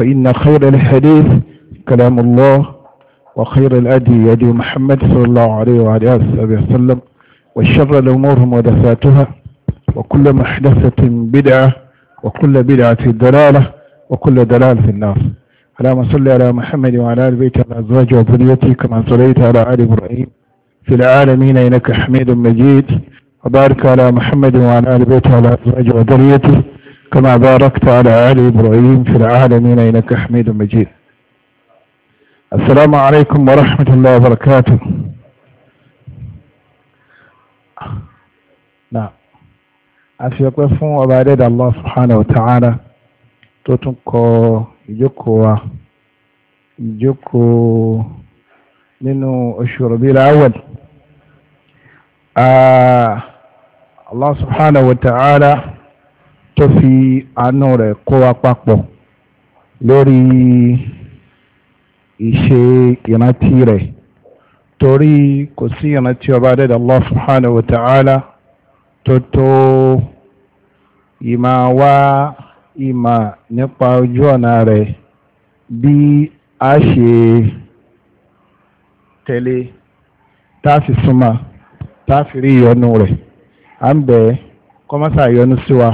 فإن خير الحديث كلام الله وخير الأدي يدي محمد صلى الله عليه وعلى آله وسلم وشر الأمور مدثاتها وكل محدثة بدعة وكل بدعة دلالة وكل دلالة في النار اللهم صل على محمد وعلى آل بيته وعلى أزواجه وذريته كما صليت على آل إبراهيم في العالمين إنك حميد مجيد وبارك على محمد وعلى آل بيته وعلى أزواجه وذريته كما باركت على آل إبراهيم في العالمين إنك حميد مجيد السلام عليكم ورحمة الله وبركاته نعم أفي قفون وبعد الله سبحانه وتعالى تتنكو يجوكو يجوكو لنو أشهر بي الأول آه الله سبحانه وتعالى tó fi àánú rẹ̀ kó wa papọ̀ lórí ìṣe ìrántí rẹ̀ torí kò sí ìrántí ọba dẹ́dà Allah subhanahu wa ta'ala tó tó ìmá wá ìmà nípa ojú ọ̀nà rẹ̀ bí a ṣe tẹ̀lé táàfi súnmọ́ táàfi rí ìyọnu rẹ̀ à ń bẹ̀ kọ́mọ́sà ìyọnu sí wa.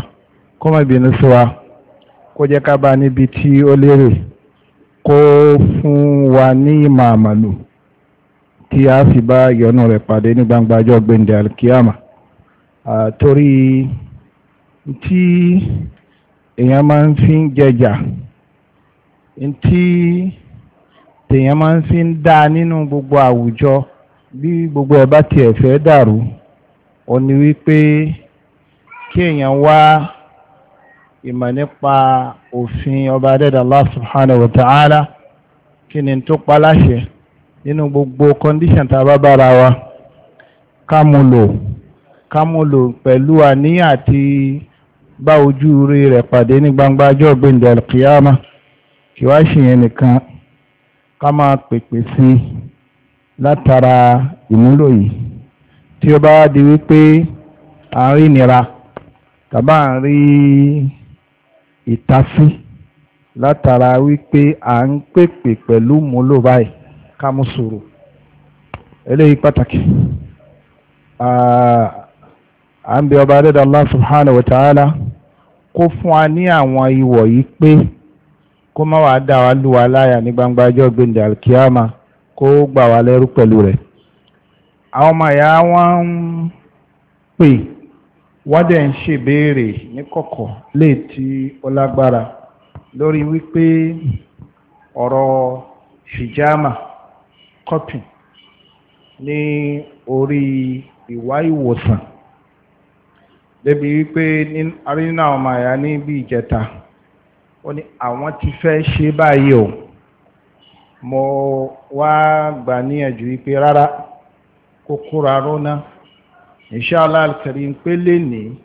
kó má bínú sí wa kó jẹ́ ká bá níbi tí ó lérè kó fún wa ní ìmọ̀ àmàlù tí a fi bá ìyọ́nú rẹ̀ pàdé ní gbangba ọjọ́ gbẹ̀ndẹ̀ alkiyama torí tí èèyàn máa ń fi ń jẹjà tí tèèyàn máa ń fi ń dá nínú gbogbo àwùjọ bí gbogbo ẹ̀ bá tiẹ̀ fẹ́ dàrú ó ní wípé kí èèyàn wá. ìmọ̀ nípa òfin ọba adẹ́dà Allah subhanahu wa ta'ala kí ni tó pa láṣẹ nínú gbogbo condition tá a bá bára wa kámúlò kámúlò pẹ̀lú àníyàn àti bá ojú rí rẹ̀ pàdé ní gbangba ọjọ́ gbẹ̀ndẹ̀ alkiyama kí wá ṣìyẹn nìkan ká máa pèpè sí látara ìmúlò yìí tí ó bá di wípé à nira tàbá à ìtasí látara wípé à ń pèpè pẹ̀lú múlò báyìí ká mú sùúrù eléyìí pàtàkì à ń bẹ ọba dẹ́dà Allah subhanahu wa ta'ala kó fún wa ní àwọn ìwọ̀ yìí pé kó má wàá dá wa lù wá láyà ní gbangba ọjọ́ kó gbà wá wádẹ̀ ń ṣèbéèrè ní kọ̀kọ̀ lè tí ó lágbára lórí wípé ọ̀rọ̀ hijama cotton ní orí ìwá ìwòsàn débi wípé arínà ọmọ àyà ní bí ìjẹta ó ní àwọn ti fẹ́ ṣe báyìí o mo wá gbà níyànjú wípé rárá kókó rárá náà inshallah alkarim karim pé lẹ́ni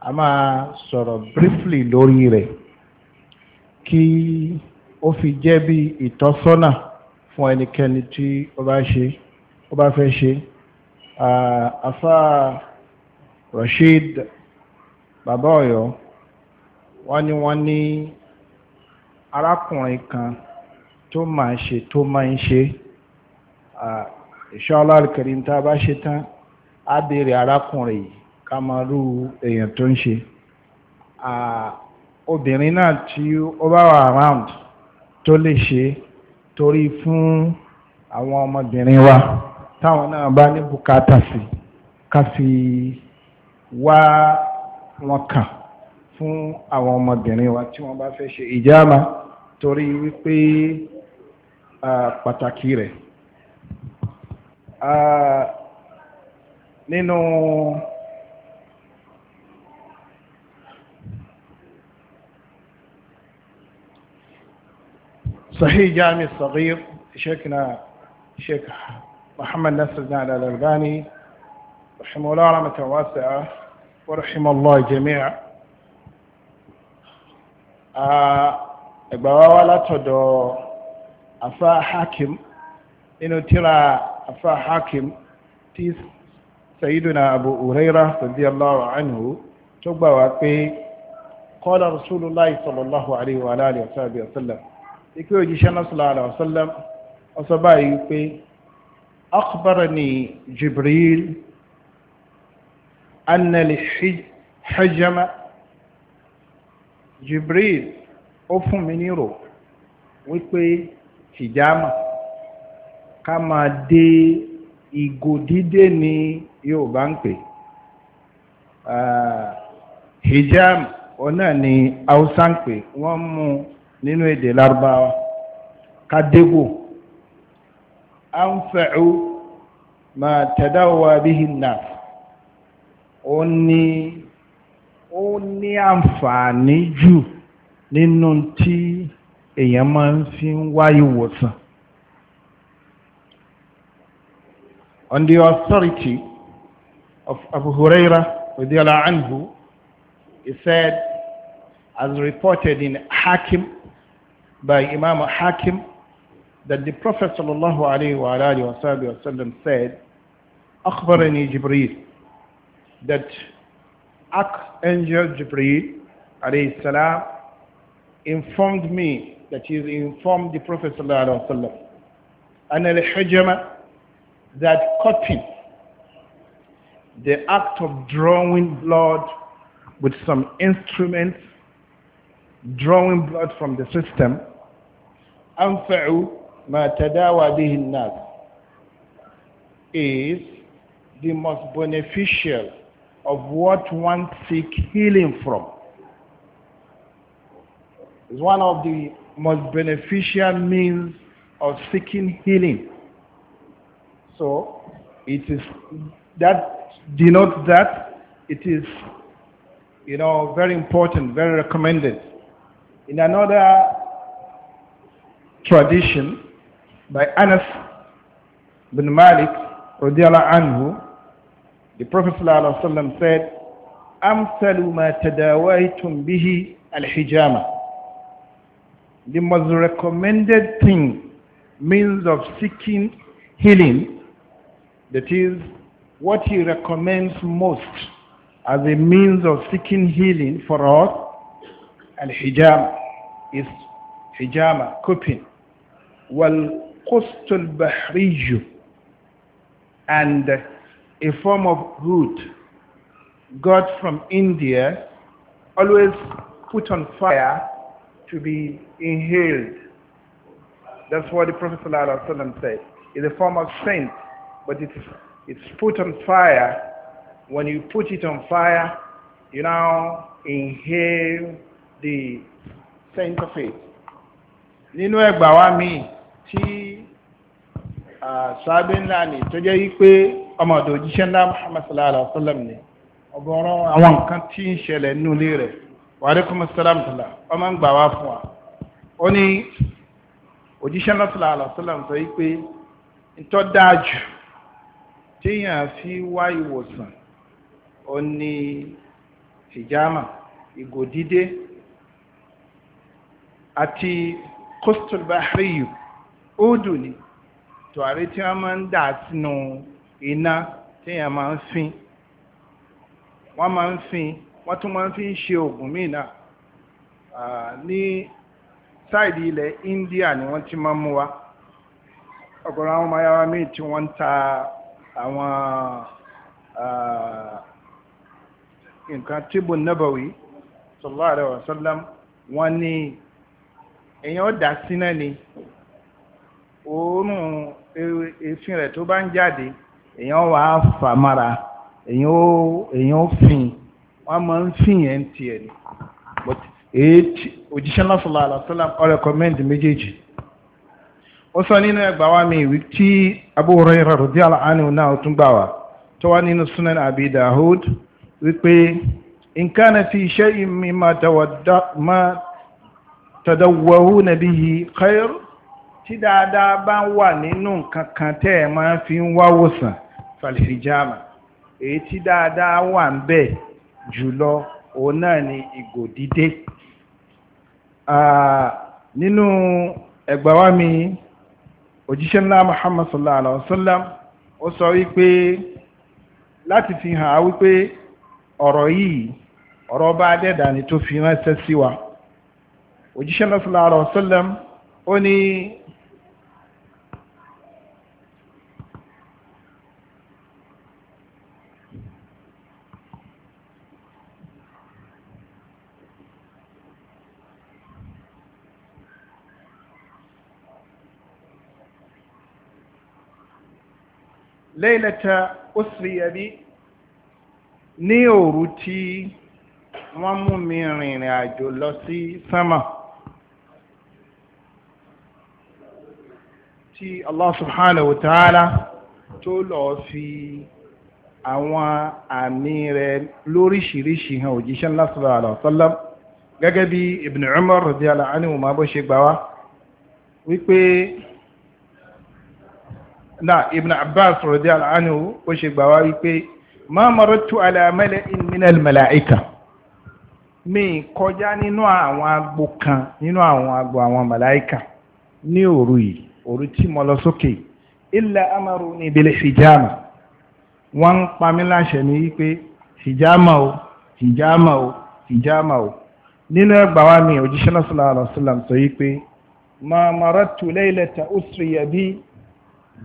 a máa sọ̀rọ̀ briefly lórí rẹ̀ kí ó fi jẹ́ bí ìtọ́sọ́nà fún ẹnikẹ́ni tí ó bá ṣe ó bá fẹ́ ṣe afa Rashid bàbá Ọ̀yọ́ wọ́n ní wọ́n ní arákùnrin kan tó máa ṣe tó máa ń ṣe inshallah al tá a bá ṣe tán á béèrè arákùnrin yìí ká máa rú èèyàn tó ń ṣe obìnrin náà tí ó bá wà around tó lè ṣe torí fún àwọn ọmọbìnrin wa táwọn náà bá ní bùkátà sí ká fi wá wọn kàn fún àwọn ọmọbìnrin wa tí wọ́n bá fẹ́ ṣe ìjáàmà torí wípé pàtàkì rẹ̀ nínú sahih jami saghir shekina sheik muhammad nasirna al-albani rahimahullah rahmatan wasi'a wa rahimallah jami'a ẹgbàwá wá látọ̀dọ̀ afá hakim nínú tíra afá hakim tí sayiduna abu huraira radiyallahu anhu tó gbà wá pé qala rasulullah sallallahu alaihi wa alihi wa sallam ikú òjíṣẹ́ náà sallallahu alaihi wa sallam ọsọ báyìí pé akhbarani jibril anna li hajjama jibril ó fún mi nírò wípé tìjámà ká máa dé ìgò ni yóò bá ń pè hijab ọ̀nà ni haúsá ń pè wọ́n mú nínú èdè lárúbáwá kádégò anfa'u ma tadawa bihi an ó ní ó ní àǹfààní jù nínú tí èèyàn máa ń fi ń wá ìwòsàn on the authority of Abu Huraira anhu, he said, as reported in Hakim by Imam Hakim, that the Prophet sallallahu alaihi wasallam said, "Akhbarani Jibreel," that Archangel Jibril alayhi salam informed me that he informed the Prophet sallallahu alaihi wasallam, and al-hijama that cutting the act of drawing blood with some instruments, drawing blood from the system, is the most beneficial of what one seeks healing from. It's one of the most beneficial means of seeking healing. So it is that denotes that it is, you know, very important, very recommended. In another tradition, by Anas bin Malik, radiallahu anhu, the Prophet ﷺ said, أمثل ما تداويتم به الحجامة the most recommended thing, means of seeking healing, that is what he recommends most as a means of seeking healing for us, al-hijama is hijama, coping. Wal-qust bahriju and a form of root got from India always put on fire to be inhaled. That's what the Prophet ﷺ said. It's a form of saint, but it's It's put on fire. When you put it on fire, you now inhale the scent of it. Nínú ẹgbà wa mi tí sábẹ́ ńlá ni tó jẹ́ wípé ọmọ ọ̀dọ̀ òjíṣẹ́ ńlá Muhammad sallallahu alaihi wa sallam ni ọ̀gọ̀rọ̀ àwọn nǹkan tí ń ṣẹlẹ̀ nínú ilé rẹ̀ wa alaikum assalam tala ọmọ ń gbà wá fún wa. Ó ní òjíṣẹ́ ńlá sallallahu alaihi wa sallam sọ wípé ń tọ́ dáa jù. téèyàn fi wá ìwòsàn ó tijama hijama ìgò dídé àti coastal bahriyu ni tùwárí tí wọ́n máa ń dà sínú iná téèyàn máa ń fin wọ́n máa ń fin wọ́n tún máa ń fi ṣe India ni wọ́n ti máa ń mú wa ọ̀gọ̀rọ̀ àwọn ta àwọn nǹkan tíbù nabawi sallallahu alaihi wasallam wọ́n ní èèyàn dà síná ni òórùn èéfín rẹ̀ tó bá ń jáde èèyàn wà á fà mára èèyàn ó èèyàn ó fìn wọ́n máa ń fìn yẹn tiẹ̀ ni òjíṣẹ́ náà sallallahu alaihi wasallam ó méjèèjì ó sọ nínú ẹgbà wa mi ìwí tí Abu Hurairah radiyallahu anhu náà tún gbà wá tó wá nínú sunan Abi Dawud wípé in kana fi shay'in mimma tadawwahuna bihi khair tí dáadáa bá wà nínú nǹkan kan tẹ́ ẹ máa fi ń wá wòsàn falhijama èyí tí dáadáa wà ń bẹ̀ jùlọ òun náà ni ìgò dídé nínú ẹgbà mi òjíṣẹ́ ńlá Muhammad sallallahu alaihi wasallam ó sọ wípé láti fi hàn á wípé ọ̀rọ̀ yìí ọ̀rọ̀ bá dẹ́dà ni tó fi ránṣẹ́ sí wa òjíṣẹ́ ńlá sallallahu alaihi wasallam ó ní laylata usriya bi ní òru tí wọ́n mú mi rìnrìn àjò lọ sí sánmà tí Allah subhanahu wa ta'ala tó lọ fi àwọn àmì rẹ̀ lóríṣiríṣi hàn òjíṣẹ́ ńlá sallallahu alaihi wasallam gẹ́gẹ́ bí Ibn Umar radiyallahu anhu bó ṣe gbà wá wípé na ibn abbas radiyallahu anhu ó ṣe gbà wá wípé ma maratu ala mala'in minal mala'ika mi kọjá nínú àwọn agbo kan nínú àwọn agbo àwọn mala'ika ní òru yìí òru tí mo lọ sókè illa amaruni bil hijama wọ́n ń pa mí láṣẹ ní wípé hijama o hijama o hijama o nínú ẹgbà wa mi òjíṣẹ́ náà sallallahu alaihi sọ wípé ma maratu laylata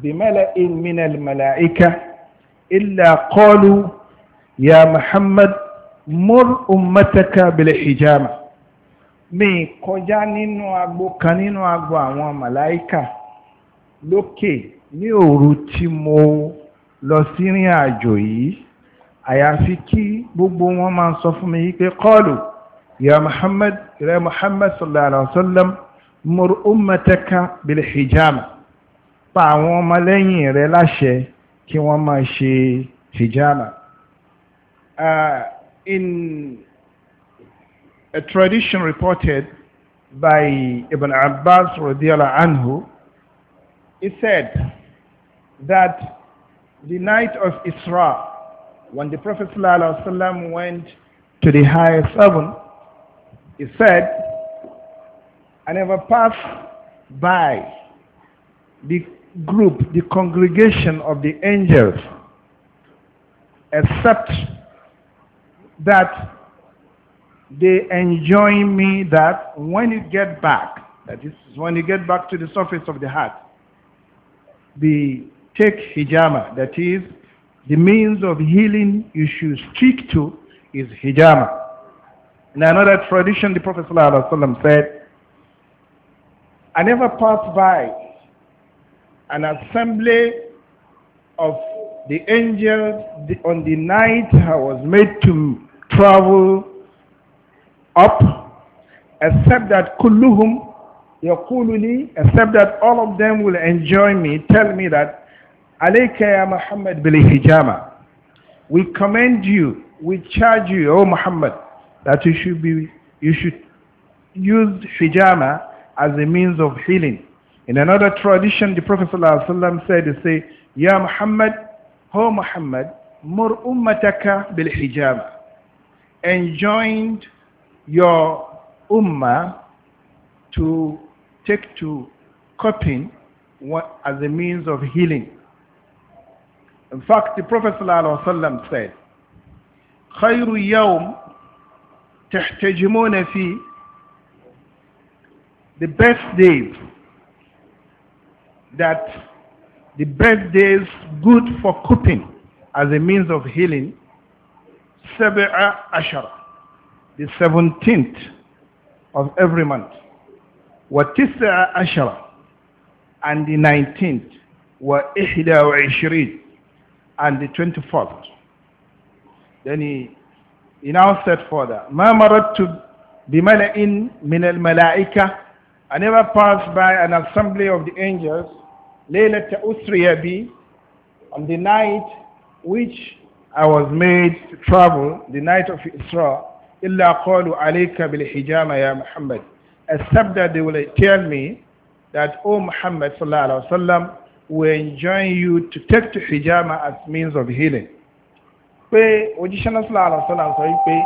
بملأ من الملائكة إلا قالوا يا محمد مر أمتك بالحجامة mi kọjá nínú agbo kan nínú agbo àwọn màláíkà lókè ní òru tí mo lọ sí rìn àjò yìí àyàfi kí gbogbo wọn máa sọ fún mi yìí pé ya muhammad rẹ muhammad sallallahu alaihi wasallam mur ummataka bil hijama pa àwọn ọmọlẹ́yìn rẹ̀ láṣẹ kí wọ́n máa ṣe hijama. Uh, in a tradition reported by Ibn Abbas radiyallahu anhu, he said that the night of Isra, when the Prophet sallallahu alaihi wasallam went to the highest heaven, he said, I never passed by the group, the congregation of the angels, except that they enjoin me that when you get back, that is when you get back to the surface of the heart, the take hijama, that is the means of healing you should stick to is hijama. In another tradition, the Prophet ﷺ said, I never passed by an assembly of the angels on the night I was made to travel up, except that kulluhum yakuluni, except that all of them will enjoy me, tell me that, alayka ya Muhammad bil hijama. We commend you, we charge you, O Muhammad, that you should be, you should use hijama as a means of healing. In another tradition, the Prophet ﷺ said, say, Ya Muhammad, O Muhammad, mur ummataka bil hijama. Enjoined your ummah to take to coping as a means of healing. In fact, the Prophet ﷺ said, خير يوم تحتجمون فيه the best days that the birthday is good for cooking as a means of healing, Sabi'a Ashara, the 17th of every month, Watisa'a Ashara, and the 19th, Wa Ihda wa ishirid, and the 24th. Then he, he now said further, Ma marattu bimala'in min al-mala'ika, I never passed by an assembly of the angels Laylat Usriya bi, on the night which I was made to travel, the night of Isra, illa qalu alayka bil hijama ya Muhammad. Except that they will tell me that, O Muhammad صلى الله عليه وسلم we enjoin you to take to hijama as means of healing. Pé òjíṣẹ́ náà sallallahu alayhi wa sallam sọ wípé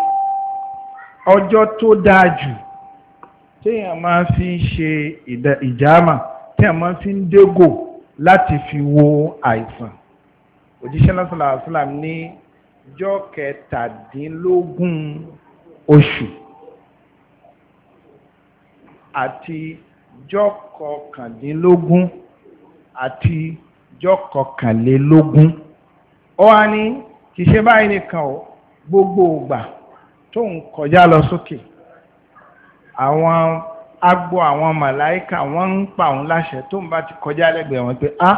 ọjọ́ tó dáa jù téèyàn máa fi ń ṣe ìjàmà téèyàn máa fi ń dégò láti fi wo àìsàn òjíṣẹ́ lọ́sọ̀lá àṣìlám ní jọ́ kẹtàdínlógún oṣù àti jọ́ kọkàndínlógún àti jọ́ kọkànlélógún ó wá ní kì í ṣe báyìí nìkan o gbogbo ògbà tó ń kọjá lọ sókè àwọn agbo àwọn màláíkà wọ́n ń pa òun láṣẹ tó ń bá ti kọjá lẹ́gbẹ̀ẹ́ wọn pé a ah,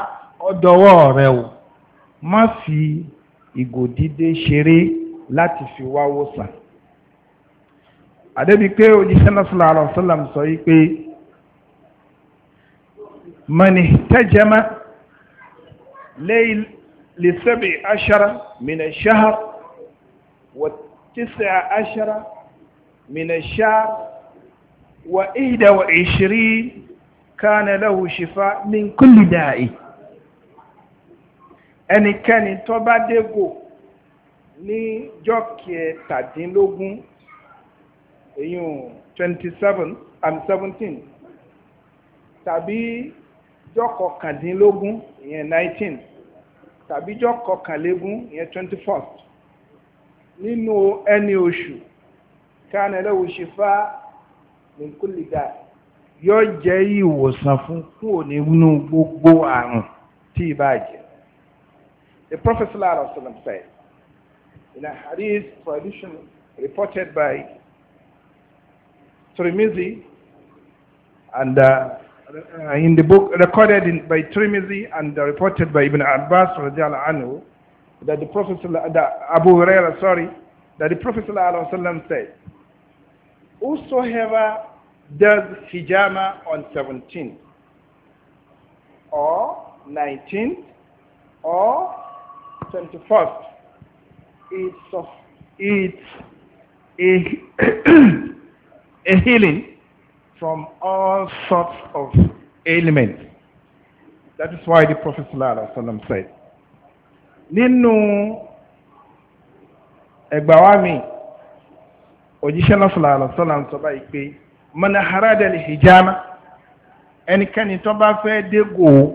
ọdọwọ́ rẹ o má fi ìgò dídé ṣeré láti fi wáwó sàn àdébí pé òjíṣẹ́ náà sallallahu alaihi wasallam sọ yí pé mani tẹ́jẹ́má lè sẹ́bẹ̀ aṣára mìnà ṣáhà wọ́tísẹ̀ aṣára mìnà ṣáhà wa وعشرين كان له شفاء من كل داء ẹnikẹ́ni tó bá dégò ní jọ́kẹ́ tàdínlógún èyàn twenty and seventeen tàbí jọ́kọ̀ kàdínlógún ìyẹn 19 tàbí jọ́kọ̀ kàlégún ìyẹn twenty nínú ẹni oṣù kánẹlẹ́wò min kulli da yóò jẹ́ ìwòsàn fún kúrò nínú gbogbo àrùn tí ì bá jẹ́. The Prophet sallallahu alaihi wasallam said in a hadith tradition reported by Tirmidhi and uh, uh, in the book recorded in, by Tirmidhi and reported by Ibn Abbas radiallahu anhu that the Prophet that Abu Hurairah, sorry that the Prophet sallallahu alaihi wasallam said whosoever does hijama on 17th or 19th or 21st. It's, of, it's a, a healing from all sorts of ailments. That is why the Prophet ﷺ said, "Ninu ẹgbàá wa mi, òjíṣẹ́ náà sallallahu ń sọ báyìí pé, manaharadal hijama ẹnikẹ́ni tó bá fẹ́ dégò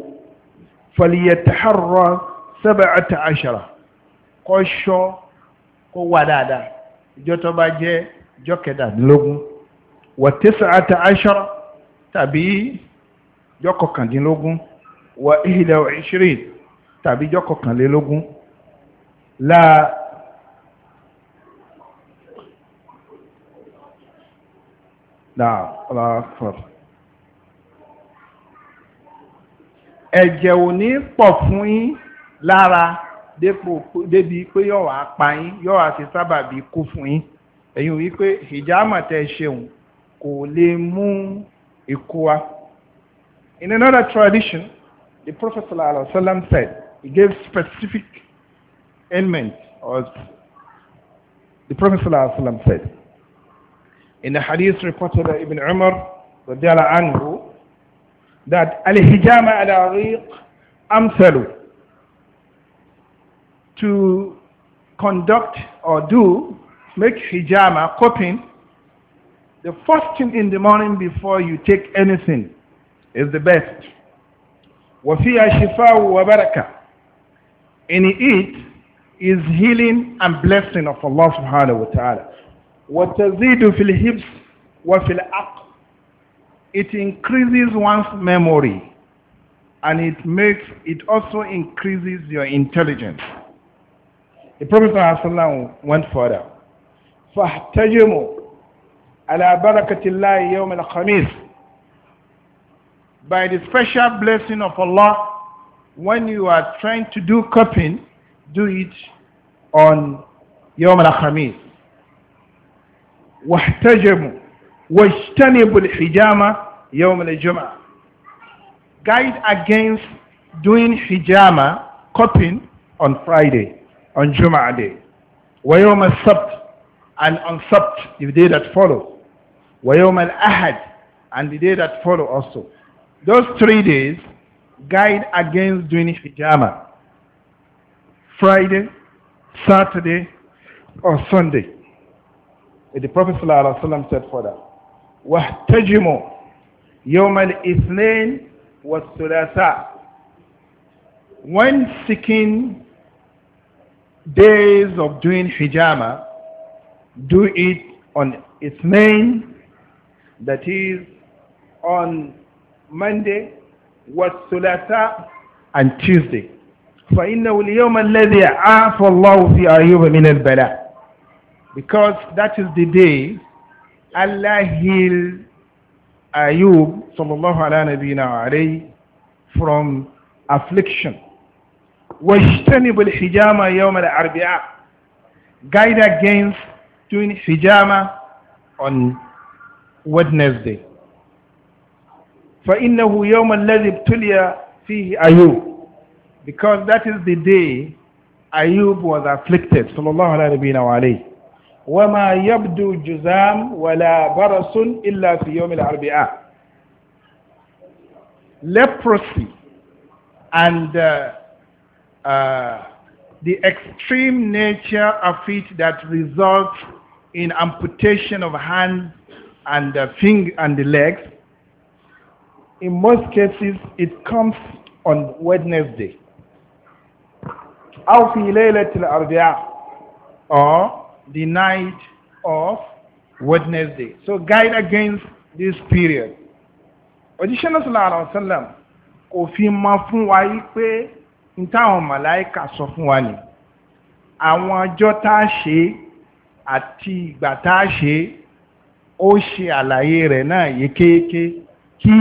faliyataharra sab'ata ashara kó ṣọ́ kó wà dáadáa ìjọ tó bá jẹ́ ìjọ kẹtàdínlógún wà tis'ata ashara tàbí ìjọ kọkàndínlógún wà ihda wa tàbí ìjọ láà Náà, Allahu Ẹ̀jẹ̀ ò ní pọ̀ fún yín lára débi pé yóò wá pa yín, yóò wá ṣe sábàbí kú fún yín. Ẹ̀yin wípé hijama tẹ́ ṣeun kò lè mú ikú wá. In another tradition, the Prophet sallallahu said, he gave specific ailment the Prophet sallallahu said, In the hadith reported by Ibn Umar anhu, that al-hijama al-ariq amsalu to conduct or do make hijama coping the first thing in the morning before you take anything is the best وفيها شفاء وبركة in it is healing and blessing of Allah subhanahu wa ta'ala وتزيد في الحفظ وفي العقل it increases one's memory and it makes it also increases your intelligence the prophet ﷺ went further فاحتجموا على by the special blessing of Allah when you are trying to do cupping do it on Al الخميس wahtajamu wajtanibu al-hijama yawm al-jum'ah guide against doing hijama cupping on Friday on Juma day wa yawm al-sabt and on sabt the day that follow wa yawm al-ahad and the day that follow also those three days guide against doing hijama Friday Saturday or Sunday The Prophet ﷺ said further, "Wahtajimu al يَوْمَ الْإِثْنَيْنِ وَالثُّلَاثَةِ When seeking days of doing hijama, do it on its that is on Monday, والثلاثاء and Tuesday. فإنه اليوم الذي عاف الله في أيوب من البلاء because that is the day Allah healed Ayub sallallahu ala nabiyina alayhi from affliction. واجتنب الحجامة يوم الأربعاء guide against doing hijama on Wednesday فإنه يوم الذي ابتلي فيه أيوب because that is the day Ayub was afflicted صلى الله عليه وسلم وما يبدو جزام ولا برص إلا في يوم الأربعاء leprosy and uh, uh, the extreme nature of it that results in amputation of hands and the uh, finger and the legs in most cases it comes on Wednesday أو في ليلة الأربعاء or the night of Wednesday. So guide against this period. Òjíṣẹ́ náà sallallahu alaihi kò fi mọ fún wa yí pé n táwọn màláìkà sọ fún wa ni. Àwọn ọjọ́ tá a ṣe àti ìgbà tá a ṣe ó ṣe àlàyé rẹ̀ náà yékéyéké kí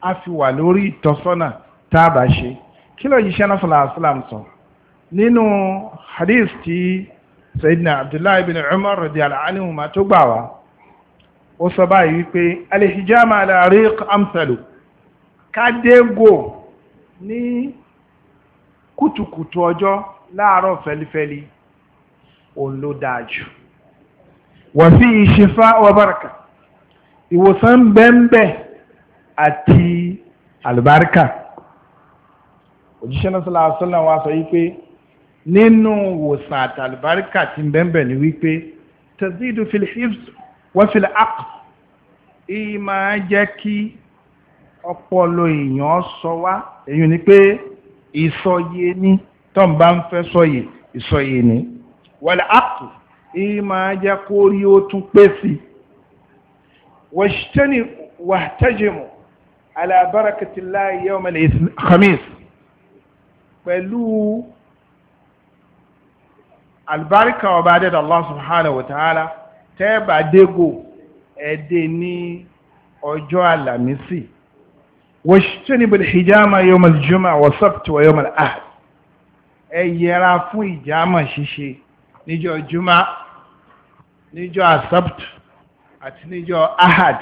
a fi wà lórí ìtọ́sọ́nà tá a bá ṣe. Kí ló yíṣẹ́ náà sallallahu alaihi sọ? Nínú hadith tí sayidina abdullahi bin umar radiyallahu anhuma tó gbà wá ó sọ báyìí wípé alihijama alariq amsalu kádégò ní kùtùkùtù ọjọ́ láàárọ̀ fẹ́lifẹ́li òun ló dáa jù wà sí ìṣẹ́fà ọbáraka ìwòsàn bẹ́ẹ̀nbẹ́ àti àlùbáríkà òjíṣẹ́ náà sọ́lá wa sọ yí nínú wòsàn àtàlùbáríkà tí ń bẹ́ẹ̀ ni wípé tazidu fil hifz wa fil aql ìyí máa jẹ́ kí ọpọlọ èèyàn sọ wá èyí ni pé ìsọyé ní tó ń bá ń fẹ́ sọyè ìsọyé ní wal aql ìyí máa jẹ́ kó rí ó tún pé sí wàṣítẹ́ni wàtẹ́jìmù ala barakatillahi yawm al-khamis pẹ̀lú àlùbáríkà ọba adẹ́dà Allah subhanahu wa ta'ala tẹ́ẹ̀bà dégò ẹ̀dẹ́ ní ọjọ́ àlàmísì wajtanibul hijama yawmal jumu'a wa sabt wa yawmal ahad ẹ yẹra fún ìjàmà ṣíṣe níjọ́ jùmá níjọ́ asabt àti níjọ́ ahad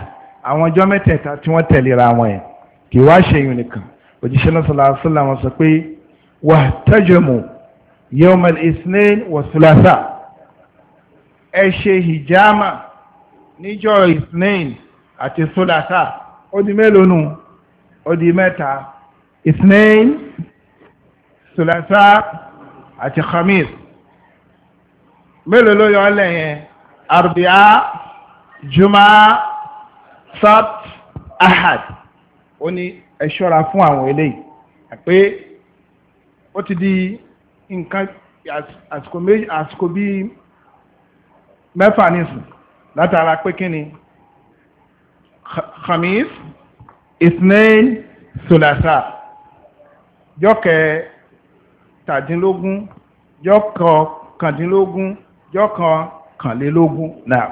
àwọn ọjọ́ mẹ́tẹ̀ẹ̀ta tí wọ́n tẹ̀lera wọn yẹn kì wá ṣe yùn nìkan òjíṣẹ́ náà sallallahu alaihi wasallam sọ pé yawmal isnin wa thulatha ẹ ṣe hijama níjọ́ isnin àti thulatha ó di mélòó nù ó di mẹ́ta isnin thulatha àti khamis mélòó ló yọ ọ́ lẹ́yìn arbi'a jumaa sabt ahad ó ní ẹ ṣọ́ra fún àwọn eléyìí pé ó ti di nǹkan àsìkò méjì àsìkò bíi mẹ́fà nísìn látara pé kí ni khamis isnail solasa jọ́kẹ́ tàdínlógún jọ́kọ̀ kàndínlógún jọ́kọ̀ kànlélógún náà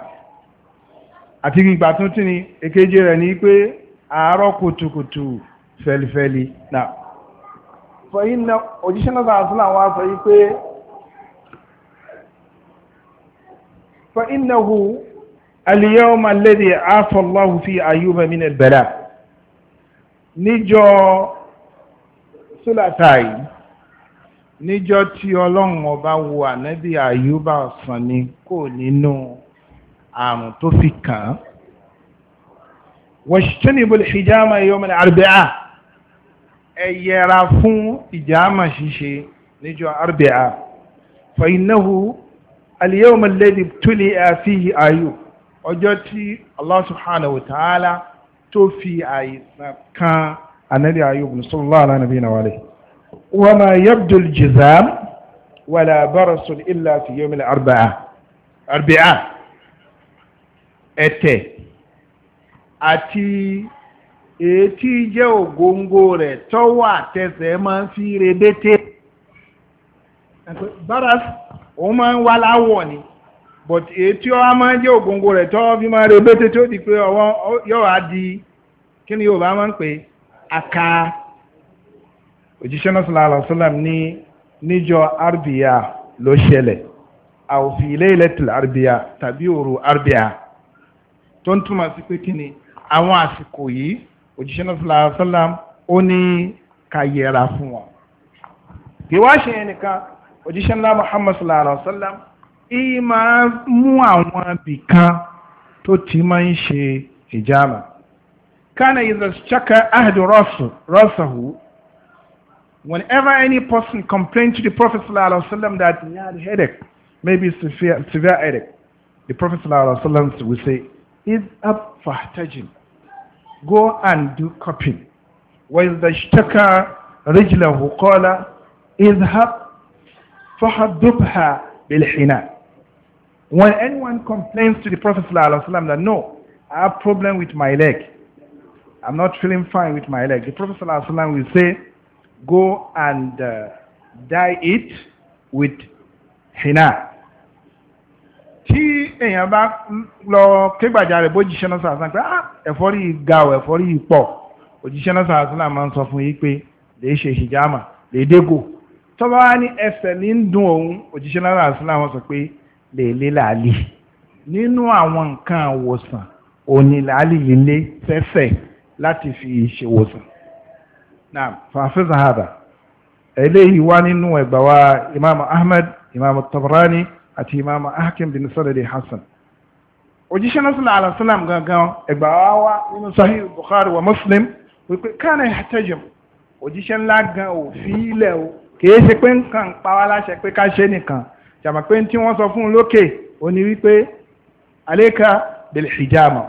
àti ìgbà tuntun ni èkejì rẹ̀ ni pé àárọ̀ kùtùkùtù fẹlifẹli náà fẹ̀yìn náà òjíṣẹ́ náà sàásùn làwọn aṣọ yìí pé fẹ̀yìn náà hù al-yawma alladhi afa Allahu fi Ayyuba min al-bala níjọ́ sólàtàì níjọ́ tí ọlọ́run ọba wo ànábì Ayyuba ọ̀sán ni kò nínú àrùn tó fi kàn án ẹ yẹra fún ìjàmà ṣíṣe níjọ́ arbia fa innahu al-yawm alladhi ibtuli'a fihi ayub ọjọ́ tí Allah subhanahu wa ta'ala tó fi àìsàn kan anabi ayub sallallahu ala nabiyina wa alayhi wa ma yabdu al-jizam wala barasun illa fi yawm al-arbia ẹ̀tẹ̀ àti èyí tí jẹ́ ògóńgó rẹ̀ tọ́wọ́ àtẹsẹ̀ máa ń fi rebété baras òun máa ń wá láwọ̀ ni but èyí tí máa ń jẹ́ ògóńgó rẹ̀ tọ́wọ́ fi máa rebété tó di pé ọwọ́ yóò wá di kí ni Yorùbá máa ń pè aka òjíṣẹ́ náà sallallahu alaihi ní níjọ́ arbiya ló ṣẹlẹ̀ àwòfì ilé ilẹ̀ arbiya tàbí òru arbiya tó ń túmọ̀ sí pé kí ni àwọn àsìkò yìí òjíṣẹ́ náà sọlá sọlá ó ní ká yẹra fún wọn kì wá ṣe yẹn nìkan òjíṣẹ́ ńlá Muhammad sọlá sọlá ìyí máa mú àwọn abìkan tó ti máa ń ṣe ìjàmà kana idha shaka ahdu rasu whenever any person complained to the prophet sallallahu alaihi wasallam that he had headache maybe severe severe headache the prophet sallallahu alaihi wasallam would say is up for attention. go and do copying. the اشتكى رجله قال اذهب fahadupha bilhina. When anyone complains to the Prophet ﷺ that no, I have problem with my leg. I'm not feeling fine with my leg. The Prophet ﷺ will say, go and uh, dye it with hina. tí èèyàn bá lọ kégbàjarè bó jíṣẹ́ náà sàásán pé ah, ẹ̀fọ́rí ga ọ̀ ẹ̀fọ́rí pọ̀ òjíṣẹ́ náà sàásán náà máa ń sọ fún yí pé lè ṣe hijama lè dégò tọ́ba ní ẹsẹ̀ ní ń dùn òun òjíṣẹ́ náà sàásán náà wọ́n sọ pé lé làálì nínú àwọn nǹkan àwòsàn òní làálì lílé fẹ́fẹ́ láti fi nínú wa imam ahmed imam tabarani. àti imam ahkim bin sọ́dọ̀dẹ̀ hassan òjíṣẹ́ náà sallallahu alaihi wasallam gangan ẹgbà wá wá nínú sahih bukhari wa muslim wípé kánà ìhàtẹ́jọm òjíṣẹ́ ńlá gan ò fi ilẹ̀ o kìí ṣe pé nǹkan pa wá láṣẹ pé ká ṣe nìkan jàmà pé tí wọ́n sọ fún un lókè ó ní wípé alayka bil hijama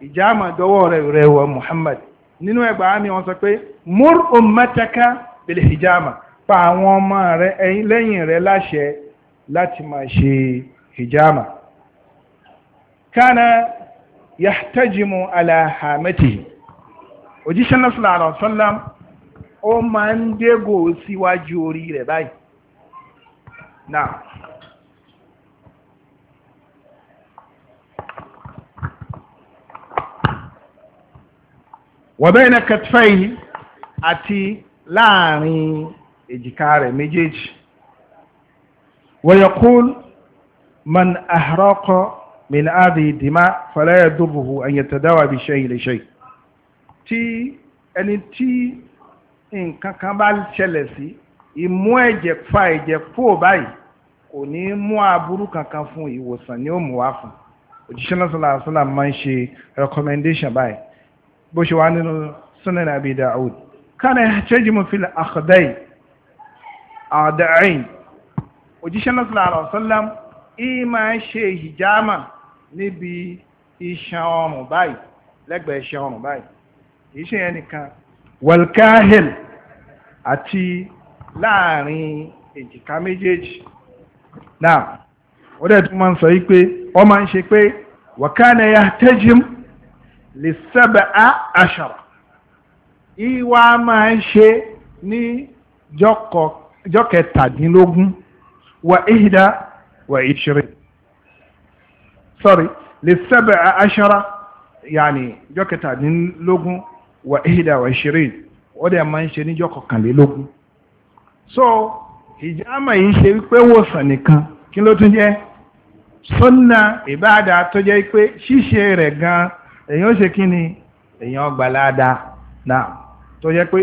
hijama dọwọ́ rẹ̀ rẹ̀ wọ muhammad nínú ẹgbàá mi wọ́n sọ pé mur ummataka bil hijama pa àwọn ọmọ rẹ̀ lẹ́yìn rẹ̀ láṣẹ láti máa ṣe hijama kana yahtajimu ala hamatihi òjíṣẹ́ náà sallallahu alaihi wasallam ó máa ń dégò síwájú orí rẹ̀ báyìí náà wọ̀bẹ́ iná kẹtfẹ́ yìí àti láàrin èjìká rẹ̀ méjèèjì ويقول من أهراق من هذه الدماء فلا يضره أن يتداوى بشيء لشيء tí ẹni tí nǹkan kan bá ṣẹlẹ̀ sí ìmú fa ẹ̀jẹ̀ kúrò báyìí kò ní mú aburú kankan fún ìwòsàn ni ó wá fún òjíṣẹ́ náà sallallahu alaihi máa ń ṣe recommendation báyìí bó ṣe wá nínú Sunan Abi Dawud kana yahtajimu fil akhdayn a'da'ayn òjíṣẹ́ náà sallallahu alaihi wasallam ìyí máa ń ṣe hijama níbi iṣan ọrùn báyìí lẹ́gbẹ̀ẹ́ iṣan ọrùn báyìí kì í ṣe yẹn nìkan walkahil àti láàrin èjìká méjèèjì náà ó dẹ̀ tún máa ń sọ yí pé ọ máa ń ṣe pé wakana yahtajim lè sab'a ashara ìwà máa ń ṣe ní jọ́kẹtàdínlógún. وإهدى وعشرين sorry للسبع عشرة يعني جوكتا لوغو وإهدى وعشرين ودي ما يشيني جوكو كان لوغو so hijama yìí ṣe wípé wòsàn nìkan kí ló tún jẹ́ sunna ìbáàdà tó jẹ́ pé ṣíṣe rẹ gan èyàn ṣe kí ni èyàn gbàládà náà tó pé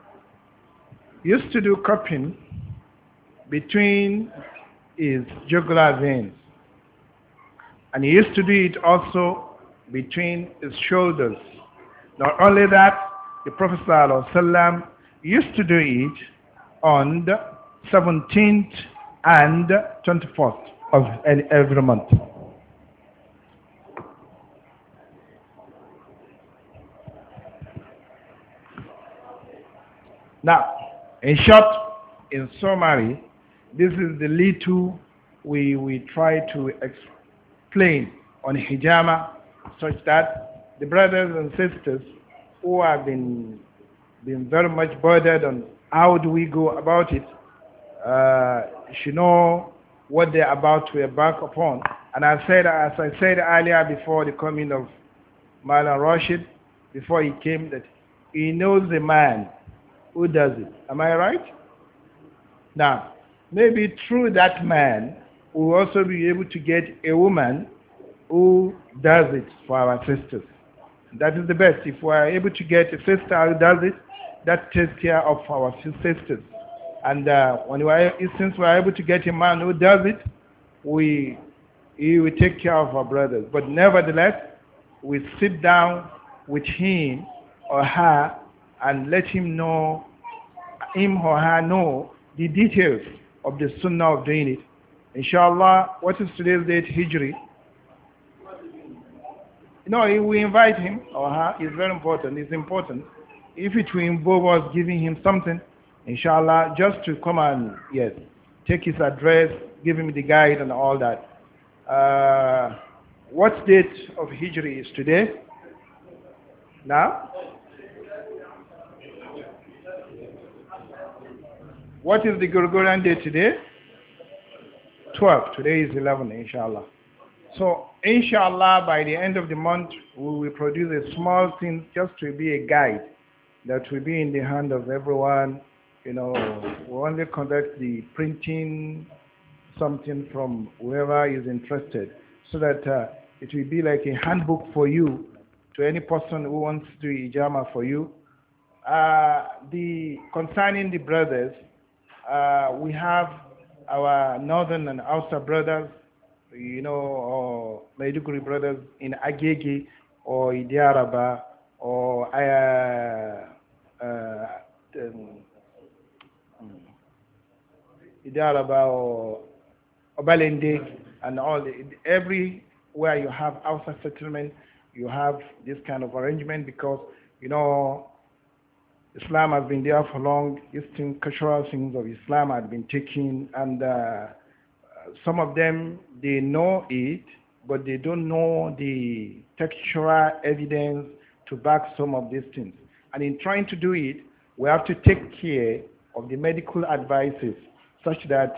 used to do cupping between his jugular veins. And he used to do it also between his shoulders. Not only that, the Prophet ﷺ used to do it on the 17th and 24th of every month. Now, in short, in summary, this is the little we, we try to explain on hijama such that the brothers and sisters who have been, been very much bothered on how do we go about it uh, should know what they're about to embark upon. And I said, as I said earlier before the coming of Malan Rashid, before he came, that he knows the man who does it. Am I right? Now, maybe through that man, we'll also be able to get a woman who does it for our sisters. That is the best. If we are able to get a sister who does it, that takes care of our sisters. And uh, when we are, since we are able to get a man who does it, we he will take care of our brothers. But nevertheless, we sit down with him or her and let him know, him or her know the details of the sunnah of doing it. Inshallah, what is today's date, Hijri? No, we invite him or her. It's very important. It's important. If it will involve us giving him something, inshallah, just to come and, yes, take his address, give him the guide and all that. Uh, what date of Hijri is today? Now? What is the Gregorian day today? 12. Today is 11, inshallah. So, inshallah, by the end of the month, we will produce a small thing just to be a guide that will be in the hand of everyone. You know, we only conduct the printing something from whoever is interested so that uh, it will be like a handbook for you to any person who wants to do jama for you. Uh, the concerning the brothers, uh, we have our northern and outer brothers, you know, or Maiduguri brothers in Agege or Idiaraba or uh, uh, um, Idiaraba or Obalende and all. The, everywhere you have outer settlement, you have this kind of arrangement because, you know, Islam has been there for long. Eastern cultural things of Islam had been taken, and uh, some of them they know it, but they don't know the textual evidence to back some of these things. And in trying to do it, we have to take care of the medical advices, such that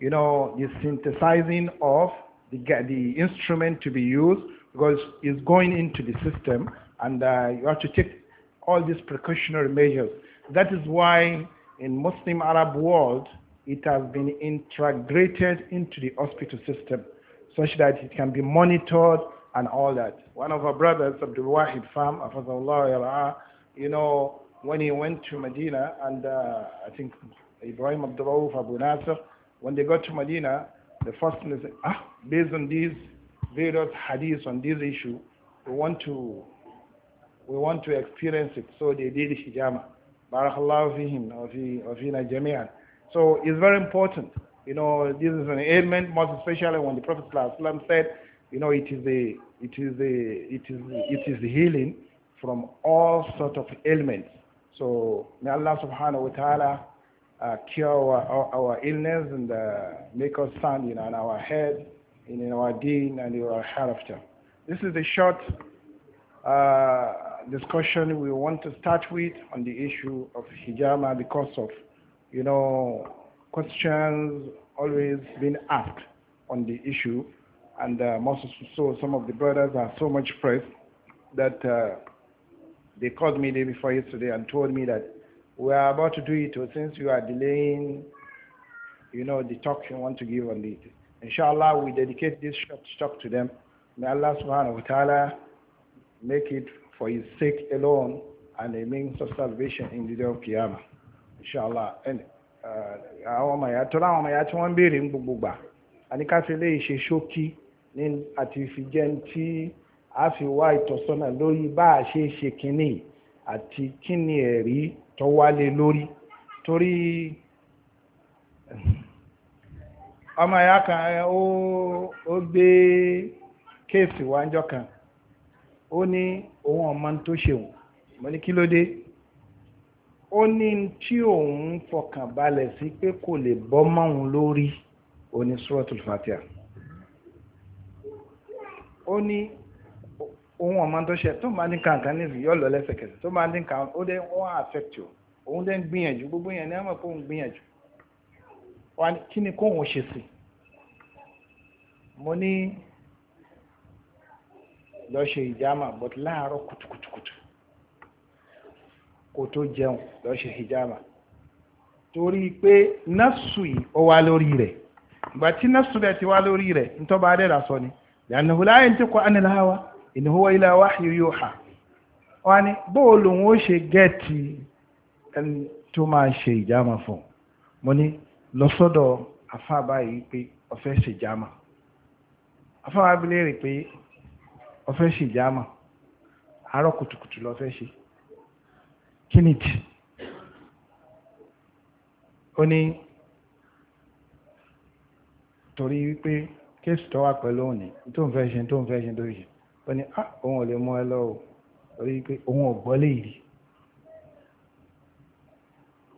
you know the synthesizing of the, the instrument to be used because it's going into the system, and uh, you have to take all these precautionary measures. That is why in Muslim Arab world, it has been integrated into the hospital system such that it can be monitored and all that. One of our brothers, Abdul Wahid Fam, you know, when he went to Medina, and uh, I think Ibrahim Abdul Rauf Abu Nasser, when they got to Medina, the first thing they said, ah, based on these various hadiths on this issue, we want to we want to experience it so they did hijama barakallahu fihim wafina jami'an so it's very important you know this is an ailment most especially when the prophet said you know it is the it is the it is it is healing from all sort of ailments so may allah subhanahu wa ta'ala uh, cure our, our, our, illness and uh, make us sound you know, in our head, in, in our deen, and in our character. This is the short uh, discussion we want to start with on the issue of hijama because of, you know, questions always being asked on the issue. And uh, most so, some of the brothers are so much pressed that uh, they called me the day before yesterday and told me that we are about to do it, or since you are delaying, you know, the talk you want to give on it. Inshallah, we dedicate this short talk to them. May Allah subhanahu wa ta'ala make it for his sake alone and a means of salvation in the day of Qiyamah. Inshallah. And, eh, àwọn ọmọ ìyá tó láwọn ọmọ ìyá tí wọ́n ń béèrè ń gbogbo gbà àníkàfẹ́ lè ṣe ṣókí ní àti ìfijẹ́ tí a fi wá ìtọ́sọ́nà lórí bá a ṣe ṣe kínní àti kínní ẹ̀rí tó wálé lórí torí ọmọ ìyá kan ó gbé kéèsì wájọ́ kan ó ní òun ọmọ tó ṣeun mo ní kí ló dé ó ní tí òun fọkàn balẹ̀ sí pé kò lè bọ́ mọ́hun lórí ó ní suratul fatiha ó ní òun ọmọ tó ṣe tó máa ní kankan níbi yọ lọ lẹ́sẹ̀kẹsẹ̀ tó máa ní kankan ó dé wọ́n affect you òun dé ń gbìyànjú gbogbo yẹn ní àmọ́ pé òun gbìyànjú wọ́n kí ni kóun ṣe sí mo ní. lọ ṣe but láàárọ̀ kùtùkùtùkùtù kó tó jẹun lọ hijama torí pé násù yìí ó wá lórí rẹ̀ ìgbà tí násù rẹ̀ ti wá lórí rẹ̀ ntọ́ba adẹ́rà sọ ni lẹ́nu láyé tí kò ánìlá wa in huwa illa wahyu ha. Wa ni bóòlù ń ṣe gẹ́ẹ̀tì tó máa ṣe moni fún mo ní lọ́sọ́dọ̀ afábá pé ọ̀fẹ́ ṣe ìjàmà pé ó fẹ́ ṣe ìjàmà àárọ̀ kùtùkùtù ló fẹ́ ṣe ni ó ní torí wípé kéèsì pẹ̀lú òní tó ń fẹ́ ṣe tó ń fẹ́ ṣe ṣe ó ní ah òun ò lè ẹ o torí wípé òun ò iri. lè rí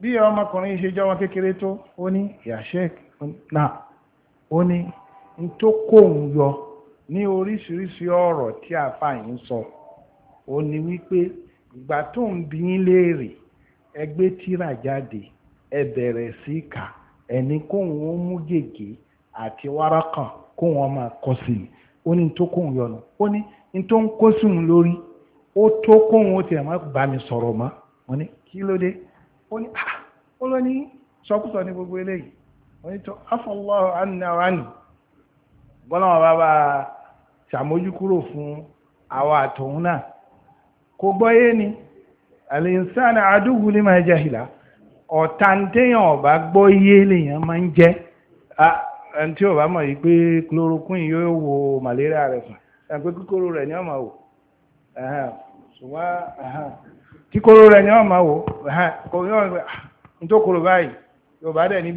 bí ọmọkùnrin ṣe jọ́wọ́ kékeré tó ó ní náà ó ní tó ní oríṣiríṣi ọ̀rọ̀ tí àfààní a sọ ó ní wípé ìgbà tó ń bi yín léèrè ẹgbẹ́ tíra jáde ẹ bẹ̀rẹ̀ sí kà ẹni kóhun ó mú gègé àti wárákàn kóhun ọmọ kọ ó ní tó kóhun yọnu ó ní ní tó ń kó lórí ó tó mi sọ̀rọ̀ mọ́ wọ́n ní kí ló dé ó ní ah! lọ ní sọkúsọ ní gbogbo eléyìí wọ́n ní tó afọlọ́ àná wà ṣàmójúkúrò fún àwa àtọ̀hún náà kò gbọ́yé ni àlìsàn àdúgbò ní máa jahila ọ̀tá ọ̀bá gbọ́yé lèèyàn máa ń jẹ́ ẹni tí ọ̀bá mọ̀ yìí pé chloroquine yóò wo malaria rẹ̀ pé kíkorò rẹ̀ ni wọ́n máa wò ṣùgbọ́n rẹ̀ ni wọ́n máa wò kò báyìí dẹ̀ ní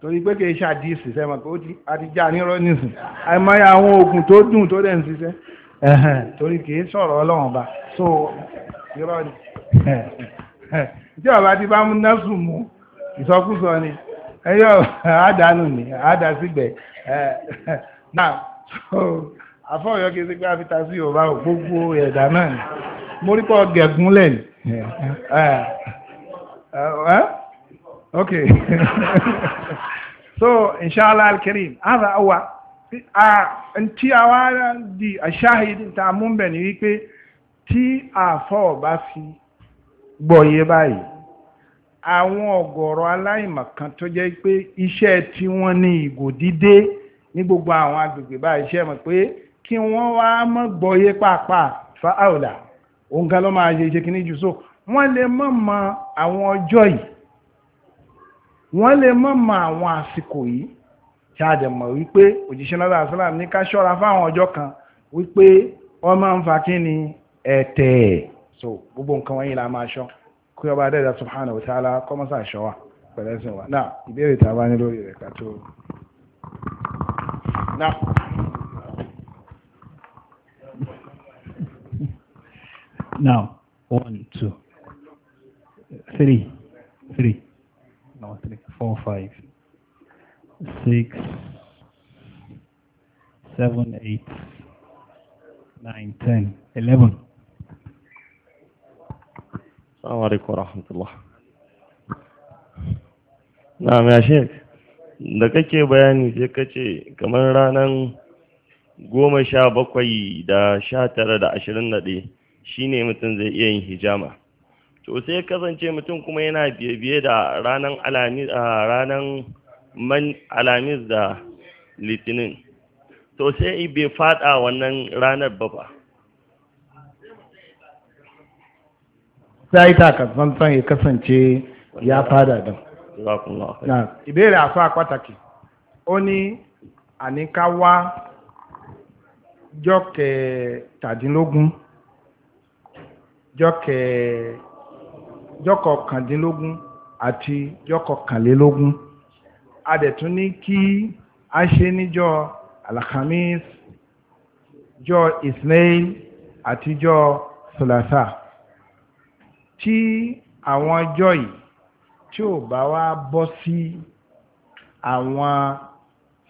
torí pé kìí ṣàdíìsì sẹ́mọ̀ pé ó ti àtijá nírọ́ nìsìn àìmọye àwọn oògùn tó dùn tó dẹ̀ ń ṣiṣẹ́ torí kìí sọ̀rọ̀ ọlọ́run bá so irọ́ ni tí ọba ti bá mú nọ́ọ̀sù mú ìsọkúsọ ni ẹyọ àdánù ni àdásígbẹ̀ náà so àfọ̀yọ́ kìí sí pé àfitá sí yorùbá gbogbo ẹ̀dá náà ni mo rí pọ̀ gẹ̀gúnlẹ̀ ni okay so inshallah al-karim hadha huwa tí a wá di ashahid tá a mú bẹ̀ ní wípé tí àfọ́ ọ̀bá fi gbọ́yé báyìí àwọn ọ̀gọ̀rọ̀ aláìmọ̀kan tó jẹ́ pé iṣẹ́ tí wọ́n ní ìgò dídé ní gbogbo àwọn agbègbè báyìí iṣẹ́ mọ̀ pé kí wọ́n wá mọ́ gbọ́yé pàápàá fa àwòlà òun gan ló máa ṣe ṣe kíní jù so wọ́n lè mọ̀ mọ àwọn ọjọ́ yìí wọ́n lè mọ́ mọ àwọn àsìkò yìí tí a dẹ̀ mọ̀ wípé òjíṣẹ́ náà sálàm ní ká ṣọ́ra fáwọn ọjọ́ kan wípé wọ́n máa ń fa kí ni ẹ̀tẹ̀ so gbogbo nǹkan wọ̀nyí la máa ṣọ́ kí ọba adẹ́dà subhanahu wa ta'ala kọ́mọ́sà ṣọ́ wa pẹ̀lẹ́ sí wa náà ìbéèrè tá a bá ní lórí rẹ̀ ká tó Now, one, two, three, three. four, five, six, seven, eight, nine, ten, eleven. السلام عليكم ورحمة الله نعم يا شيخ da kake bayani sai kace kamar ranar goma sha bakwai da sha tara da ashirin da ɗaya ne mutum zai iya yin hijama to sai kasance mutum kuma yana biye-biye da ranar alamis da litinin to sai bai fada wannan ranar ba ba sai ta kasantan ya kasance ya fada da na ìbéèrè àfá pàtàkì ó ní àníkáwá jọ́kẹ̀ẹ́tàdínlógún jọ́kẹ̀ẹ́ jọ́kọ̀ kàndínlógún àti jọ́kọ̀ kànlélógún a dẹ̀ tún ní kí a ṣe níjọ́ alhamis jọ́ ismail àti jọ́ sulasa tí àwọn ọjọ́ yìí tí ò bá wá bọ́ sí àwọn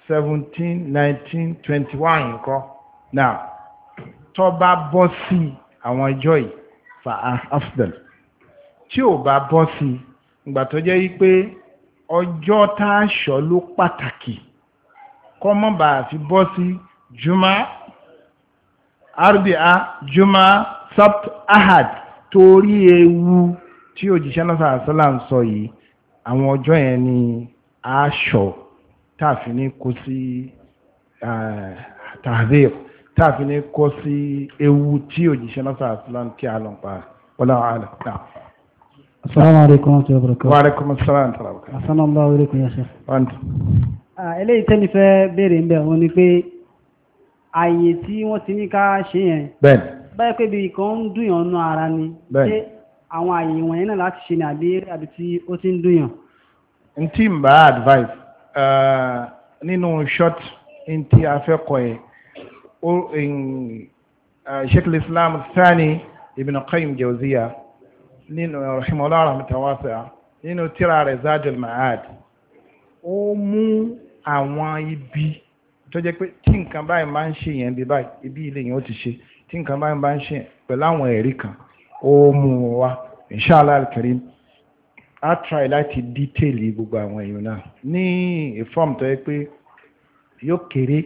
seventeen nineteen twenty one nǹkan náà tó bá bọ́ sí àwọn ọjọ́ yìí fa afdal tí ò bá bọ́ sí ìgbà tó jẹ́ wípé ọjọ́ tá a sọ ló pàtàkì kọ́ mọ́ bá a fi bọ́ sí juma arbia juma sabt ahad torí ewu tí òjíṣẹ́ náà sàásọ́là ń sọ yìí àwọn ọjọ́ yẹn ni a sọ táàfin ní kó sí tahzir táàfin ní kó sí ewu tí òjíṣẹ́ náà sàásọ́là ń kí a lọ́n pa ọlọ́run àlọ́ náà. السلام عليكم ورحمة الله وبركاته وعليكم السلام ورحمة الله وبركاته أحسن الله إليكم يا شيخ وأنت eléyìí tẹ́ni fẹ́ béèrè ń bẹ̀ wọ́n ni pé ààyè tí wọ́n ti ní ká ṣe yẹn bẹ́ẹ̀ báyẹ̀ pé bí kan ń dùnyàn nú ara ni ṣé àwọn ààyè wọ̀nyẹn náà láti ṣe ní àbí àbí tí ó ti ń dùnyàn. n tí n bá advice nínú short n tí a fẹ́ kọ yẹ sheikh islam sani ibn qayyim jawziya nínú rahimahullah rahmatawasa nínú tíra rẹ̀ Zadul Ma'ad ó mú àwọn ibi tó jẹ́ pé tí nǹkan báyìí máa ń ṣe yẹn bí báyìí ibi ilé yẹn ó ti ṣe tí nǹkan báyìí máa ń ṣe pẹ̀lú àwọn ẹ̀rí kan ó mú wa inshallah al-karim a try láti dítèlì gbogbo àwọn èèyàn náà ní ìfọ́m tó yẹ pé yóò kéré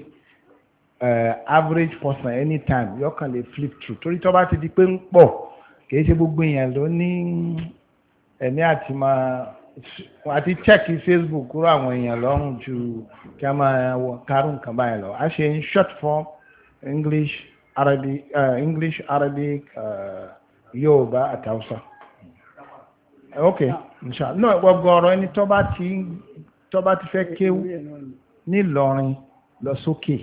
eh, average person anytime yóò kàn lè flip through torí tó bá ti di pé ń pọ̀ kìí ṣe gbogbo èèyàn ló ní ẹ̀mí àti máa àti chẹ́ẹ̀kì Facebook kúrò àwọn èèyàn lọ́rùn ju kí a máa kárùn kan báyìí lọ a ṣe in short form English Arabic uh, English Arabic uh, Yorùbá àti Hausa ok inshallah no gbọgọrọ ẹni tó bá ti tó bá ti fẹ́ kéwú nílọrin lọ sókè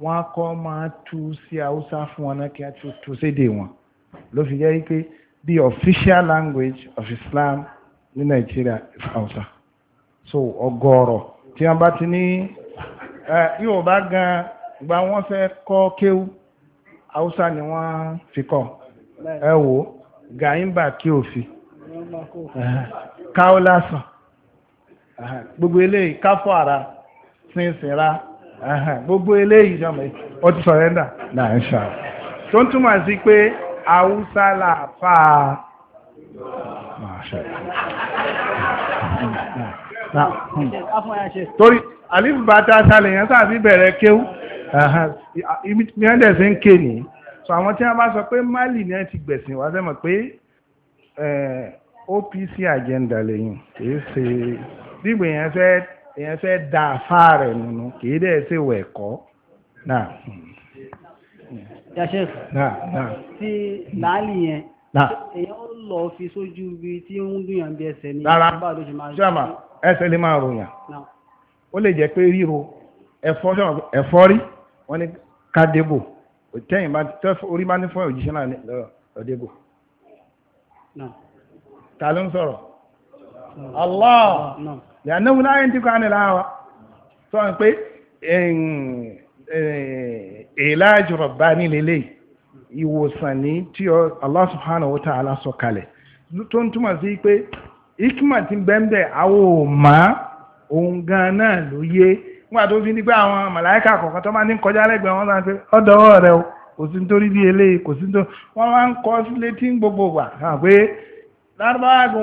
wọ́n á kọ́ máa tú sí Hausa fún wọn náà kí á tú sédè wọn ló fi jẹ́ pé the official language of Islam ní Nigeria is Hausa so ọgọ́rọ̀ tí wọ́n bá ti ní yóò bá gan gba wọ́n fẹ́ kọ́ kéwú Hausa ni wọ́n fi kọ́ ẹ wò gàyìnbà kí òfin káwó lásán gbogbo eléyìí káfọ́ ara sínsìnra gbogbo eléyìí jọmọ ọ ti sọ̀rẹ́ndà náà ń ṣàrò tó ń túmọ̀ sí pé haúsá làáfà hmm. torí alif bata sálẹ̀ yẹn sáàfí bẹ̀rẹ̀ kéwú ní ẹ́dẹ̀ sí ń ké ní so àwọn tí wọ́n bá sọ pé mali ní ẹ ti gbẹ̀sìn wá sẹ́mọ̀ pé OPC agenda lẹ́yìn kìí ṣe dígbò èèyàn fẹ́ da afá rẹ̀ nínú kìí dẹ̀ ṣe wẹ̀kọ́ náà. Ya Sheikh. Tí láàlì yẹn, èyàn lọ fi sójú bí tí ó ń dùnyàn bí ẹsẹ̀ ní bá Ẹsẹ̀ lè máa ròyàn. Ó lè jẹ́ pé ríro ẹ̀fọ́rí wọ́n ní kádébò. Tẹ́yìn bá orí bá ní fún òjíṣẹ́ náà lọ́débò. Ta ló ń sọ̀rọ̀? Allah! Ìyànnáwó láyé ń tí kọ́ ànìláwa. Sọ pé ìlàjì rabbani lélẹ̀ ìwòsàn ní tí Allah subhanahu wa ta'ala sọ kalẹ̀ tó ń túmọ̀ sí pé ikima ti bẹ́ẹ̀ àwọn ò má òun gan náà ló yé nígbà tó fi ní pé àwọn màláìka kọ̀ọ̀kan tó máa ní kọjá lẹ́gbẹ̀ẹ́ wọn náà pé ọ̀dọ́wọ́ rẹ o kò sí nítorí bí eléyìí wọ́n máa pé lárúbáwá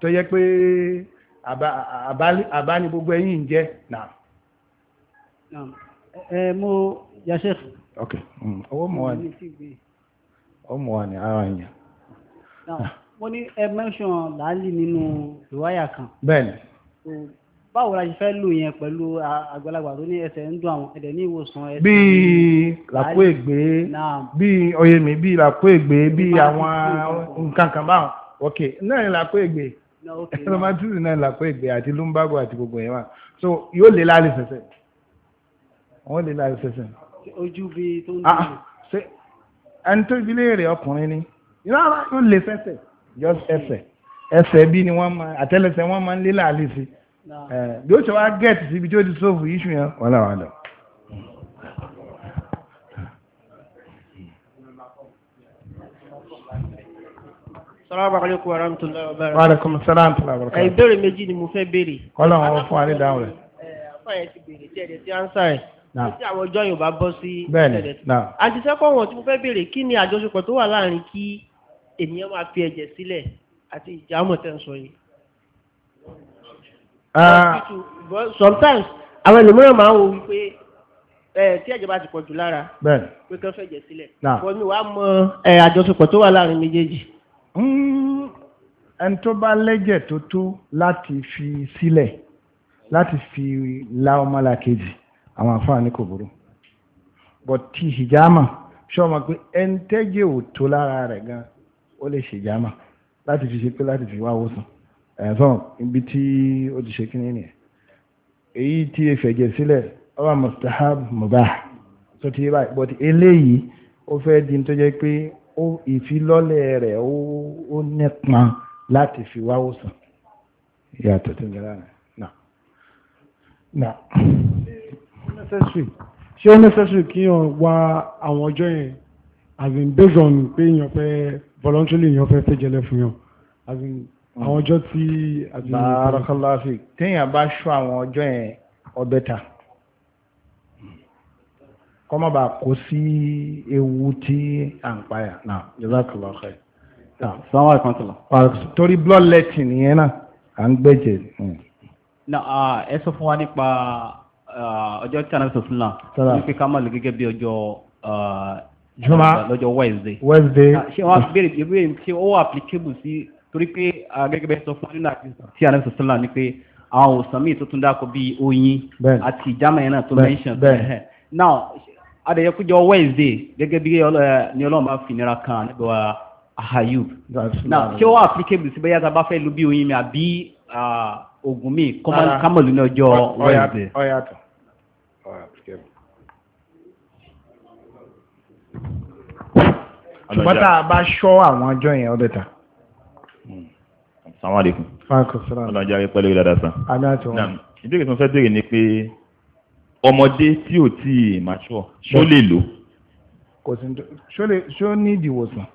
tó yẹ pé àbá ni gbogbo ẹ̀yin ń jẹ́ náà. mo yàṣẹ́. ok mm, ọwọ́ mọ̀ wá ní ọwọ́ mọ̀ wá ní ara èèyàn. mo ní ẹ mẹ́sàn láàlì nínú ìwáyà kan. bẹ́ẹ̀ni. báwo la ṣe fẹ́ lò yẹn pẹ̀lú àgbàlagbà tó ní ẹsẹ̀ ń dùn àwọn ẹ̀dẹ̀ ní ìwòsàn ẹsẹ̀. bíi làpò ègbé bíi ọyẹmí bíi làpò ègbé bíi àwọn nǹkan kan báwọn ok náà ni làpò ègbé romanticism náà làkó ìgbé àti lumbago àti gbogbo yẹn wà so yóò lè láàrin sẹsẹ wọn lè láàrin sẹsẹ. ojú bí tó ń ah, dùn. ẹni tó ìdílé rẹ̀ ọkùnrin ni rárá yóò lè sẹsẹ just ẹsẹ̀ ẹsẹ̀ bí ni wọ́n máa àtẹ́lẹsẹ̀ wọ́n máa ń lé láàrin sí eh, bí ó ṣe wá gẹẹtì síbi tí ó ti sóòfù yíṣu yẹn wàhálà wàhálà. Salamu alaikum wa rahmatullahi wa barakatuh. Wa alaikum salam wa rahmatullahi wa barakatuh. Ìbéèrè méjì ni mo fẹ́ béèrè. Ọlọ́run wọn fún wa ní dáhùn rẹ̀. Àfọ̀ ẹ̀ ti béèrè tí ẹ̀dẹ̀ ti ánsá rẹ̀. Tí àwọn ọjọ́ Yorùbá bọ́ sí ẹ̀dẹ̀. Àti sẹ́kọ̀ wọn tí mo fẹ́ béèrè kí ni àjọṣepọ̀ tó wà láàrin kí ènìyàn máa fi ẹ̀jẹ̀ sílẹ̀ àti ìjàmọ̀ tẹ́ ń sọ yìí. Ah. Sometimes àwọn ẹlòmíràn máa ń wo wípé tí ẹ̀jẹ̀ ti pọ̀ jù lára pé kán fẹ̀jẹ̀ sílẹ̀. Wọ́n ní wàá àjọṣepọ̀ tó wà láàrin méjèèjì ẹni tó bá lẹ́jẹ̀ tó tó láti fi sílẹ̀ láti fi la ọmọlàkejì àwọn àfáà ní kò burú but ti hijama ṣé ọmọ pé ẹni tẹ́jẹ̀ ò tó lára rẹ̀ gan ó lè ṣe hijama láti fi ṣe pé láti fi wá wòsàn ẹ̀fọ́n ibi tí ó ti ṣe kí ní nìyẹn èyí tí e fẹ̀jẹ̀ sílẹ̀ ọba mustahab mubah tó ti yé báyìí but eléyìí ó fẹ́ di tó jẹ́ pé ìfilọ́lẹ̀ rẹ̀ ó nípa láti fi wá òsàn ìyàtọ̀ tó jẹ́ lára náà náà ṣé ó necessary kí yàn wá àwọn ọjọ́ yẹn as in based pé yàn fẹ́ voluntarily yàn fẹ́ fẹ́jẹ̀lẹ̀ fún yàn as in àwọn ọjọ́ tí. bàárọ̀kọ́lá fi téèyàn bá ṣọ́ àwọn ọjọ́ yẹn ọbẹ̀ ta kọ́mọ́ bá kó sí ewu tí à ń payà náà jazakallah khair. sanwó àkàntìlá. torí blood letting yẹn náà à ń gbẹ̀jẹ̀. Hmm. ẹ sọ fún wa nípa ọjọ́ tí a náà sọ fún la wípé ká má lò gẹ́gẹ́ bí ọjọ́ juma lọ́jọ́ wednesday. wednesday. ṣé wọ́n á béèrè ìbéèrè ṣé ó wà applicable sí torí pé gẹ́gẹ́ bẹ́ẹ̀ sọ fún nínú àti tí a náà sọ fún la ni pé àwọn òsàn míì tó tún dáko bíi oyin àti ìjàmọ̀ yẹn náà tó mention. now Ada adẹ̀yẹkújọ wednesday gẹ́gẹ́ bí eh, ní ọlọ́run bá fi nira kan nígbà Ayub náà ṣé ó wà applicable sí bẹ́yà tá a bá fẹ́ lu bí oyin mi àbí oògùn mi kámọ̀lú ní ọjọ́ wednesday. ọ̀yàtọ̀ ọ̀yàtọ̀ ṣùgbọ́n tá a bá ṣọ́ àwọn ọjọ́ yẹn ọdẹ ta. Hmm. assalamu alaikum. fáńkì sọ́ra. ọlọ́jà pẹ̀lú ìdádásán. adá tó wọn. ìbéèrè tí mo fẹ́ béèrè ni pé ọmọdé tí ò tí ì màṣọ ṣó lè lò. kò sí ṣó ní ìdìwòsàn.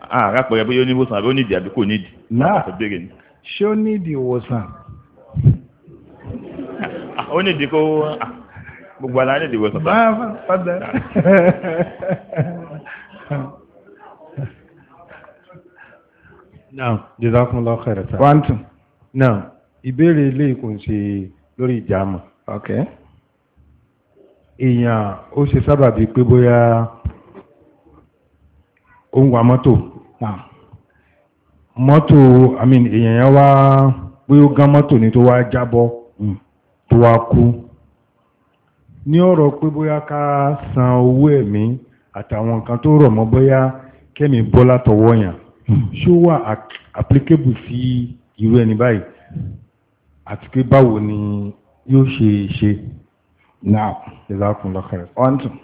àrà pẹ̀lú bóyá ó ní ìwòsàn àbí ó ní ìdí àbí kò ní ìdí. náà ṣé ó ní ìdìwòsàn. ó ní ìdí kó gbogbo ara ní ìdìwòsàn. bá a fàdà. now jesus kun lọ kẹrẹ ta. one two. ìbéèrè ilé ìkùnsè lórí ìjà Okay. èèyàn ó ṣe sábàbí pé bóyá ó ń wa mọ́tò mọ́tò i mean èèyàn yẹn wá bóyá ó gán mọ́tò ní tó wá jábọ́ hmm. tó wá kú ní ọ̀rọ̀ pé bóyá ká san owó ẹ̀mí àtàwọn nǹkan tó rọ̀ mọ́ bóyá kẹ́mi bọ́ látọwọ́ yàn hmm. ṣó wà applicable sí irú ẹni báyìí àti pé báwo ni yóò ṣe ṣe naa ìlàkùnlọ́kẹ̀rẹ̀ ọ̀ntún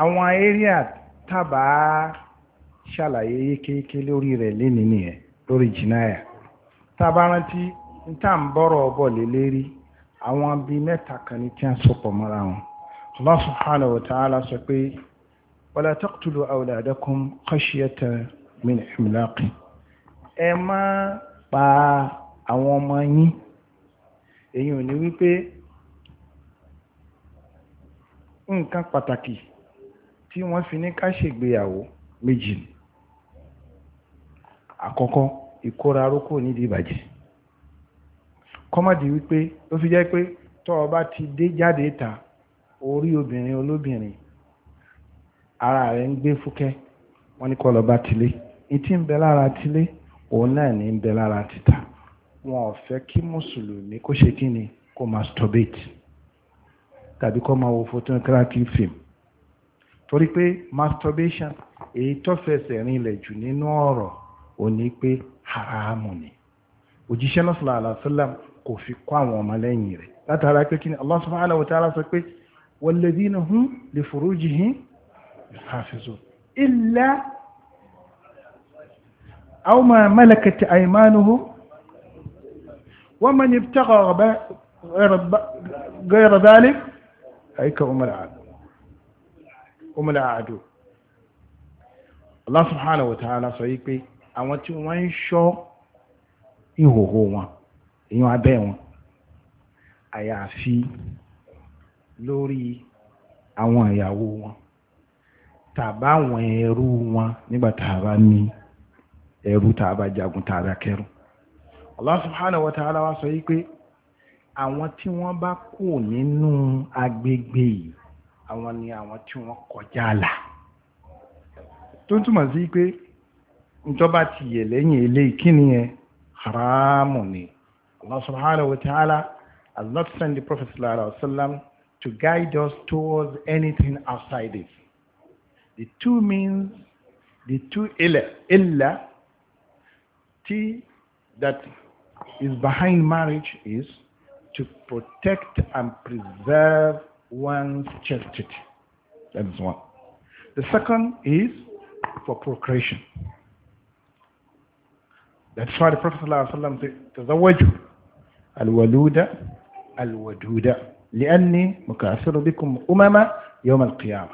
àwọn area tàbá ṣàlàyé yékéyéké lórí rẹ̀ lénìí nìyẹn lórí jìnnáyà tàbá rántí níta ń bọ́rọ̀ ọbọ̀ lélẹ́rí àwọn bíi mẹ́ta kan ní tí a sopọ̀ mọ́ra wọn Allah subhanahu wa ta'ala sọ pé wala taqtulu awladakum khashyata min imlaq ẹ má pa àwọn èyí ò ní wípé nǹkan pàtàkì tí wọ́n fi ní ká ṣègbéyàwó méjì ni àkọ́kọ́ ìkóra arókò nídìí ìbàjẹ́ kọ́mọ̀dì wípé ló fi jẹ́ pé tọ́ ọ bá ti dé jáde ta orí obìnrin olóbìnrin ara rẹ̀ ń gbé fúkẹ́ wọ́n ní kọ́ lọ bá tilé ìtì ń bẹ lára tilé òun náà ní ń bẹ lára títà wọn ò fẹ́ kí mùsùlùmí kó ṣe kí ni kó masturbate tàbí kó máa wo photographic film torí pé masturbation èyí tó fẹsẹ̀ rinlẹ̀ jù nínú ọ̀rọ̀ ò ní pé haramu ni òjíṣẹ́ náà sallallahu alaihi wasallam kò fi kọ́ àwọn ọmọlẹ́yìn rẹ̀ látara pé kí ni Allah subhanahu wa ta'ala sọ pé walladhina hum li furujihim hafizun illa aw ma malakat aymanuhum ومن ابتغى غير ذلك هيك هم العادون هم العادون Allah subhanahu wa ta'ala sọ yí pé àwọn tí wọ́n ń ṣọ́ ìhòhò wọn èèyàn abẹ́ wọn àyàfi lórí àwọn ìyàwó wọn tàbá àwọn ẹrú wọn nígbà tàbá ní ẹrú tàbá jagun tàbá kẹrù Allah subhanahu wa ta'ala wa sọ yìí pé àwọn tí wọ́n bá kù nínú agbègbè yìí àwọn ni àwọn tí wọ́n to àlà tó túmọ̀ sí pé ìjọba ti yẹ lẹ́yìn ilé ìkíni yẹn haramu ni Allah subhanahu wa ta'ala has not sent the Prophet sallallahu alaihi wa sallam to guide us towards anything outside this. The two means, the two illa, illa t, that is behind marriage is to protect and preserve one's chastity. That is one. The second is for procreation. That's why the Prophet ﷺ said, تزوجوا الولود الودود لأني مكاثر بكم أمما يوم القيامة.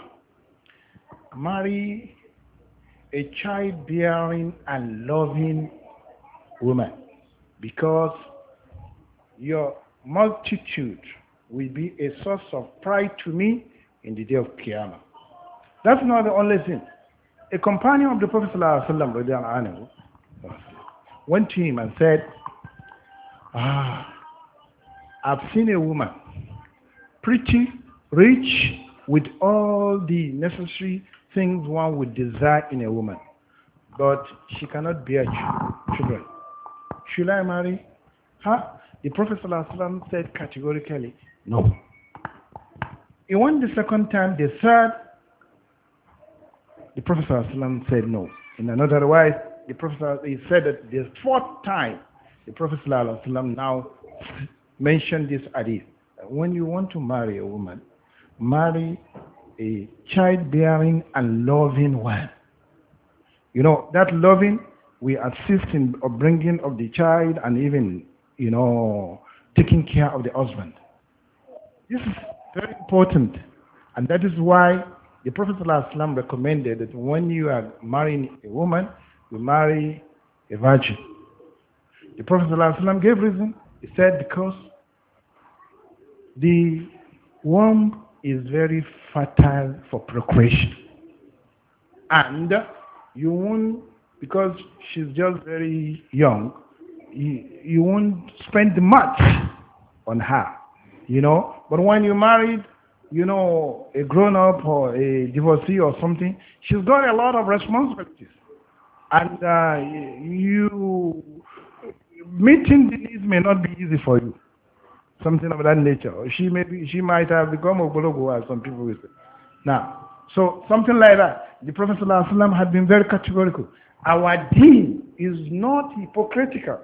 Marry a child-bearing and loving woman because your multitude will be a source of pride to me in the day of Qiyamah. That's not the only thing. A companion of the Prophet ﷺ went to him and said, Ah, I've seen a woman pretty, rich, with all the necessary things one would desire in a woman, but she cannot bear children. Should I marry her? The Prophet ﷺ said categorically, No. He went the second time, the third, the Prophet ﷺ said no. In another way, the Prophet he said that the fourth time, the Prophet ﷺ now mentioned this hadith. When you want to marry a woman, marry a childbearing and loving one. You know, that loving we assist in bringing of the child and even, you know, taking care of the husband. This is very important. And that is why the Prophet ﷺ recommended that when you are marrying a woman, you marry a virgin. The Prophet ﷺ gave reason. He said because the womb is very fertile for procreation. And you won't because she's just very young, you, you won't spend much on her, you know. But when you married, you know, a grown up or a divorcee or something, she's got a lot of responsibilities. And uh, you, meeting the needs may not be easy for you. Something of that nature. She may be, she might have become a bologo as some people will say. Now, so something like that. The Prophet ﷺ had been very categorical. Our deen is not hypocritical.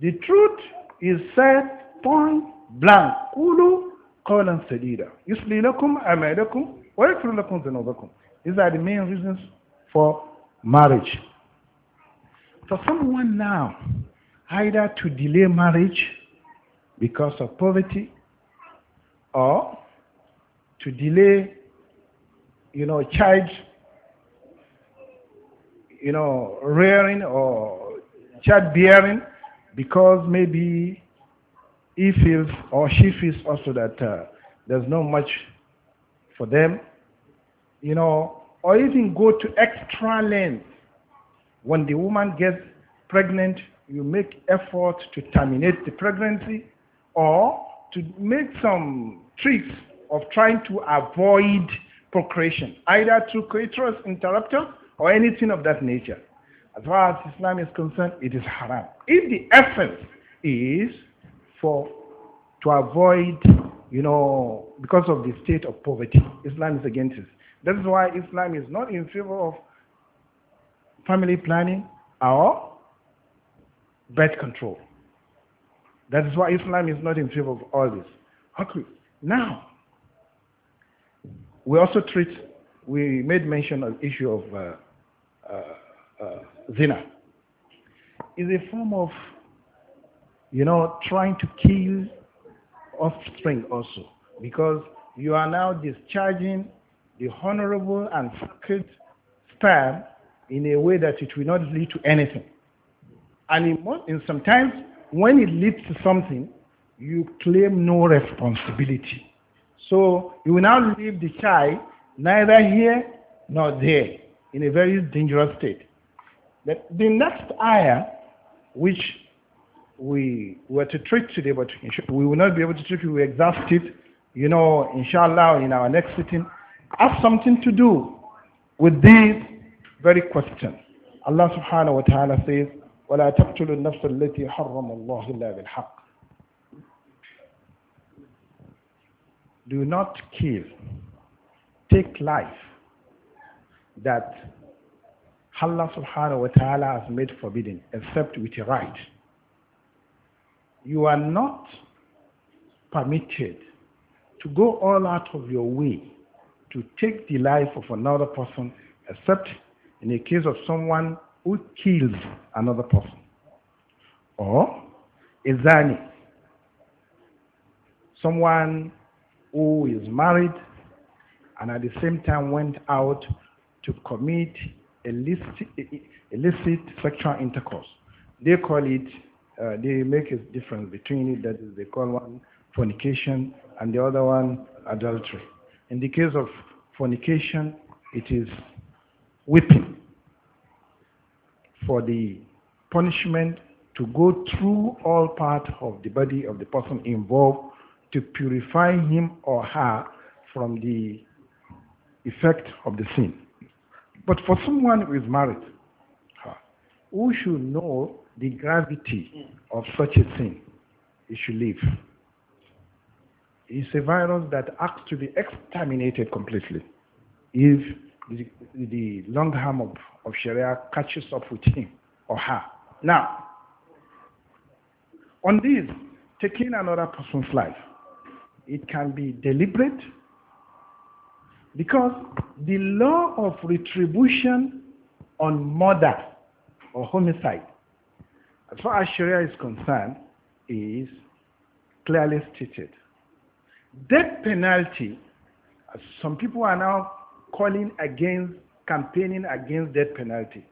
The truth is said point blank. Kulu قولا سديدا يصلي لكم أعمالكم ويغفر لكم ذنوبكم These are the main reasons for marriage. For someone now, either to delay marriage because of poverty or to delay, you know, child you know, rearing or childbearing because maybe he feels or she feels also that uh, there's not much for them, you know, or even go to extra length. When the woman gets pregnant, you make effort to terminate the pregnancy or to make some tricks of trying to avoid procreation, either through clitoris interrupter or anything of that nature. As far as Islam is concerned, it is haram. If the essence is for to avoid, you know, because of the state of poverty, Islam is against it. That is why Islam is not in favor of family planning or birth control. That is why Islam is not in favor of all this. Okay. Now, we also treat, we made mention of the issue of uh, zina is a form of, you know, trying to kill offspring also because you are now discharging the honorable and sacred sperm in a way that it will not lead to anything. And in, sometimes when it leads to something, you claim no responsibility. So you will now leave the child neither here nor there in a very dangerous state. The next ayah, which we were to treat today, but we will not be able to treat it, we exhaust it, you know, inshallah, in our next sitting, has something to do with this very question. Allah subhanahu wa ta'ala says, وَلَا تَقْتُلُوا النَّفْسَ الَّتِي حَرَّمَ اللَّهُ إِلَّا بِالْحَقِّ Do not kill. Take life that Allah subhanahu wa ta'ala has made forbidden except with a right. You are not permitted to go all out of your way to take the life of another person except in the case of someone who kills another person or a zani, someone who is married and at the same time went out to commit illicit, illicit sexual intercourse. They call it, uh, they make a difference between it, that is, they call one fornication and the other one adultery. In the case of fornication, it is whipping for the punishment to go through all parts of the body of the person involved to purify him or her from the effect of the sin. But for someone who is married, who should know the gravity mm. of such a thing, he should leave. It's a virus that acts to be exterminated completely if the, the long arm of, of Sharia catches up with him or her. Now, on this, taking another person's life, it can be deliberate Because the law of retribution on murder or homicide, as far as Sharia is concerned, is clearly stated. Death penalty, as some people are now calling against, campaigning against death penalty.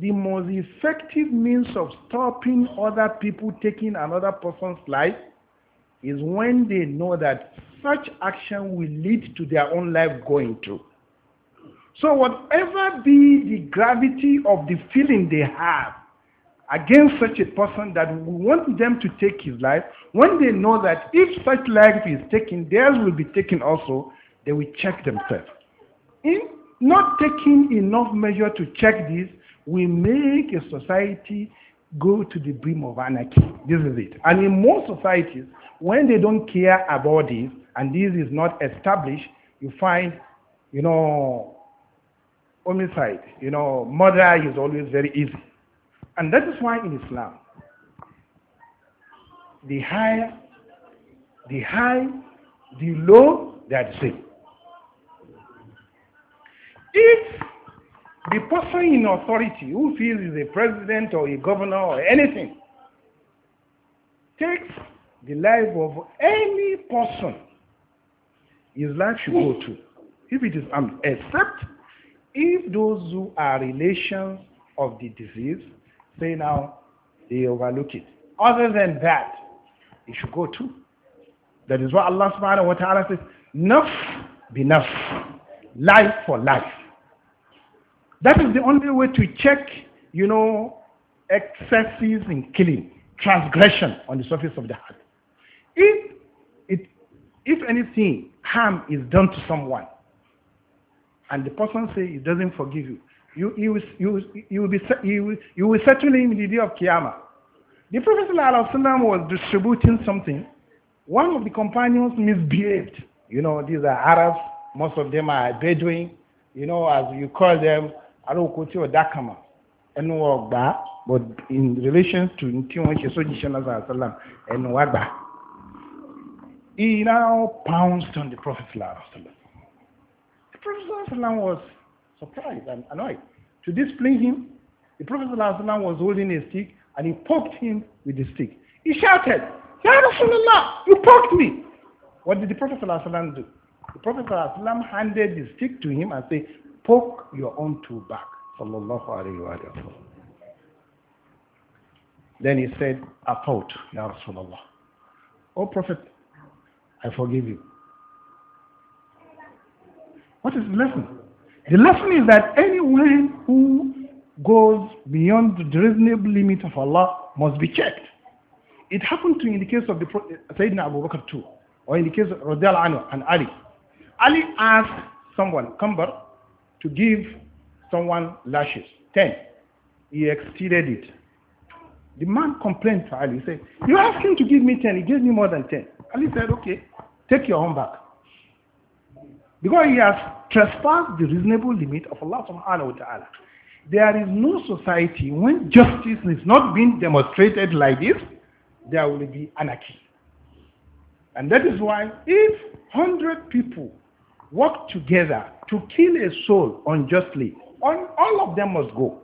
The most effective means of stopping other people taking another person's life is when they know that such action will lead to their own life going through. So whatever be the gravity of the feeling they have against such a person that we want them to take his life, when they know that if such life is taken, theirs will be taken also, they will check themselves. In not taking enough measure to check this, we make a society go to the brim of anarchy. This is it. And in most societies, When they don't care about this, and this is not established, you find, you know, homicide, you know, murder is always very easy. And that is why in Islam, the high, the high, the low, they are the same. If the person in authority who feels is a president or a governor or anything takes the life of any person his life should go to if it is harmed except if those who are relations of the disease say now they overlook it other than that it should go to that is what Allah subhanahu wa ta'ala says Enough, be nafs life for life that is the only way to check you know excesses in killing transgression on the surface of the heart if, it, if anything, harm is done to someone, and the person says he doesn't forgive you, you, you, will, you, you, will be, you, will, you will settle him in the day of Qiyamah. The Prophet ﷺ was distributing something. One of the companions misbehaved. You know, these are Arabs. Most of them are Bedouin. You know, as you call them, Arokoti or Dakama. But in relation to Ntiwon Sheso Jishan Sallallahu Alaihi he now pounced on the Prophet. The Prophet was surprised and annoyed. To display him, the Prophet was holding a stick and he poked him with the stick. He shouted, Ya Rasulullah, you poked me! What did the Prophet do? The Prophet handed the stick to him and said, Poke your own tool back. Then he said, Afaut, Ya Rasulullah. Oh Prophet, I forgive you. What is the lesson? The lesson is that anyone who goes beyond the reasonable limit of Allah must be checked. It happened to in the case of the Prophet, Sayyidina Abu Bakr too, or in the case of Radial Anhu and Ali. Ali asked someone, Kambar, to give someone lashes, 10. He exceeded it. The man complained to Ali. He said, You asked him to give me 10, he gave me more than 10. Ali said, Okay, take your home back. Because he has trespassed the reasonable limit of Allah subhanahu wa ta'ala. There is no society when justice is not being demonstrated like this, there will be anarchy. And that is why if 100 people work together to kill a soul unjustly, all of them must go.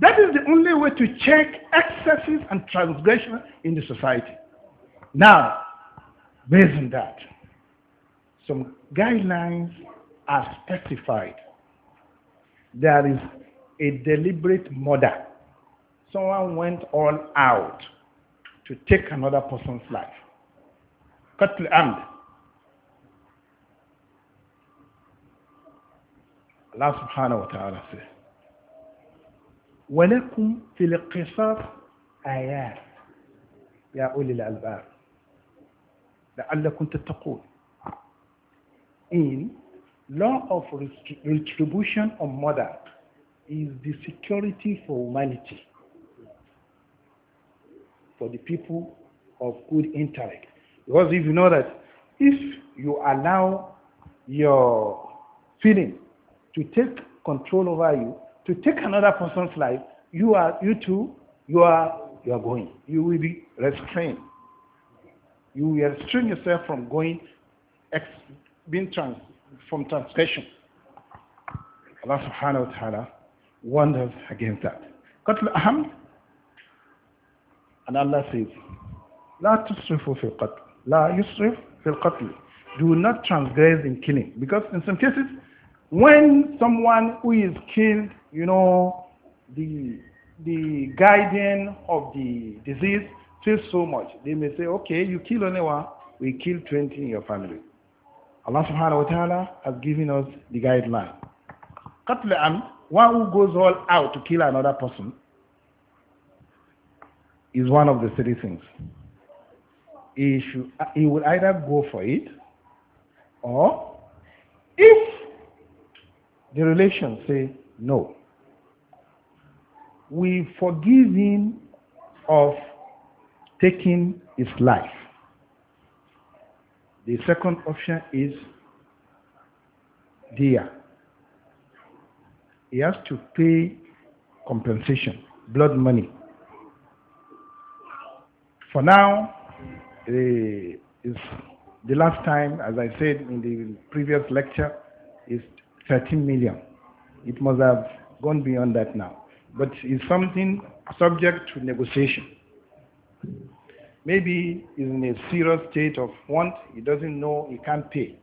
That is the only way to check excesses and transgression in the society. Now, based on that, some guidelines are specified. There is a deliberate murder. Someone went all out to take another person's life. the end. Allah subhanahu wa ta'ala says, ولكم في القصاص آيات يا أولي الألباب لعلكم تتقون in law of retribution of murder is the security for humanity for the people of good intellect because if you know that if you allow your feeling to take control over you to take another person's life, you are you too, you are you are going. You will be restrained. You will restrain yourself from going ex, being trans from transgression. Allah subhanahu wa ta'ala warned against that. Qatl aham and Allah says, La tusrifu fil qatl. La yusrif fil qatl. Do not transgress in killing. Because in some cases, when someone who is killed you know, the, the guiding of the disease feels so much. They may say, okay, you kill only one, we kill 20 in your family. Allah subhanahu wa ta'ala has given us the guideline. Qatl one who goes all out to kill another person, is one of the three things. He, should, he will either go for it, or if the relation say no, we forgive him of taking his life. The second option is dear. He has to pay compensation, blood money. For now, eh, it's the last time, as I said in the previous lecture, is 13 million. It must have gone beyond that now but it's something subject to negotiation. Maybe he's in a serious state of want, he doesn't know, he can't pay.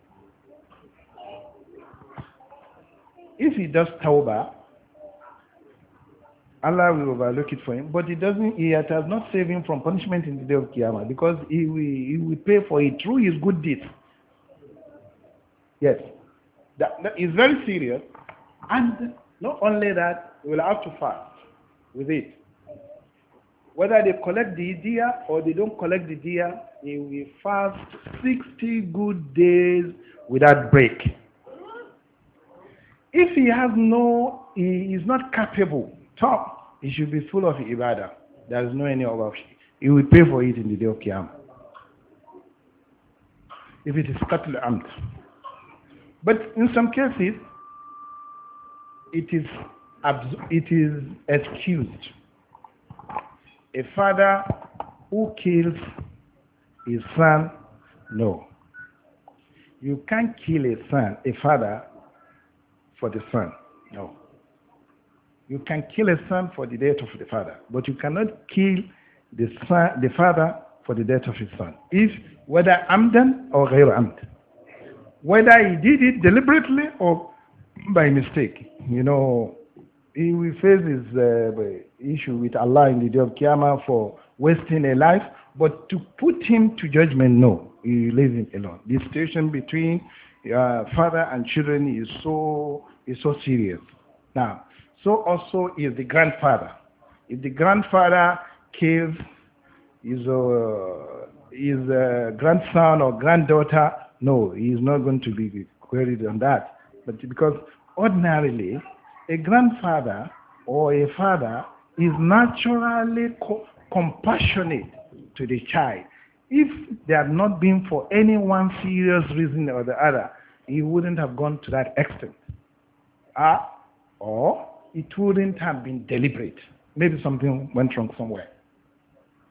If he does tawbah, Allah will overlook it for him, but it doesn't, He has not saved him from punishment in the day of Qiyamah because he will, he will pay for it through his good deeds. Yes. that, that is very serious. And not only that, they will have to fast with it. Whether they collect the deer or they don't collect the deer, they will fast 60 good days without break. If he has no, he is not capable, top, he should be full of ibadah. There is no any other option. He will pay for it in the day of Qiyamah. If it is qatl amt. But in some cases, it is it is excused. A father who kills his son, no. You can't kill a son, a father, for the son, no. You can kill a son for the death of the father, but you cannot kill the son, the father for the death of his son. If whether amdan or غير amd, whether he did it deliberately or by mistake, you know, he will face his uh, issue with Allah in the day of Qiyamah for wasting a life, but to put him to judgment, no, he leaves him alone. The situation between uh, father and children is so is so serious. Now, so also is the grandfather. If the grandfather kills his, uh, his uh, grandson or granddaughter, no, he is not going to be queried on that. But because ordinarily, a grandfather or a father is naturally co compassionate to the child. If there had not been for any one serious reason or the other, he wouldn't have gone to that extent. Uh, or it wouldn't have been deliberate. Maybe something went wrong somewhere.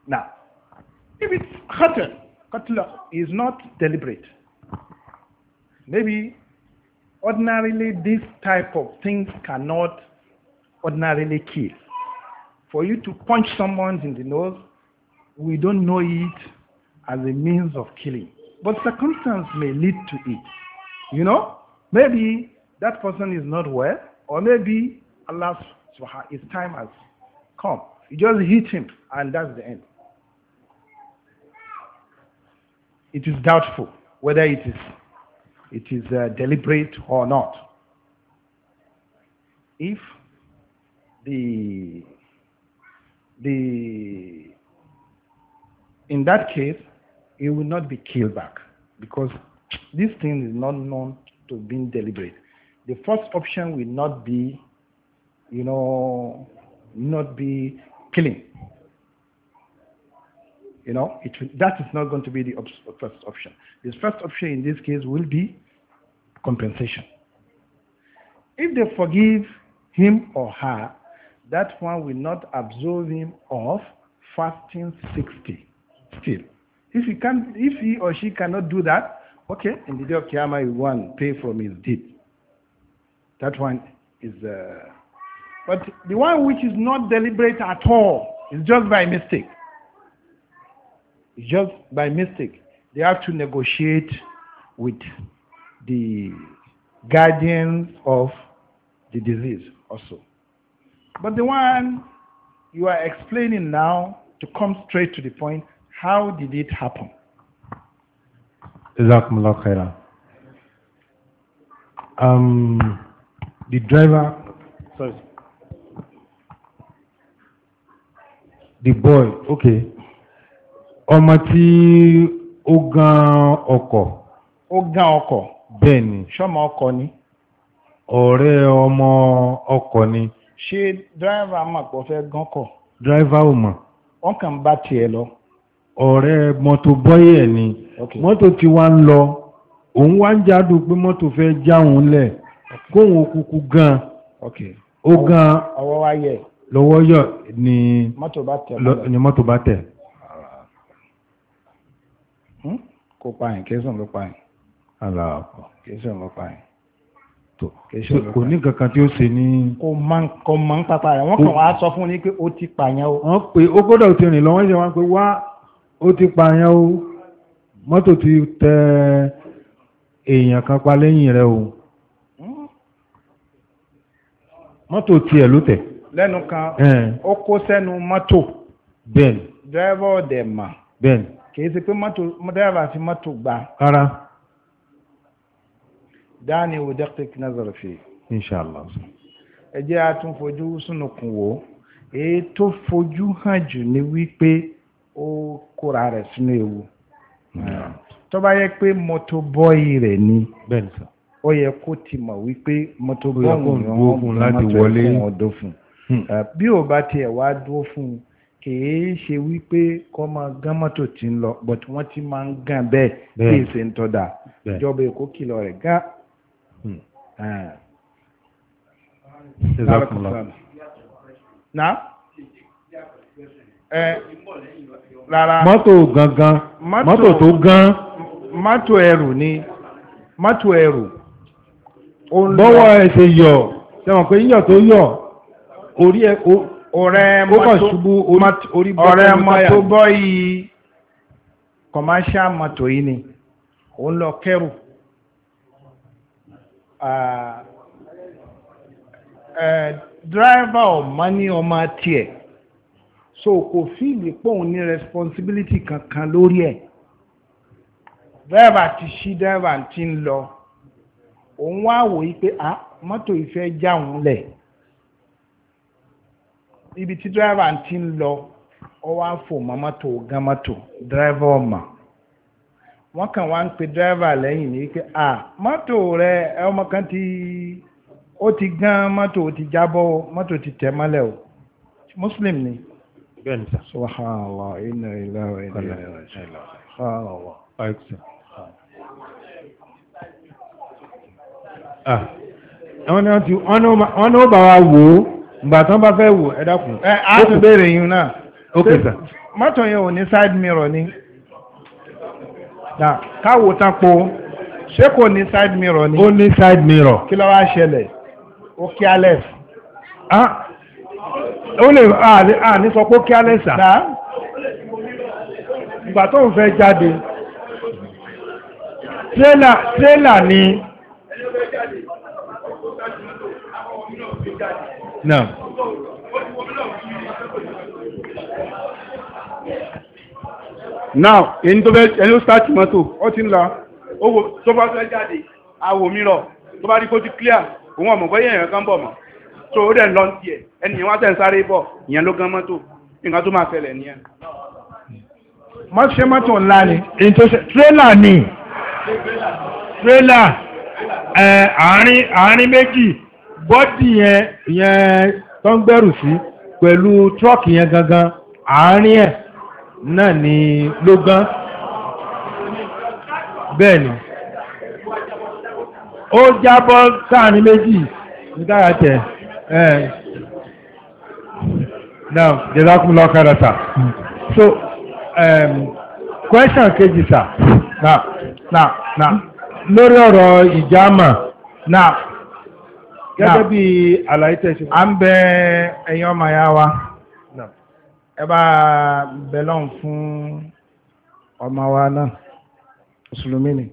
Now, if it's cutler, cutler is not deliberate. Maybe ordinarily this type of things cannot ordinarily kill. For you to punch someone in the nose, we don't know it as a means of killing. But circumstance may lead to it. You know, maybe that person is not well, or maybe Allah's his time has come. You just hit him, and that's the end. It is doubtful whether it is it is uh, deliberate or not. If the, the, in that case, it will not be killed back because this thing is not known to be deliberate. The first option will not be, you know, not be killing. You know, it, that is not going to be the first option. The first option in this case will be compensation. If they forgive him or her, that one will not absolve him of fasting 60 still. If he, can, if he or she cannot do that, okay, in the day of Kiamai he will pay from his deed. That one is... Uh, but the one which is not deliberate at all, is just by mistake. It's just by mistake. They have to negotiate with the guardians of the disease also. But the one you are explaining now, to come straight to the point, how did it happen? Jazakumullah Um, the driver, sorry, the boy, okay. Ọmọ tí ó gan ọkọ̀. Ó gan ọkọ̀ bẹ́ẹ̀ni ṣọ́mọ ọkọ ni ọ̀rẹ́ ọmọ ọkọ ni ṣé dráìvà mọ̀ pọ̀ fẹ́ gánkọ̀ dráìvà ò mọ̀ wọ́n kàn bá tiẹ̀ lọ ọ̀rẹ́ mọ́tò bọ́yì ẹ̀ ni mọ́tò tí wá ń lọ òun wá ń jádùn pé mọ́tò fẹ́ jáun lẹ̀ kóhun òkùnkùn gan ó gan lọ́wọ́ yọ̀ ni mọ́tò bá tẹ̀ kó pààyàn kẹsàn ló pààyàn aláàpọ̀ kìí ọlọ́pàá yẹn tó kìí ọlọ́pàá kò ní kankan tí ó ṣe ní. kò máa ń kò máa ń pàpà rẹ̀ wọ́n kàn wá sọ fún ni pé ó ti pààyàn o. wọ́n pe ó gbọ́dọ̀ ti rìn lọ wọ́n ṣe wá pé wá ó ti pààyàn o mọ́tò ti tẹ èèyàn kan pa lẹ́yìn rẹ̀ o hmm? mọ́tò tiẹ̀ ló tẹ̀. lẹ́nu kan ó kó sẹ́nu mọ́tò. bẹ́ẹ̀ni. dẹ́rẹ́bà ọ̀dẹ̀ mà. bẹ́ẹ̀ni. kì í ṣe pé mọ́tò dẹ́rẹ́bà fi mọ́tò gbà. rárá dáni wo dẹ́kítẹ́kì nazar fi inṣàlá ẹ jẹ́ a tún fojú sunukun wò èyí tó fojú hàn jù ni wípé ó kóra rẹ̀ sínú ewu tó bá yẹ pé mọ́tò bọ́ọ̀yì rẹ̀ ni ó yẹ kó ti mọ̀ wípé mọ́tò bọ́ọ̀hùn ni wọ́n mú láti wọlé ọ̀dọ́ fún hmm. bí ò bá tiẹ̀ wá dúró fún un kìí ṣe wípé kọ́ máa gán mọ́tò tí ń lọ but wọ́n ti máa ń gàn bẹ́ẹ̀ kí èsè ń tọ́da ìjọba èkó kìlọ̀ rẹ̀ gán mọ́tò gangan mọ́tò tó gan mọ́tò ẹrù ni mọ́tò ẹrù bọ́wọ́ ẹ̀ yọ̀ tẹ́wọ̀n pé yíyọ̀ tó yọ̀ orí ẹ̀ ọ̀rẹ́ mọ́tò commercial mọ́tò yìí ni lọ Uh, uh, driver ọ̀má money ọmọ tiẹ̀ so kò fíìlì pọ̀hún ní responsibility kankan lórí ẹ̀ driver ti ṣí driver ti ń lọ òun wá wò yí pé ah mọ́tò ìfẹ́ já òun lẹ̀ ibi tí driver ti ń lọ ọ wá fò mọ́ mọ́tò gán mọ́tò wọn kan wá ń pe dírẹ́fà lẹ́yìn ní pé à mọ́tò rẹ ọmọ kan ti ó ti gan mọ́tò ti jábọ́ mọ́tò ti tẹ̀ o muslim ni. bẹ́ẹ̀ ni sà. subhanallah inna ilaha wa inna ilaihi raji'un subhanallah. Ah, àwọn ni wọ́n ti wọ́n ní ó bá wa wò ó ìgbà tán bá fẹ́ wò ẹ dákun. ẹ á tún béèrè yín náà. ok sà. mọ́tò yẹn ò ní side ni. na káwo tán po ṣé kò ní side mirror ni. ó ní side mirror. kí ló wá ṣẹlẹ̀ ó kí alẹ́. ó lè à ní sọ pé ó kí alẹ́ sà. ìgbà tó ń fẹ́ jáde tírélà ni. No. now ẹni tó fẹ́ ẹni ó start ó ti ń la owó tó bá fẹ́ jáde àwò mìíràn tó bá rí kó ti clear òun ọmọ kan bọ̀ mọ́ so ó dẹ̀ ń lọ sí ẹ̀ ẹni ìwọ́n tẹ̀ ń sáré bọ̀ ìyẹn ló gan mọ́tò nǹkan tó máa nìyẹn. má ṣe mọ́tò ńlá ni tírélà náà ni ló gbọ́n ó jábọ́ sáàrin méjì ní dára tẹ̀ ẹ̀ now so um, question kejì na na na lórí ọ̀rọ̀ ìjàmà na gẹ́gẹ́ bí àlàyé tẹ̀sí wa. ẹba bá fún ọmọ wa náà mùsùlùmí ni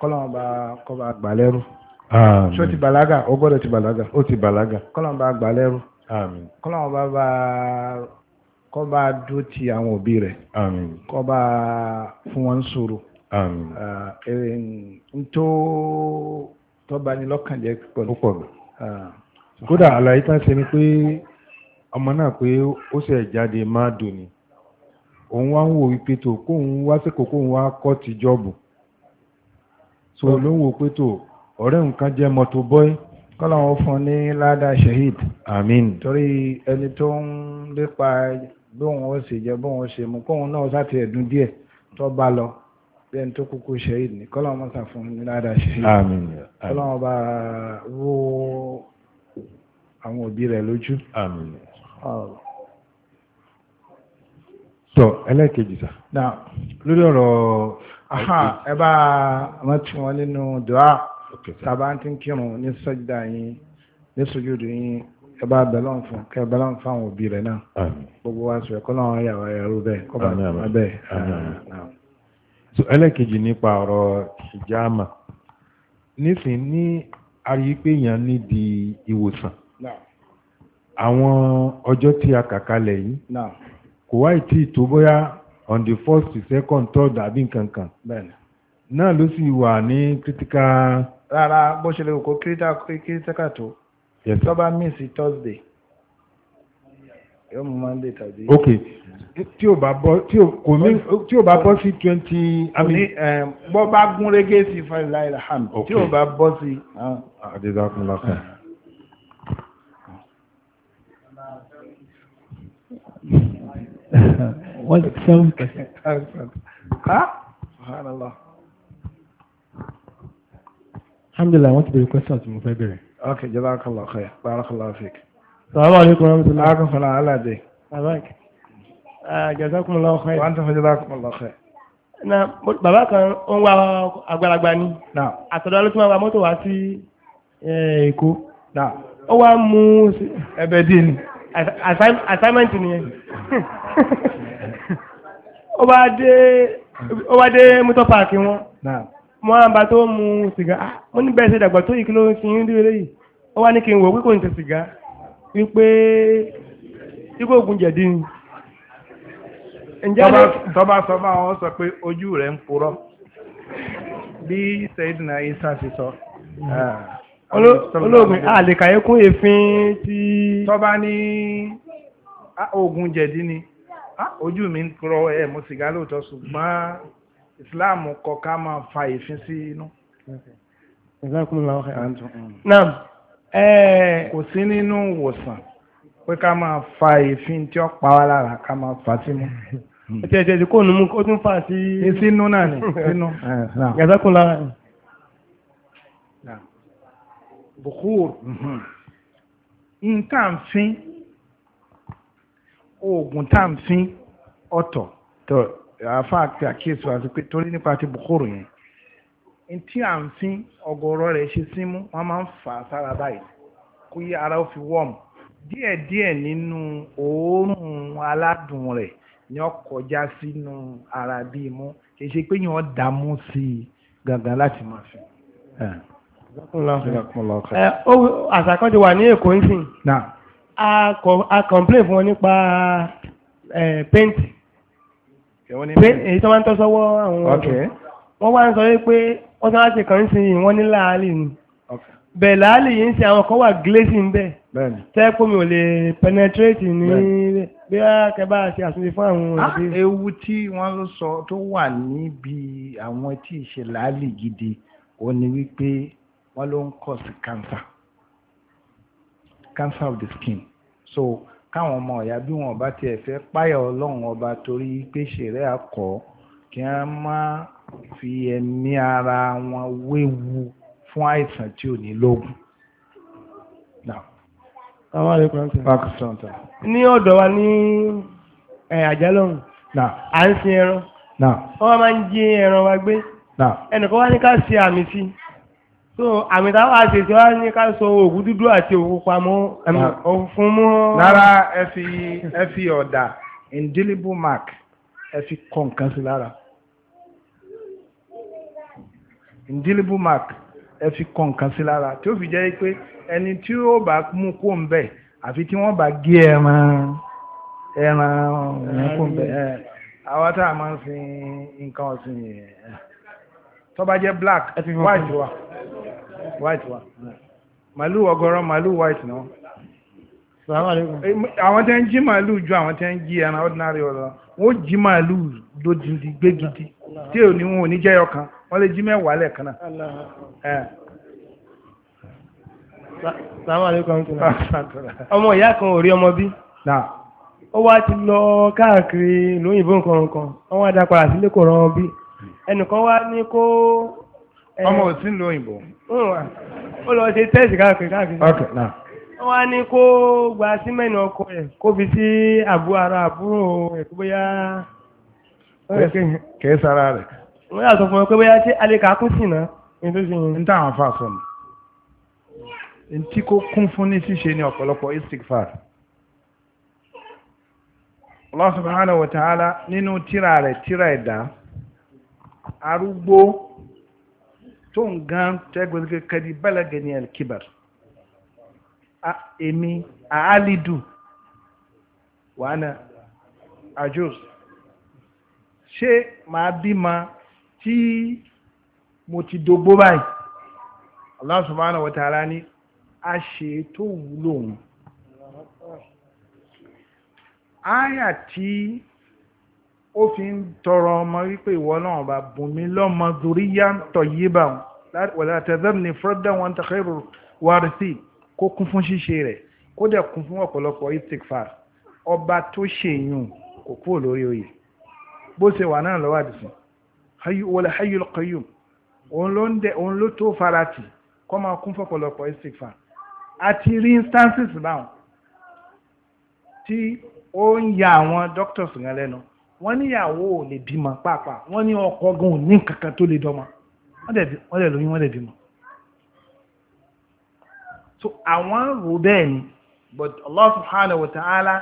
kọ́lọ́n bá ti balaga ó gbọ́dọ̀ ti balaga ó ti bàlágà kọ́lọ́n bá àgbàlẹ́rú kọ́lọ́n bá bá dó ti àwọn òbí fún wọn tọ́ba ni lọ́kànjẹ́ kódà àlàyé tán ọmọ náà pé ó ṣe jáde má dùn ni òun wá ń wò wípé tó kóun wá síkò kóun wá kọ́ ti jọ́ọ̀bù so ló ń wò pé tó ọ̀rẹ́ nǹkan jẹ́ mọ́tò bọ́í kọ́láwọ́ fún ní ládà shahid amin torí ẹni tó ń lépa bóun ó sì jẹ bóun ó ṣe mú kóun náà sáti ẹ̀dùn díẹ̀ tó bá lọ bí ẹni tó kúkú shahid ni kọ́láwọ́ mọ́sà fún ní ládà shahid amin kọ́láwọ́ bá wo àwọn òbí rẹ̀ lójú amin tọ́ ẹlẹ́kejì sá. na lórí ọ̀rọ̀ ẹ bá rántí wọn nínú dùá tàbá tí ń kírun ní sọ́jídà yín ní sùjúdù yín ẹ bá bẹ̀lọ́n fún kẹ bẹ̀lọ́n fáwọn òbí rẹ̀ náà gbogbo wa sọ̀rọ̀ kọ́ náà yàwá ẹ̀rú bẹ́ẹ̀ kọ́ bá bẹ́ẹ̀. ẹlẹ́kejì nípa ọ̀rọ̀ nísìnyí pé àwọn ọjọ́ tí a kà kalẹ̀ yìí kò wá ìtì tó bóyá on the first second third àbí nǹkan kan náà ló sì wà ní critical. rárá bó ṣe lè kó critical tó tó bá miss thursday yóò mú monday tàbí. ok tí o bá bọ́ tí o kò mí tí o bá bọ́ sí twenty. àmì bọ́ bá gún régé sí fún ilá ìlàhàn tí o bá bọ́ sí. àdéhùn akúnlá kan. What seven percent? Alhamdulillah, I want to be question to Mufay Bere. Okay, Jazakallah khair. Barakallah fiqh. Salaam alaikum wa rahmatullahi wa barakatuh. Ala day. Abak. Ah, jazakum Allah khair. Wa antum jazakum Allah khair. Na bàbá kan ó ń wá àgbàlagbà ni. Na. Àtọ̀dọ̀ ló tún wá mọ́tò wá sí Èkó. Na. Ó wá mú ẹbẹ̀ dín ni. Assignment nìyẹn. ó wá dé mọ́tọ́ páàkì wọn mọ́ àbá tó mu sìgá ah, mo ní bẹ́ẹ̀ ṣe dàgbà tó yìí kí ló fi ń rí léyìí ó wá ní kí n wò wípé kò sìgá wípé ikú ògùn jẹ̀dí ni. tọ́ba sọ bá sọ pé ojú rẹ̀ ń purọ́ bí isa ti sọ hmm. ah, olóògùn àlèkàyé èéfín tí. tọ́ba ní ah, jẹ̀dí ni Ah, ojú mi ń kúrọ ẹ̀ mo sìgá lóòótọ́ ṣùgbọ́n Islam kọ ká máa fa èéfín sí inú. naam kò sí nínú ìwòsàn pé ká máa fa èéfín tí ó pa wá lára ká máa fà sí mu ẹ̀tẹ̀ẹ̀tẹ̀ tí kò nù mú ó tún fà sí sínú náà ní sínú gàzákùn lára bukur nǹkan fín oògùn tá à ń fín ọ̀tọ̀ tó àáfàá pé àkíyèsí wa sí pé torí nípa ti bùkúrù yẹn ntí à ń fín ọ̀gọ̀rọ̀ rẹ̀ ṣe símú wọn máa ń fà á sára báyìí kó yí ara ó fi wọ́ọ̀mù díẹ̀díẹ̀ nínú òórùn aládùn rẹ̀ ni ó kọjá sínú ara bíi mú kì í ṣe pé yẹn ó dààmú sí i gangan láti máa fi. àṣà kan ti wà ní èkó ń sìn a complain fún wọn nípa paint èyí tó máa ń tọ́ sọ́wọ́ àwọn ọ̀dọ́ wọ́n wá ń sọ pé wọ́n ti wá ṣe kàn ń sin yìí wọ́n ní láàálì ni bẹ́ẹ̀ láàálì yìí ń sin àwọn kan wà glazing bẹ́ẹ̀ tẹ́ pé mi ò lè penetrate ní bí akẹ́bá ṣe àtúnṣe fún àwọn ah, òbí. ewu tí wọ́n ló sọ tó wà níbi àwọn tí ìṣe láàálì gidi ó ní wípé wọ́n ló ń kọ̀ sí cancer cancer of the skin so káwọn ọmọ ọ̀yá bí wọn bá tiẹ̀ fẹ́ páyà ọlọ́run ọba torí pé ṣẹ̀rẹ́ àkọ́ kí wọ́n má fi ẹ̀mí ara wọn wéwu fún àìsàn tí ò ní lóògùn. ní ọ̀dọ̀ wa ní àjálọ̀hún à ń sin ẹran wọ́n máa ń jí ẹran wa gbé ẹnìkan wá ní ká ṣe àmì sí i so àmì táwọn àṣèṣe wá ní ká so òwú dúdú àti òwú pamọ́ ah. fún mọ́. lára ẹ fi ẹ fi ọ̀dà indelible mark ẹ fi kọ nǹkan sí lára indelible mark ẹ fi kọ nǹkan sí lára tí ó fi jẹ́ pé ẹni tí ó bá mú kó ń bẹ̀ àfi tí wọ́n bá gé ẹran ẹran ọ̀hún kó ń bẹ̀ àwa tá a máa ń sin nǹkan ọ̀sìn yẹn tó bá jẹ́ black white wa white wa màálù ọgọ́rọ̀ màálù white náà àwọn tẹ́ ń jí màálù ju àwọn tẹ́ ń jí ẹran ordinary ọ̀rọ̀ wọ́n jí màálù lódìdí gbégidi tí ò ní wọn ò ní jẹ́yọ kan wọ́n lè jí mẹ́wàá lẹ́ẹ̀kan náà Assalamu alaikum. ọmọ ìyá kan ò rí ọmọ bí. ó wá ti lọ káàkiri lóyìnbó nǹkan nǹkan wọ́n wá dá padà sílé kò rán ọmọ bí ẹnìkan wá ní kó ọmọ ò ń lo òyìnbó. ó lọ ṣe tẹ́sì káàkiri káàkiri. ok wọ́n wá ní kó gba símẹ́ǹtì ọkọ rẹ̀ kó fi ara àbúrò sara rẹ̀. wọ́n yà sọ fún ọ pé bóyá ṣé alẹ́ kà kún sí náà. n táwọn afa sọ nù tí kò kún fún ní ṣíṣe ní ọ̀pọ̀lọpọ̀ istighfar Allah nínú tíra rẹ̀ arúgbó tó ń gan tẹ́gbẹ̀rẹ̀ kẹ́dí bẹ́lẹ̀gẹ̀ ní elkibar èmi àálìdù wàhánà àjòs ṣé màá bímọ tí mo ti dogbo báyìí Allah subhanahu ni a ṣe tó wúlò wọn. Aya tí ó fi ń tọrọ ọmọ wípé ìwọ ọlọ́run bá bùnmi lọ́mọ zuriyyan tayyiba wala tazarni fardan wa anta khairul warithin kó kún fún ṣíṣe rẹ̀ kó dẹ̀ kún fún ọ̀pọ̀lọpọ̀ istighfar ọba tó ṣèyún kò kúrò lórí oyè bó ṣe wà náà lọ́wọ́ àdìsùn wala hayu qayyum òun ló tó farati kọ́ máa kún fọ́pọ̀lọpọ̀ istighfar àti rí instances báwọn tí ó ń ya àwọn doctors gan lẹ́nu wọ́n níyàwó ò lè bímọ pàápàá wọ́n ní ọkọ gan ò ní kankan tó lè dọ́mọ wọ́n dẹ̀ lóyún wọ́n dẹ̀ bímọ. so àwọn rò bẹ́ẹ̀ ni but Allah subhanahu wa ta'ala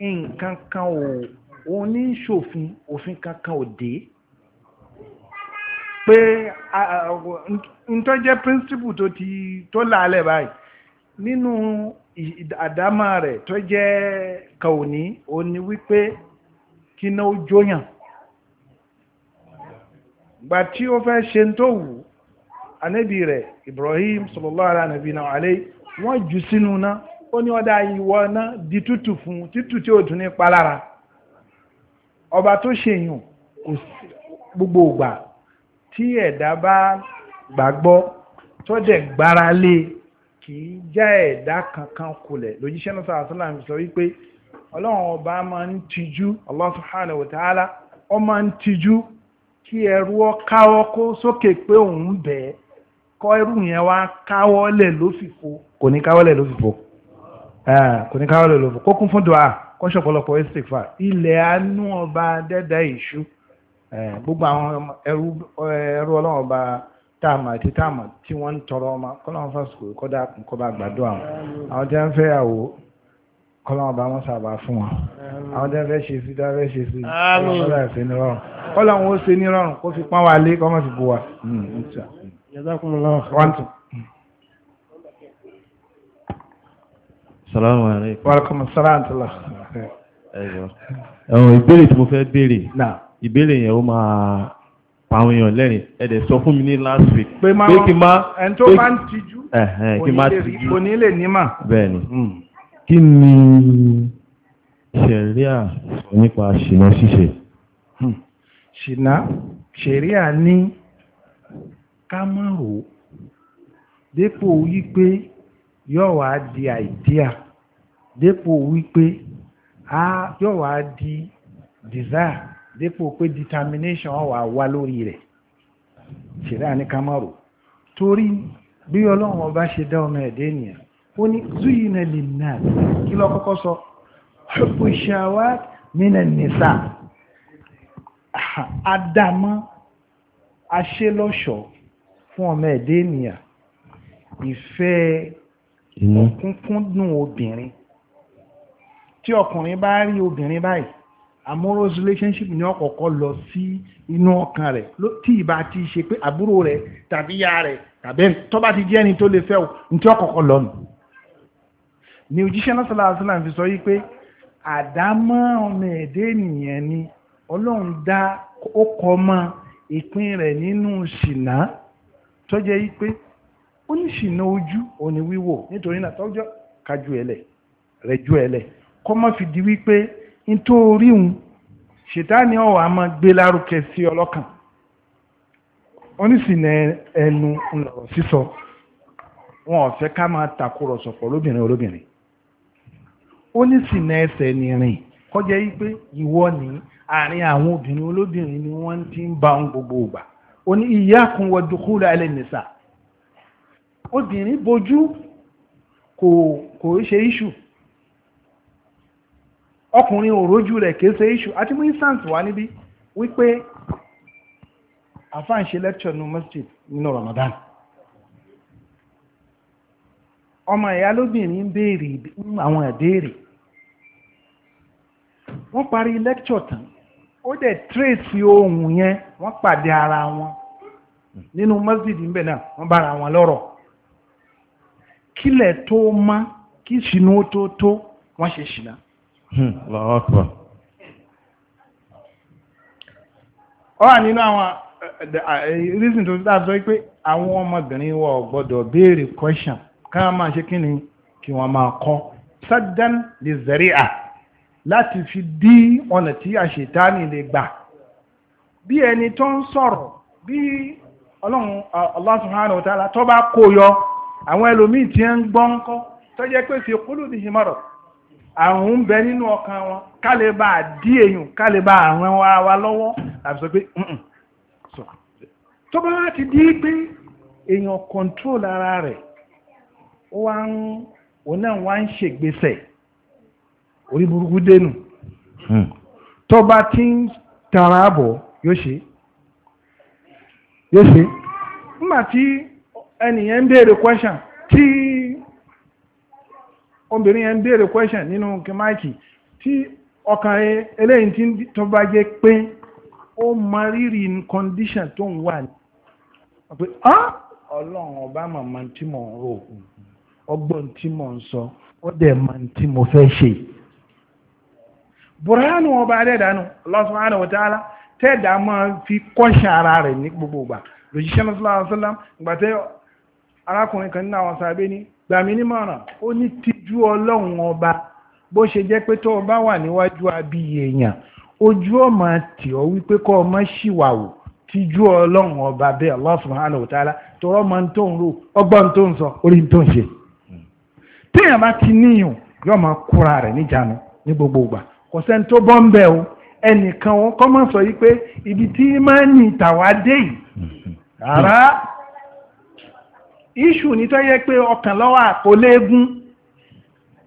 nǹkan kan ò oníṣòfin òfin kankan ò dé pé ntọ́jẹ́ principle tó ti tó làálẹ̀ báyìí nínú àdámà rẹ̀ tó jẹ́ kàòní òní wípé kí náà ó jóyàn gbà tí ó fẹ́ ṣe tó wù ànábì rẹ̀ Ibrahim sallallahu alaihi wa alẹ́ wọ́n jù sínú náà ó ní ọ̀dà ìwọ náà di tútù fún títù tí ó tún ní palára ọba tó ṣèyàn kò sí gbogbo ìgbà tí ẹ̀dá bá gbàgbọ́ tó dẹ̀ gbára lé kì í já ẹ̀dá kankan kulẹ̀ lójíṣẹ́ náà sọ àṣọ làǹfì sọ wípé ọlọ́run ọba máa ń tijú Allah subhanahu wa ta'ala ọ máa ń tijú kí ẹrú ọ káwọ́ kó sókè pé òun bẹ̀ẹ́ kọ́ ẹrú yẹn wá káwọ́ lẹ̀ lófìfo kò ní káwọ́ lẹ̀ lófìfo kò ní káwọ́ lẹ̀ lófìfo kó kún fún dùá kó ṣọ̀pọ̀lọpọ̀ istighfar ilẹ̀ anú ọba dẹ́dà ìṣú gbogbo àwọn ẹrú ọlọ́run ọba táàmù àti táàmù tí wọ́n ń tọrọ ọmọ kọ́lọ́run fásitì kọ́ kọ́ bá gbàdúrà àwọn tí wọ́n ń fẹ́ yàwó kọ́lọ́wọ́ bá wọ́n sàbà fún wọn àwọn tẹ́fẹ́ ṣe sí tẹ́fẹ́ ṣe sí kọ́lọ́wọ́ ó ṣe nírọ̀rùn kó fi pán wa lé kọ́mọ̀ fi bù wa hmm, salaam tala. Ẹ̀wọ̀n ìbéèrè tí mo fẹ́ béèrè. Ìbéèrè yẹn ó máa pàwọn èèyàn lẹ́rìn ẹ̀dẹ̀ sọ fún mi ní last week. Pé kí máa ń tijú. Kí máa tijú. Kò ní kí ni ṣẹ̀ríà sọ nípa ṣìnà ṣíṣe hmm. ṣìnà ṣẹ̀ríà ní ká má rò dépò wípé yóò di àìdíà dépò wípé yóò wá di desire dépò pé determination wà wá lórí rẹ̀ ṣẹ̀ríà ní ká má rò torí bí ọlọ́run ọba ṣe dá ọmọ ẹ̀dẹ́ ènìyàn ó ní zuyina linnas kí lọ kọ́kọ́ sọ hubbu shawat minan nisa àdámọ́ aṣélọ́ṣọ̀ fún ọmọ ẹ̀dẹ́ ènìyàn ìfẹ́ òkúnkúndùn obìnrin tí ọkùnrin bá rí obìnrin báyìí amorous relationship ní ọ̀kọ̀ọ̀kọ́ lọ sí inú ọkàn rẹ̀ tí ìbá ti ṣe pé àbúrò rẹ̀ tàbí ya rẹ̀ tàbí tó bá ti jẹ́ ẹni tó lè fẹ́ o ní tí ọ̀kọ̀ọ̀kọ́ lọ nù ni òjíṣẹ́ náà sọ́lá àṣìlá fi sọ wípé àdámọ́ ọmọ ẹ̀dẹ́ ènìyàn ni ọlọ́run dá ó kọ mọ́ ìpín rẹ̀ nínú ṣìnà tó jẹ́ wípé ó ní ṣìnà ojú òní wíwò nítorí náà tọ́jọ́ kájú ẹlẹ̀ rẹ̀ ju ẹlẹ̀ kọ́ mọ́ fi di wípé nítorí òun ṣètáni ọ̀wọ́ a máa gbé lárúkẹ sí ọlọ́kàn oníṣìnà ẹnu ńlọrọ̀ sísọ wọn ò ká máa takùrọ̀sọ̀ pọ̀ lóbìnrin olóbìnrin ó ní sìnà ẹsẹ̀ ní rìn kọjá yí pé ìwọ ní àárín àwọn obìnrin olóbìnrin ni wọ́n ti ń bá wọn gbogbo ìgbà ó ní iyyakum wa dukhula ala nisa obìnrin bojú kò kò ṣe iṣu ọkùnrin òrójú rẹ̀ kìí ṣe iṣu àti mú instance wá níbi wípé àfáà ń ṣe lecture ní masjid nínú Ramadan ọmọ ìyá lóbìnrin ń béèrè àwọn ìbéèrè wọ́n parí lecture tán ó dẹ̀ ohun yẹn wọ́n pàdé ara wọn nínú masjid ńbẹ náà wọ́n bára wọn lọ́rọ̀ kílẹ̀ tó má kí ṣìnà tó tó wọ́n ṣe ṣìnà. Hmm, ó wà nínú àwọn eh, reason tó dáa sọ pé àwọn ọmọbìnrin wa ò béèrè question ká máa ṣe kí ni kí máa sudden láti fi dí ọ̀nà tí àṣetánì lè gbà bí ẹni tó ń sọ̀rọ̀ bí ọlọ́run Allah subhanahu wa ta'ala tó bá kó yọ àwọn ẹlòmíì tí ń gbọ́ ń kọ́ tó jẹ́ pé fi qulubihi marad àwọn ń bẹ nínú ọkàn wọn ká lè bá dí èèyàn ká lè bá àwọn wa wa lọ́wọ́ àti sọ pé tó bá wá ti di pé èèyàn kọ̀ǹtrol ara rẹ̀ ó wá ń òun náà wá ń ṣègbésẹ̀ orí burúkú dénú hmm. tó bá ti ń tara àbọ̀ yóò ṣe yóò ṣe nígbà tí ẹnìyẹn ń béèrè question tí obìnrin yẹn ń béèrè question nínú kìmáìkì tí ọkàn eléyìí tí tó bá jẹ́ pé ó mọ rírì condition tó ń wà ní pé ọlọ́run ọba màmá tí mò ń rò ọgbọ́n tí mò ń sọ ó dẹ̀ mọ̀ tí mo fẹ́ ṣe. burhanu ọba adẹ́dànù Allah subhanahu wa ta'ala tẹ́ẹ̀dá máa fi kọ́ṣà ara rẹ̀ ní gbogbo ìgbà kan gbàmí ó ní bó ṣe jẹ́ pé tó o bá wà níwájú abí ojú ọ má ọba bẹ́ẹ̀ Allah subhanahu wa ta'ala tọrọ ń tó ń tó ń sọ orí tó ń ṣe téèyàn bá ti níyàn yóò máa kóra kò sẹ́ni tó bọ́ ń bẹ̀ o ẹnìkan wọn kọ́ máa sọ yí pé ibi tí máa ní ìtàwá dé yìí rárá iṣu ní tó yẹ pé ọkàn lọ́wọ́ àkólégún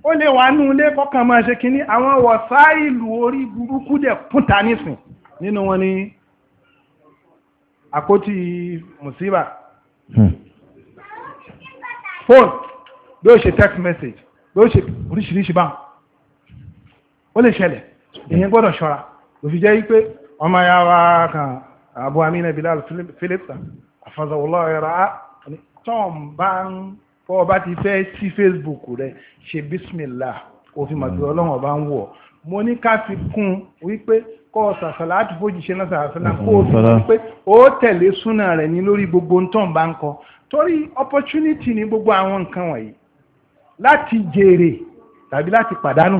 ó lè wà nú ilé kọ́kàn máa ṣe kínní àwọn wọ̀sá ìlú orí burúkú dẹ̀ kúta nísìn nínú wọn ni àkótí musiba phone hmm. bí ó ṣe text message bí ó ṣe oríṣiríṣi báwọn ó lè ṣẹlẹ̀ èyí gbọ́dọ̀ ṣọ́ra òfin jẹ́ wípé ọmọ ya wa kan abu amina bilal philips afazawọlọ ẹ̀rọ a ah, tom bá ń fọ́ bá ti fẹ́ sí facebook rẹ̀ ṣe bismillah òfin màtí hmm. ọlọ́run ọba ń wọ̀ mo ní ká fi kún wípé kọ́ sàṣàlá àti fojì ṣe náà sàṣàlá kó o fi wípé hmm, ó tẹ̀lé súnà rẹ̀ ní lórí gbogbo ntọ́n bá ń kọ torí opportunity ní gbogbo àwọn nǹkan wọ̀nyí láti jèrè tàbí láti pàdánù.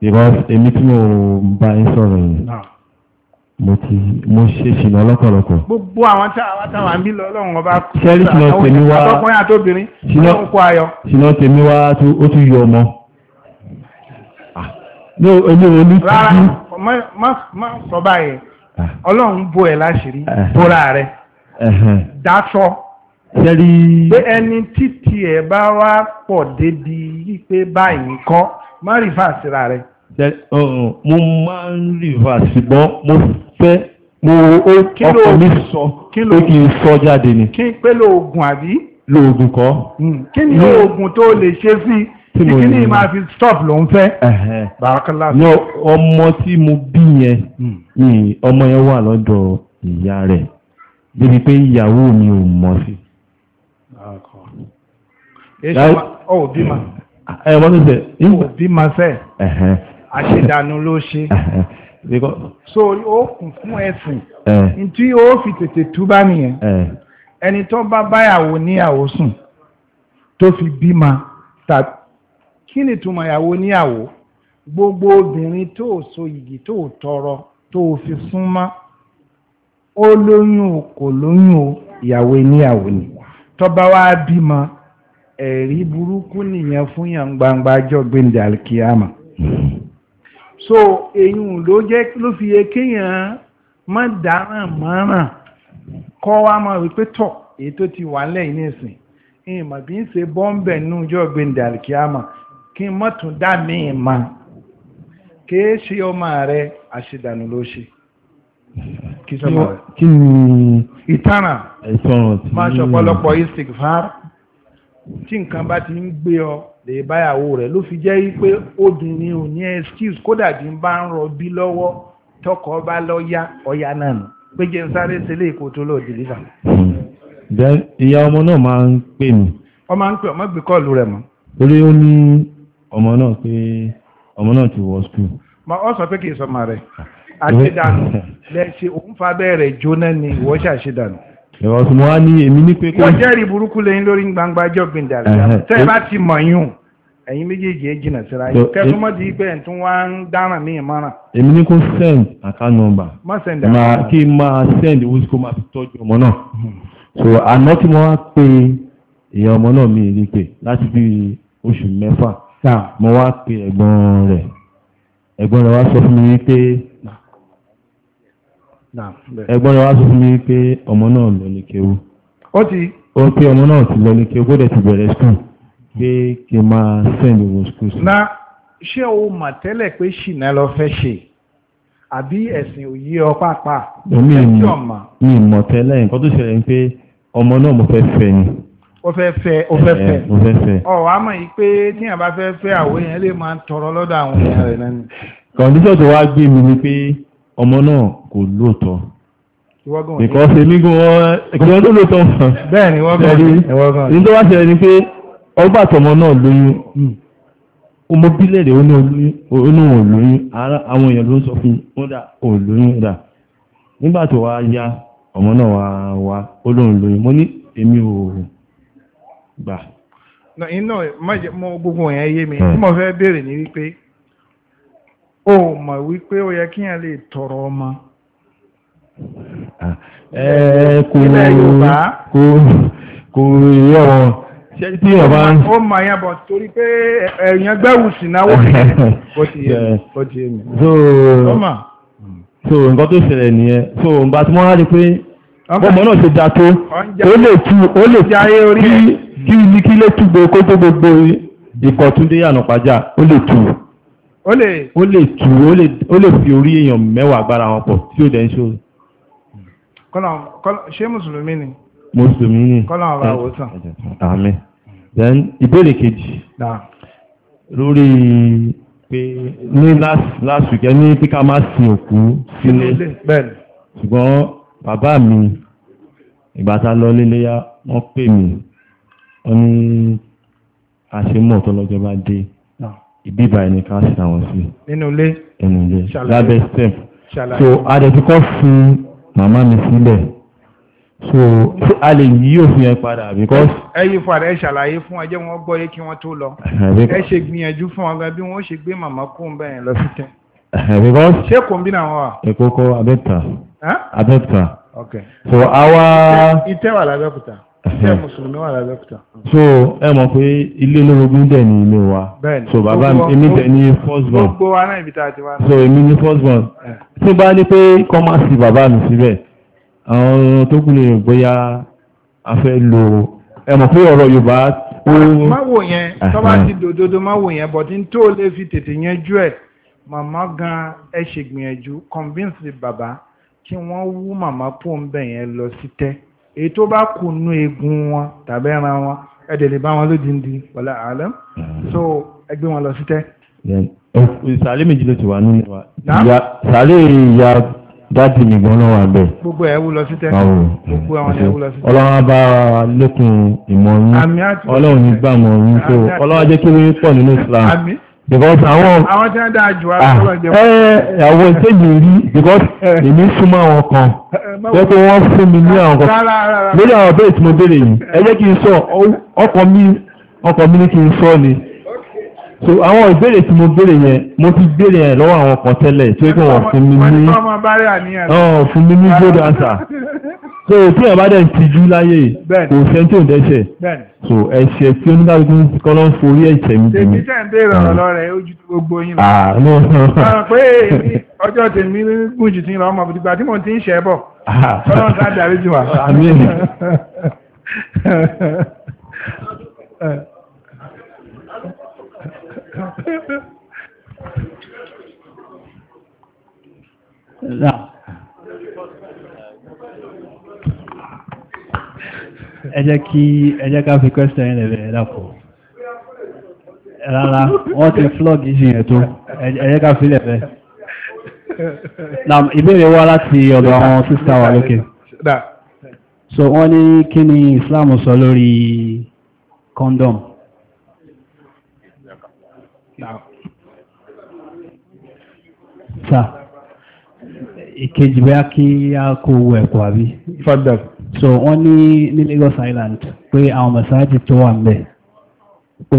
because èmi tí mo bá ń sọ̀rọ̀ yìí mo ti mo ṣe ṣìnà lọ́kọ̀lọ́kọ̀. gbogbo àwọn tí àwọn táwọn àmì lọ́lọ́run ọba kú sí àwọn ọkùnrin àtòbìnrin ṣìnà ń kó ayọ̀. ṣìnà tèmi wá ó tún yọ ọmọ. Ah, ní omi olú ti. rárá má sọ báyìí ah. ọlọ́run bo ẹ̀ láṣìírí eh. bóra rẹ̀ dátọ́. sẹ́rí. pé ẹni títí ẹ̀ bá wá pọ̀ débi wípé báyìí kọ́ má rí fà síra rẹ. mo máa ń rí fà ṣùgbọ́n mo fẹ́ mo ọkọ mi sọ pé kì í sọ jáde ni. kí pé lóògùn àbí. lóògùn kọ́. Hmm. kí ni oògùn tó lè ṣe sí ìkíní máa fi stop ló ń fẹ́. ọmọ tí mo bí yẹn hmm. ọmọ yẹn wà lọ́dọ̀ ìyá rẹ̀ débi pé ìyàwó mi ò mọ̀ sí ẹ eh, wọ́n tó ṣe. kò bímọ sẹ́ àṣedànù ló ṣe so ó kún fún ẹ̀sìn eh. ntí ó fi tètè túbá nìyẹn eh. ẹni tó bá báyàwó níyàwó sùn tó fi bímọ tàbí kí ni túmọ̀ ìyàwó níyàwó gbogbo obìnrin tó so yìgì tó tọrọ tó fi súnmọ́ ó lóyún o kò lóyún o ìyàwó níyàwó ni tó bá wá bímọ ẹ̀rí burúkú nìyẹn fún yàn gbangba jọ gbẹ̀ndẹ̀ alkiyama so èyàn ló jẹ́ ló fi yẹ kéèyàn má dáràn mọ́ràn kọ́ wa máa wípé tọ̀ èyí tó ti wà lẹ́yìn nísìn ìmọ̀ bí ń ṣe bọ́m̀bẹ̀ nù jọ gbẹ̀ndẹ̀ alkiyama kí n má dá mi ìmọ̀ kìí ṣe ọmọ rẹ àṣedànù ló ṣe kí ni ìtara máa ṣọ̀pọ̀lọpọ̀ istikfar tí nǹkan bá ti ń gbé ọ lè báyàwó rẹ̀ ló fi jẹ́ pé obìnrin ò ní excuse kódà bí n bá ń rọbí lọ́wọ́ tọkọ bá lọ́yà ọ̀yà náà nù pé jẹ́ ń sáré sílé èkó tó lọ dìlífà. ìyá ọmọ náà máa ń pè mí. ọ ń pè ọmọ gbé kọ́ọ̀lù rẹ̀ mọ́. torí ó ní ọmọ náà pé ọmọ náà ti wọ skul. ọ sọ pé kì í sọmọ rẹ̀ àṣedànù lẹ́sìn òun fa bẹ́ẹ̀ rẹ̀ jóná ni ìwọ ṣàṣedànù ẹ̀rọ tí mo wá ní èmi ní pé kó. wọ́n jẹ́rìí burúkú lẹ́yìn lórí gbangba ẹjọ́ gbìndàlẹ̀ tẹ́ ẹ bá ti mọ̀ yún ẹ̀yin méjèèjì ẹ jìnà síra yìí kẹ́tùmọ́ di pé ẹ̀tún wá dáràn mí ìmọ̀ràn. èmi ní kó send account number máa kí n máa send owó tí kò máa fi tọ́jú ọmọ náà hmm. so àná tí mo wá pé ìyá ọmọ náà mi rí pé láti bí oṣù mẹ́fà mo wá pé ẹ̀gbọ́n rẹ̀ ẹ̀gbọ́n rẹ̀ wá sọ fún mi wípé ẹ̀gbọ́n rẹ̀ wá sọ fún mi pé ọmọ náà lọ ní kéwú ó ti ó pé ọmọ náà ti lọ ní kéwú ó ti bẹ̀rẹ̀ skul pé kí n máa send owó skul sí. na ṣé o mà tẹ́lẹ̀ pé ṣìnà lọ fẹ́ ṣe àbí ẹ̀sìn òye ọ pàpà ẹ̀sìn ọ̀mà. mi mọ̀ tẹ́lẹ̀ nǹkan tó ṣẹlẹ̀ ni pé ọmọ náà mo fẹ́ fẹ́ ni ó fẹ́ fẹ́ ó fẹ́ fẹ́ ọ̀wọ́ àmọ́ yìí pé tí yàn fẹ́ fẹ́ àwọn èèyàn lè máa tọrọ lọ́dọ̀ àwọn èèyàn rẹ̀ náà ni. kọ̀ǹdíṣọ̀ tó wá gbé mi ni pé ọmọ náà kò lóòótọ́ because èmi gan ẹgbẹ́ tó lóòótọ́ fún bẹ́ẹ̀ ni wọ́n gan ní tó wá ṣẹlẹ̀ ni pé ọgbà tọmọ náà lóyún ọmọ hmm. bílẹ̀ rẹ̀ oníwọ̀n lóyún àwọn èèyàn ló ń sọ fún ọdá òlóyún dà nígbà tó wá yá ọmọ náà wá wá olóhùn lóyún mo ní èmi ò gbà. iná mọ̀ gbogbo yẹn mi hmm. tí mo fẹ́ béèrè ní wípé ó mọ̀ wípé ó yẹ kí yẹn lè tọrọ ọmọ ah, ilẹ̀ Yorùbá kò yẹ wọn tí ọba ń. ó mọ̀ yẹn bọ̀ torí pé ẹ̀yàn gbẹ́wù sí náwó kò ti yẹ mi. so nǹkan tó ṣẹlẹ̀ nìyẹn so nǹkan tí wọ́n á rí pé ọmọ náà ṣe da tó ó lè tu ó lè kí kí ilé tú gbogbo gbogbo ìkọ̀túndé ànàpájà ó lè tu ó lè ó lè tù ó lè fi orí èèyàn mẹ́wàá agbára wọn pọ̀ tí ó dẹ̀ ń ṣòro. kọ́lá ṣé mùsùlùmí ni. mùsùlùmí ni kọ́lá ọ̀rọ̀ àwòsàn. àmín then ìbéèrè kejì lórí pé ní last week ẹ ní pé ká má sin òkú sílé ṣùgbọ́n bàbá mi ìgbà tá lọ léléyà wọ́n pè mí wọ́n ní àṣemọ̀ tó lọ́jọ́ bá dé ìbíbà ẹni ká ṣe àwọn sí. nínú ilé ẹnu ilé lábẹ́ step so adẹ̀tíkọ́ fi màmá mi sílẹ̀ so a lè yí òfin ẹ padà because. ẹ yí fún ààrẹ ṣàlàyé fún ẹjẹ wọn gbọ́ yé kí wọ́n tó lọ ẹ ṣe gbìyànjú fún ọgá bí wọ́n ṣe gbé màmá kún bẹ́ẹ̀ lọ sí tẹ. because ṣé kò ń bí náà wà. èkó kọ abẹ́ta abẹ́ta so àwa. ìtẹ́wà lábẹ́kúta so ẹ mọ̀ pé ilé olórogún dẹ̀ ní ilé wa so bàbá èmi dẹ̀ ní first born so èmi ní first born tí bá ní pé kọ́másì bàbá mi síbẹ̀ àwọn tó kú lè bóyá a fẹ́ lo ẹ mọ̀ pé ọ̀rọ̀ Yorùbá ó. má wò yẹn tó bá ti dòdòdó má wò yẹn bọ̀tí tó lè fi tètè yẹn jú ẹ̀ màmá gan ẹ ṣègbìyànjú convince bàbá kí wọ́n wú màmá pò ń bẹ̀ yẹn lọ sí tẹ́ èyí tó bá kùnú egun wọn tàbí ẹran wọn ẹ̀dẹ̀ lè bá wọn lódìndí wọlé àlẹ́ mm. so ẹgbẹ́ wọn lọ sí tẹ́. ìsàlẹ̀ méjì ló ti wà nínú wa ìsàlẹ̀ ìyá dáàbì nìgbọ́n náà wà bẹ́ẹ̀. gbogbo ẹ̀ wú lọ sí tẹ́ gbogbo àwọn ẹ̀ wú lọ sí tẹ́. ọlọ́run bá lékun ìmọ̀ yín ọlọ́run ní gbàmọ̀ yín tó ọlọ́run jẹ́ kí wọ́n pọ̀ nínú Islam because àwọn àwọn tí wọ́n dáa jù wá ah, lọ́jọ́ ẹ àwọn ìtẹ́jì rí because eh, eh. èmi súnmọ́ àwọn kan eh, wọ́n tó wọ́n fún mi ní àwọn kan lórí àwọn bẹ́ẹ̀ tí mo béèrè yìí ẹ jẹ́ kí n sọ ọkọ̀ mi ọkọ̀ mi ní kí n sọ ni so àwọn ìbéèrè tí mo béèrè yẹn mo ti béèrè yẹn lọ́wọ́ àwọn kan tẹ́lẹ̀ tí ó kàn wọ́n fún mi ní fún mi ní good answer so tí ẹ̀ bá dẹ̀ ti jú láyé kò ṣe tí ò dẹ́ṣẹ̀ so ẹ̀ṣẹ̀ tí oníkàlùkù kọ́lọ́ ń forí ẹ̀ṣẹ̀ mi jù mí. ṣé ń bèèrè ọ̀rọ̀ ah. lọ rẹ̀ ojú tó gbogbo yín lọ. àánú ah, ọ̀rọ̀ pé ọjọ́ tèmi gùn jù ti ń lọ ọmọ ìgbà tí mo ti ń ṣẹ́ bọ̀ ọlọ́run ká darí jù wá. Yeah. ẹjẹ́ kí ẹjẹ́ ká fi question yẹn lẹ̀bẹ̀ ẹ̀dàpọ̀ rárá wọ́n ti flog issue yẹn tó ẹjẹ́ ká fi lẹ̀bẹ̀ ìbéèrè wá láti ọ̀dọ̀ àwọn sísá wà lókè so wọ́n ní kí ni Islam sọ lórí condom sa ìkejì bẹ́ẹ̀ kí a kó owó ẹ̀kọ́ àbí fọ́dọ̀pù so wọ́n ní ní Lagos Island pé àwọn masajid tó wà ńbẹ̀ pé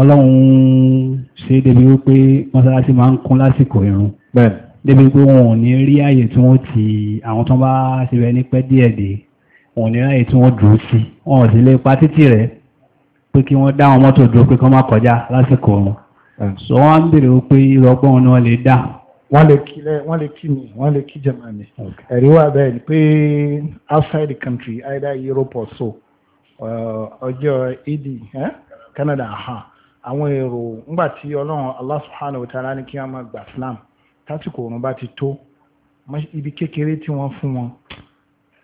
ọlọ́run ṣe débi wípé mọ́sálásí máa ń kún lásìkò irun débi pé wọn ò ní rí àyè tí wọ́n ti àwọn tó bá ṣe bẹ ní pẹ́ díẹ̀dẹ̀ wọn ò ní ráyè tí wọ́n dùn sí wọn ò sí lè pa títì rẹ̀ pé kí wọ́n dá àwọn mọ́tò dúró pé kán má kọjá lásìkò wọn so wọ́n á ń bèrè wípé irú ọgbọ́n lè dá wọ́n lè kí wọ́n lè kí mi wọ́n lè kí Germany ẹ̀rí wà bẹ́ẹ̀ ni pé outside the country either Europe or so uh, ọjọ́ ed Canada àwọn èrò ńgbà tí Ọlọ́run Allah subhanahu ní kí wọ́n máa gbà slam tásìkò òun bá ti tó ibi kékeré tí wọ́n fún wọn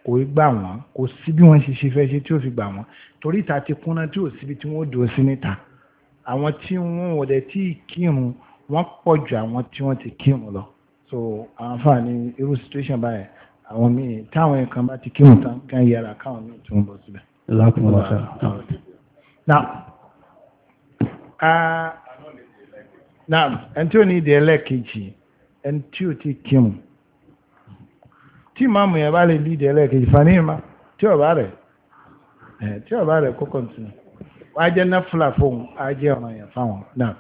kò gbà wọ́n kò síbí wọ́n ṣe ṣe fẹ́ ṣe tí ò ti kúnná tí ò síbi tí wọ́n dùn sí níta àwọn tí wọ́n wọ́n pọ̀ ju àwọn tí wọ́n ti kírun lọ so àwọn fà ní irú situation báyẹn àwọn míì táwọn nǹkan bá ti kírun tán kán yẹra káwọn míì tún bọ̀ síbẹ̀. now uh, now ẹni tí ò ní ìdí ẹlẹ́ẹ̀kejì ẹni tí ò ti kírun tí màmú yẹn bá lè lé ìdí ẹlẹ́ẹ̀kejì fani ma tí ọba rẹ̀ eh, tí ọba rẹ̀ kó kọ̀ǹtì wọ́n á jẹ́ náfúlà fóun á jẹ́ yẹn fáwọn náà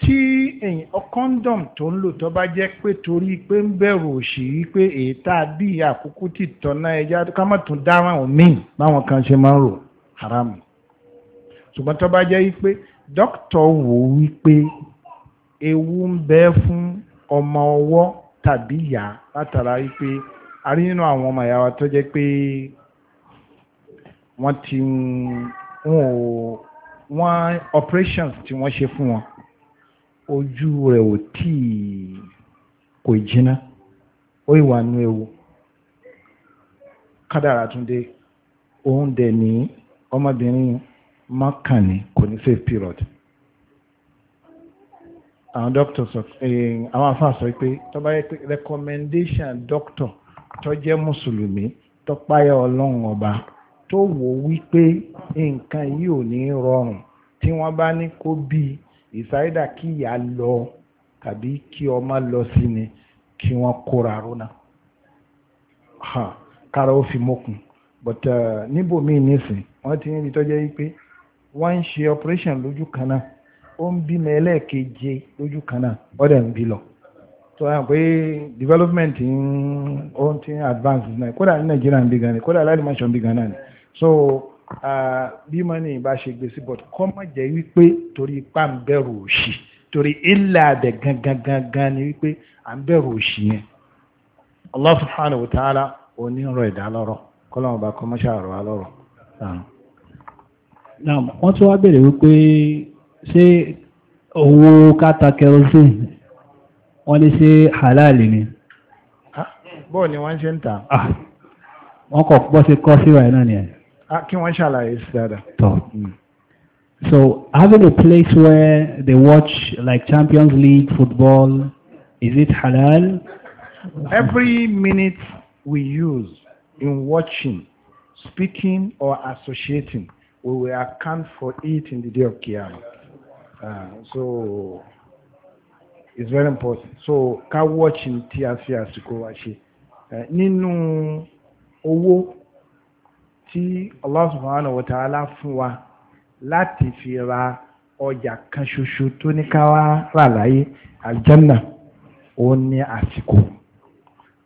tí kọ́ndọ̀m tó ń lò tó bá jẹ́ pé torí pé ń bẹ̀rù òṣì wípé èétà bí àkókò tí tọ́ná ẹja ká má tún dáhùn àwọn míì báwọn kan ṣe máa ń rò haram ṣùgbọ́n tó bá jẹ́ wípé dókítà wò wípé ewu ń bẹ fún ọmọ ọwọ́ tàbí ìyá látara wípé a rí nínú àwọn ọmọ ìyá wa tó jẹ́ pé wọ́n ti ń wọ́n operations tí wọ́n ṣe fún wọn ojú rẹ̀ ò tí kò jiná ó ìwà nú ewu kádàrà túndé òun dẹ̀ ní ọmọbìnrin mọ́kànnì kò ní safe period àwọn doctor sọ àwọn afa sọ pé tó bá yẹ pé recommendation doctor tó jẹ́ mùsùlùmí tó páyà ọlọ́run ọba tó wò wípé nǹkan yìí ò ní rọrùn tí wọ́n bá ní kó bíi ìsáyédà kí ìyá lọ tàbí kí ọmọ lọ sí ni kí wọ́n kóra rónà kára ó fi mókun but uh, níbòmíì nísìn wọ́n ti ń rí tọ́jọ́ yìí wọ́n ń ṣe operation lójú kan náà ó ń bímọ ẹlẹ́ẹ̀keje lójú kan náà ọ̀dẹ̀ ń bí lọ tó yà pé development ń ó ti ń advance náà kódà ní nàìjíríà ń bí gan ni kódà láti máa ṣàn bí gan náà ni so. bí mọ́nì bá ṣe gbèsè but kọ́ mọ̀ jẹ́ wípé torí ipá ń bẹ̀rù òṣì torí ilà àbẹ̀ gangan gangan ni wípé à ń bẹ̀rù òṣì yẹn Allah subhanahu wa ta'ala onírọ̀ ẹ̀dá lọ́rọ̀ kọ́lọ́mù bá kọ́mọ́ṣà ọ̀rọ̀ wa lọ́rọ̀. wọ́n tún wá wípé ṣé owó káta wọ́n ṣé halal ni. Ah, bọ́ọ̀ ni wọ́n ṣe ń ah, wọ́n kọ̀ sí kọ́ Ah, kí wọ́n ṣàlàyé sí dáadáa. Hmm. So having a place where they watch like Champions League football, is it halal? Every minute we use in watching, speaking or associating, we will account for it in the day of Qiyamah. Uh, so it's very important. So ká watching tí a fi àsìkò wa ṣe. Eh, nínú owó tí Allah subhanahu wa ta'ala fún wa láti fi ra ọjà kan ṣoṣo tó ní ká wá rà láyé aljanna ó ní àsìkò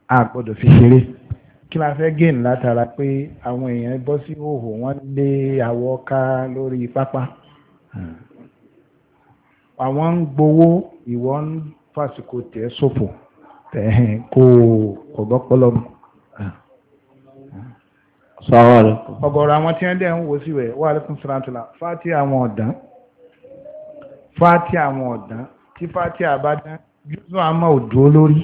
a gbọ́dọ̀ fi ṣeré kí la fẹ́ gẹ̀ẹ́nì látara pé àwọn èèyàn bọ́ sí òhò wọ́n lé àwọ̀ ká lórí pápá àwọn ń gbowó ìwọ ń fàsìkò tẹ̀ sófò tẹ̀ kó kọ̀gbọ́pọ́lọ́mù ọ̀gọ̀rọ̀ àwọn tí wọ́n dẹ̀ ń wo sí rẹ̀ wà lẹ́kùn sàrántùlà fàtí àwọn ọ̀dán fàtí àwọn ọ̀dán tí fàtí àbádán jùzọ́ àmọ́ òdú olórí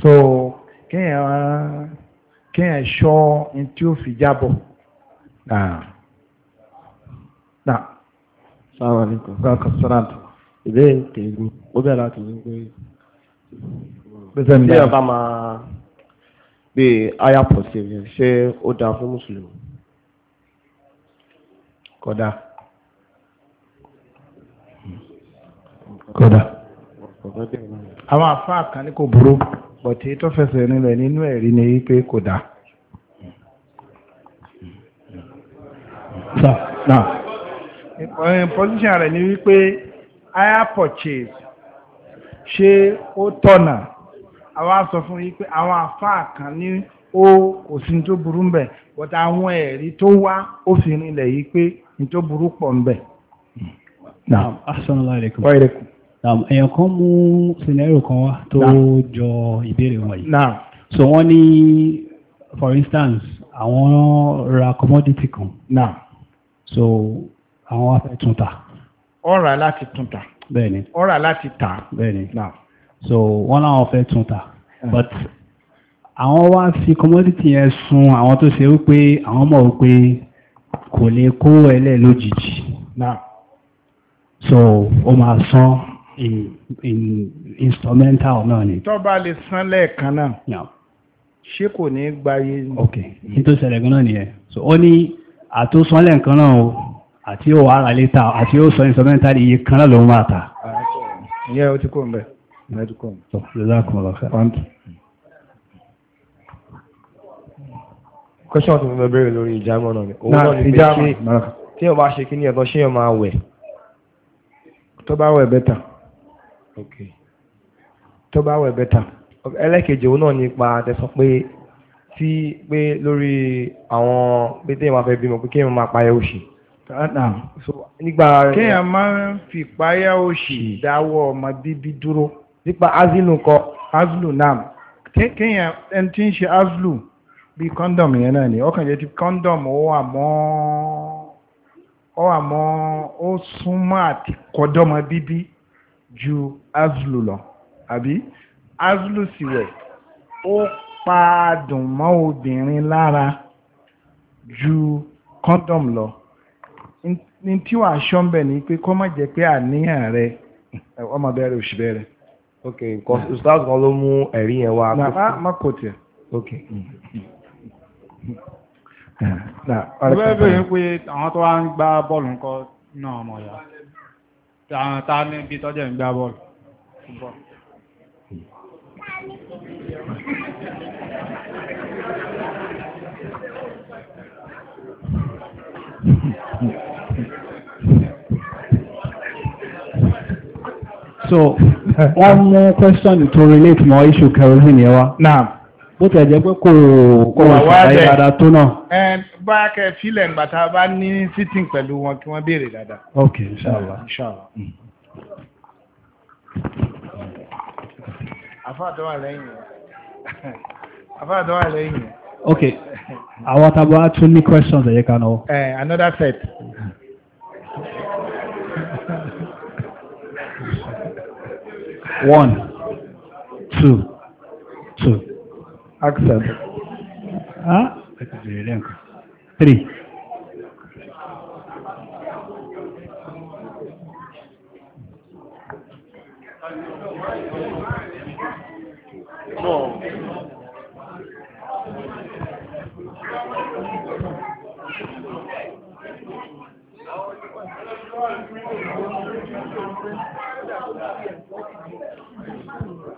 so kíyàn ṣọ́ in tí ó fi jábọ̀ náà sáwọn alẹ́kùn sàrántùlà ìbéèrè tèmi ó bẹ̀rẹ̀ láti wípé bí ẹ̀ bá máa bí aya positive ṣé ó dáa fún mùsùlùmí kọda. àwọn àfáà kan ní kò burú bọ̀tí tó fẹsẹ̀ nílẹ̀ nínú ẹ̀rí ni wípé kò dáa position rẹ̀ ni wípé aya àwa sọ fún yín pé àwọn àfáà kan ní ó kò sí tó burú ń bẹ̀ but àwọn ẹ̀rí tó wá ó fi rinlẹ̀ yìí pé ní tó burú pọ̀ ń bẹ̀. kan mú sinẹ́rò kan wá tó jọ ìbéèrè wọn so wọ́n ní for instance àwọn ra commodity kan. so àwọn afẹ́ tún ta. ọ̀rà láti tún ta. bẹ́ẹ̀ni. ọ̀rà láti ta. bẹ́ẹ̀ni. naam so wọ́n láwọn fẹ́ tún ta but àwọn wá fi commodity yẹn sun àwọn tó ṣe wípé àwọn mọ̀ wípé kò lè kó ẹlẹ́ lójijì so ó máa san in in instrumental náà ni. tó bá lè san lẹ́ẹ̀kan náà ṣé kò ní gbáyé. ok ní tó ṣẹlẹ̀ gan-an nìyẹn so ó ní àtúnṣán lẹ́ẹ̀kan náà o àti ó wà á rà létà àti ó sọ instrumental iye kan náà ló ń máa ta. ìyẹn o ti kó ń bẹ̀ medicom tó lọ́lákùn ọ̀lọ́fẹ́ pàǹtù. kọ́ṣọ́ tó fẹ́ bẹ̀rẹ̀ lórí ìjàmọ̀ náà ni òun náà ni pé tí o bá ṣe kí ni ẹ̀tọ́ ṣé o máa wẹ̀. tó bá wẹ̀ bẹ́tà. tó bá wẹ̀ bẹ́tà. ẹlẹ́kejì òun náà nípa tẹ̀sán pé tí pé lórí àwọn pé tí èèyàn máa fẹ́ bímọ pé kí èèyàn máa payẹ́ òṣì nígbà kéèyàn máa ń fi ìpáyà òṣì dáwọ́ ọmọ bíbí dúró nípa azilu kọ azilu nam kéèyàn ẹni tí ń ṣe azilu bí kọ́ndọ̀m yẹn náà ni ọkàn jẹ́ ti kọ́ndọ̀m ó wà mọ́ ó súnmọ́ àti kọ́dọ́mọ bíbí ju azilu lọ àbí azilu sì wẹ̀ ó pa dùn mọ́ obìnrin lára ju kọ́ndọ̀m lọ ní tí wàá ṣọ́ ń bẹ̀ ni pé kó má jẹ́ pé àníyàn rẹ ọmọ bẹ̀rẹ̀ òṣì ok because ustaz kan ló mú ẹ̀rí yẹn wá. na má kò tiẹ̀. ok. ìbéèrè bèèrè pé àwọn tó wá ń gbá bọ́ọ̀lù ńkọ́ náà mọ̀ yá ta níbi tọ́jú ẹ̀ ń gbá bọ́ọ̀lù. so one more question to relate more issue kerosene yẹn naam. bó tẹ̀ jẹ́ pé kò kò wà ṣàlàyé dáadáa tó náà. ẹ bá a kẹ fílẹ̀ nígbà tá a bá ní sitting pẹ̀lú wọn kí wọ́n béèrè dada ok inshallah. inshallah. Mm. àfáàdọ́wà lẹ́yìn àfáàdọ́wà lẹ́yìn. ok àwọn tábà tún ní questions ẹ̀yẹ kan náà. another set. One, two, two. Accept. Huh? Three. Four.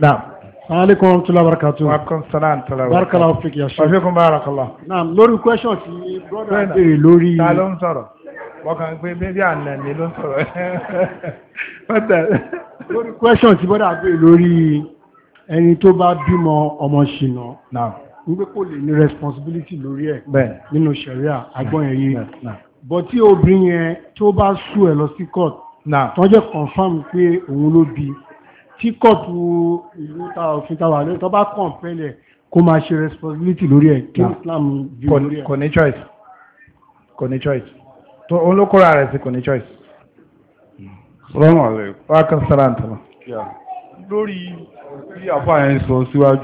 Naam. Aleykum wa rahmatullahi wa barakatuh. Wa aleykum salaam tala wa. Barakallahu fik ya ṣe. Wàfikún barakallah. Naam lórí question ti brother ń béèrè lórí. Ta ló ń sọ̀rọ̀? Wọ́kàn pé bébí àná mi ló ń sọ̀rọ̀. Lórí question ti brother béèrè lórí ẹni tó bá bímọ ọmọ ṣìnà. Naam. Ń gbé kò lè ní responsibility lórí ẹ̀. Bẹ́ẹ̀. Nínú sẹ̀ríà agbọ́n ẹ̀ yìí. Naam. Bọ̀ tí obìnrin yẹn tó bá sùn ẹ̀ lọ sí court. Naam. Tọ́jọ́ tí kọ̀tù ìlú ta òfin ta wà lórí tó bá kàn pẹ́lẹ̀ kó máa ṣe responsibility lórí ẹ̀ kí hmm. Islam ju lórí ẹ̀. kò ní choice kò ní choice tó olókòrò rẹ̀ sí kò ní choice. rọ́mọ̀ rẹ̀ wákà sára ń tọ́lá. lórí bí àbá yẹn sọ síwájú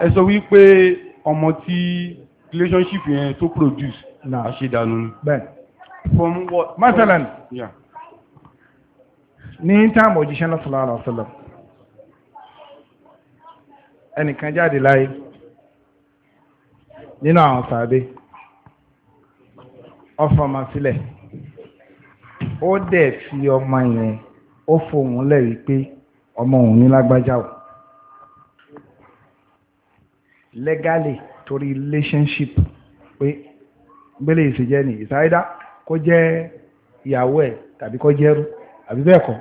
ẹ sọ wípé ọmọ tí relationship yẹn tó produce àṣedànù ni. bẹ́ẹ̀ from what. masalan ní táàmù òjíṣẹ́ náà sallallahu alaihi wasallam ẹnìkan jáde láyé nínú àwọn sàbẹ ọfọ ọmọ sílẹ̀ ó dẹ̀ fi ọmọ yẹn ó fohùn lẹ̀ wípé ọmọ òun ní lágbájá o lẹ́gálì torí relationship pé gbélé ìsèjẹ́ ni ìsáyédá kó jẹ́ ìyàwó ẹ̀ tàbí kó jẹ́rú àbí bẹ́ẹ̀ kọ́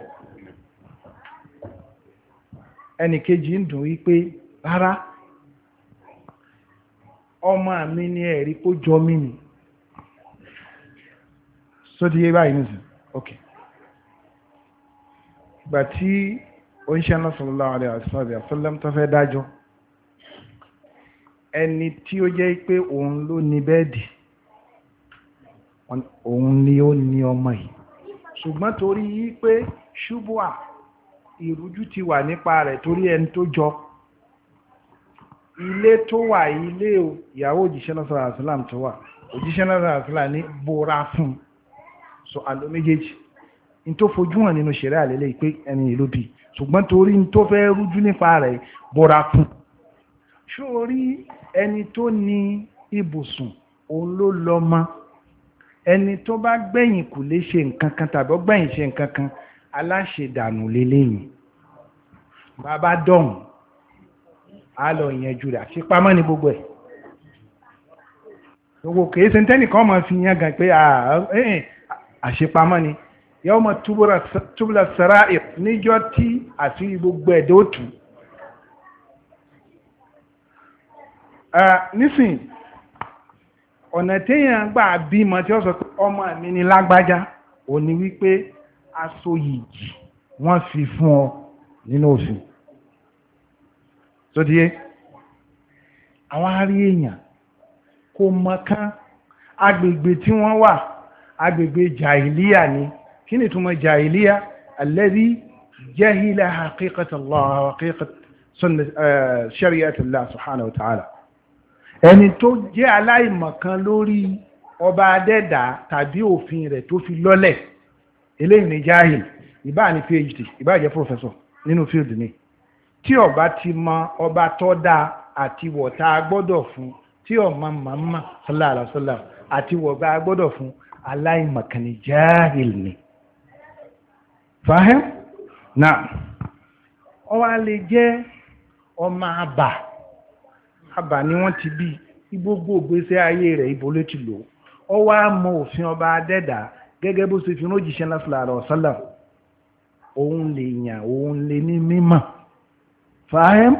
ẹnì kejì ń dùn wípé rárá ọmọ mi ni ẹ̀rí kó jọ mí ni sódì yé báyìí nìsín ok ìgbà tí oníṣẹ́ náà sallallahu alaihi wasallam tó fẹ́ dájọ́ ẹni tí ó jẹ́ pé òun ló ní bẹ́ẹ̀dì òun ni ó ní ọmọ yìí ṣùgbọ́n torí yí pé ṣubúà ìrújú ti wà nípa rẹ̀ torí ẹni tó jọ ilé tó wà ilé ìyàwó òjíṣẹ́ náà sọ́rọ̀ àṣìlám tó wà òjíṣẹ́ náà sọ́rọ̀ àṣìlám ní bóra fún so àlọ méjèèjì in tó fojú hàn nínú ṣẹ̀rẹ́ àlélẹ́ ìpé ẹni ìlú bí ṣùgbọ́n torí in tó fẹ́ rújú nípa rẹ̀ bóra fún sórí ẹni tó ní ibùsùn òun ló lọ́mọ ẹni tó bá gbẹ̀yìn kò lè ṣe nǹkan kan tàbí ó gbẹ̀yìn ṣe nǹkan kan aláṣẹdànù lélẹ́yìn bàbá dọ̀hùn á lọ yẹn jù rẹ̀ àti pamọ́ ní gbogbo ẹ̀ gbogbo kìí ṣe tẹ́nìkan máa fi yan gan pé àṣepamọ́ ni yàwó ma túbúlà sara níjọ́ tí àti gbogbo ẹ̀dẹ́ ó tù nísìn ọ̀nà téèyàn gbà bímọ tí ó sọ pé ọmọ mi ni lágbájá ò wípé aṣọ yìí wọ́n fi fún ọ nínú òfin tó díé àwọn arí èèyàn kò mọ̀kán agbègbè tí wọ́n wà agbègbè jahiliya ni kí ni túmọ̀ jahiliya alladhi jahila haqiqat Allah wa haqiqat eh, shari'at Allah subhanahu wa ta'ala ẹni tó jẹ́ aláìmọ̀kan lórí ọba adẹ́dà tàbí òfin rẹ̀ tó fi lọ́lẹ̀ eléyìí ni jahil ìbá ní phd ìbá jẹ́ professor nínú field ni. No tí ọba ti mọ ọba tó àti wọ̀ta gbọ́dọ̀ fún tí ọmọ màmá sallallahu alaihi wasallam àti wọ̀gbà gbọ́dọ̀ fún aláìmọ̀kànnì jáàhìl ni fahim na lè jẹ́ ọmọ àbà àbà ni wọ́n ti bí ayé rẹ̀ ibo ló ti lò òfin ọba adẹ́dà gẹ́gẹ́ bó ṣe fi fàáhẹ́m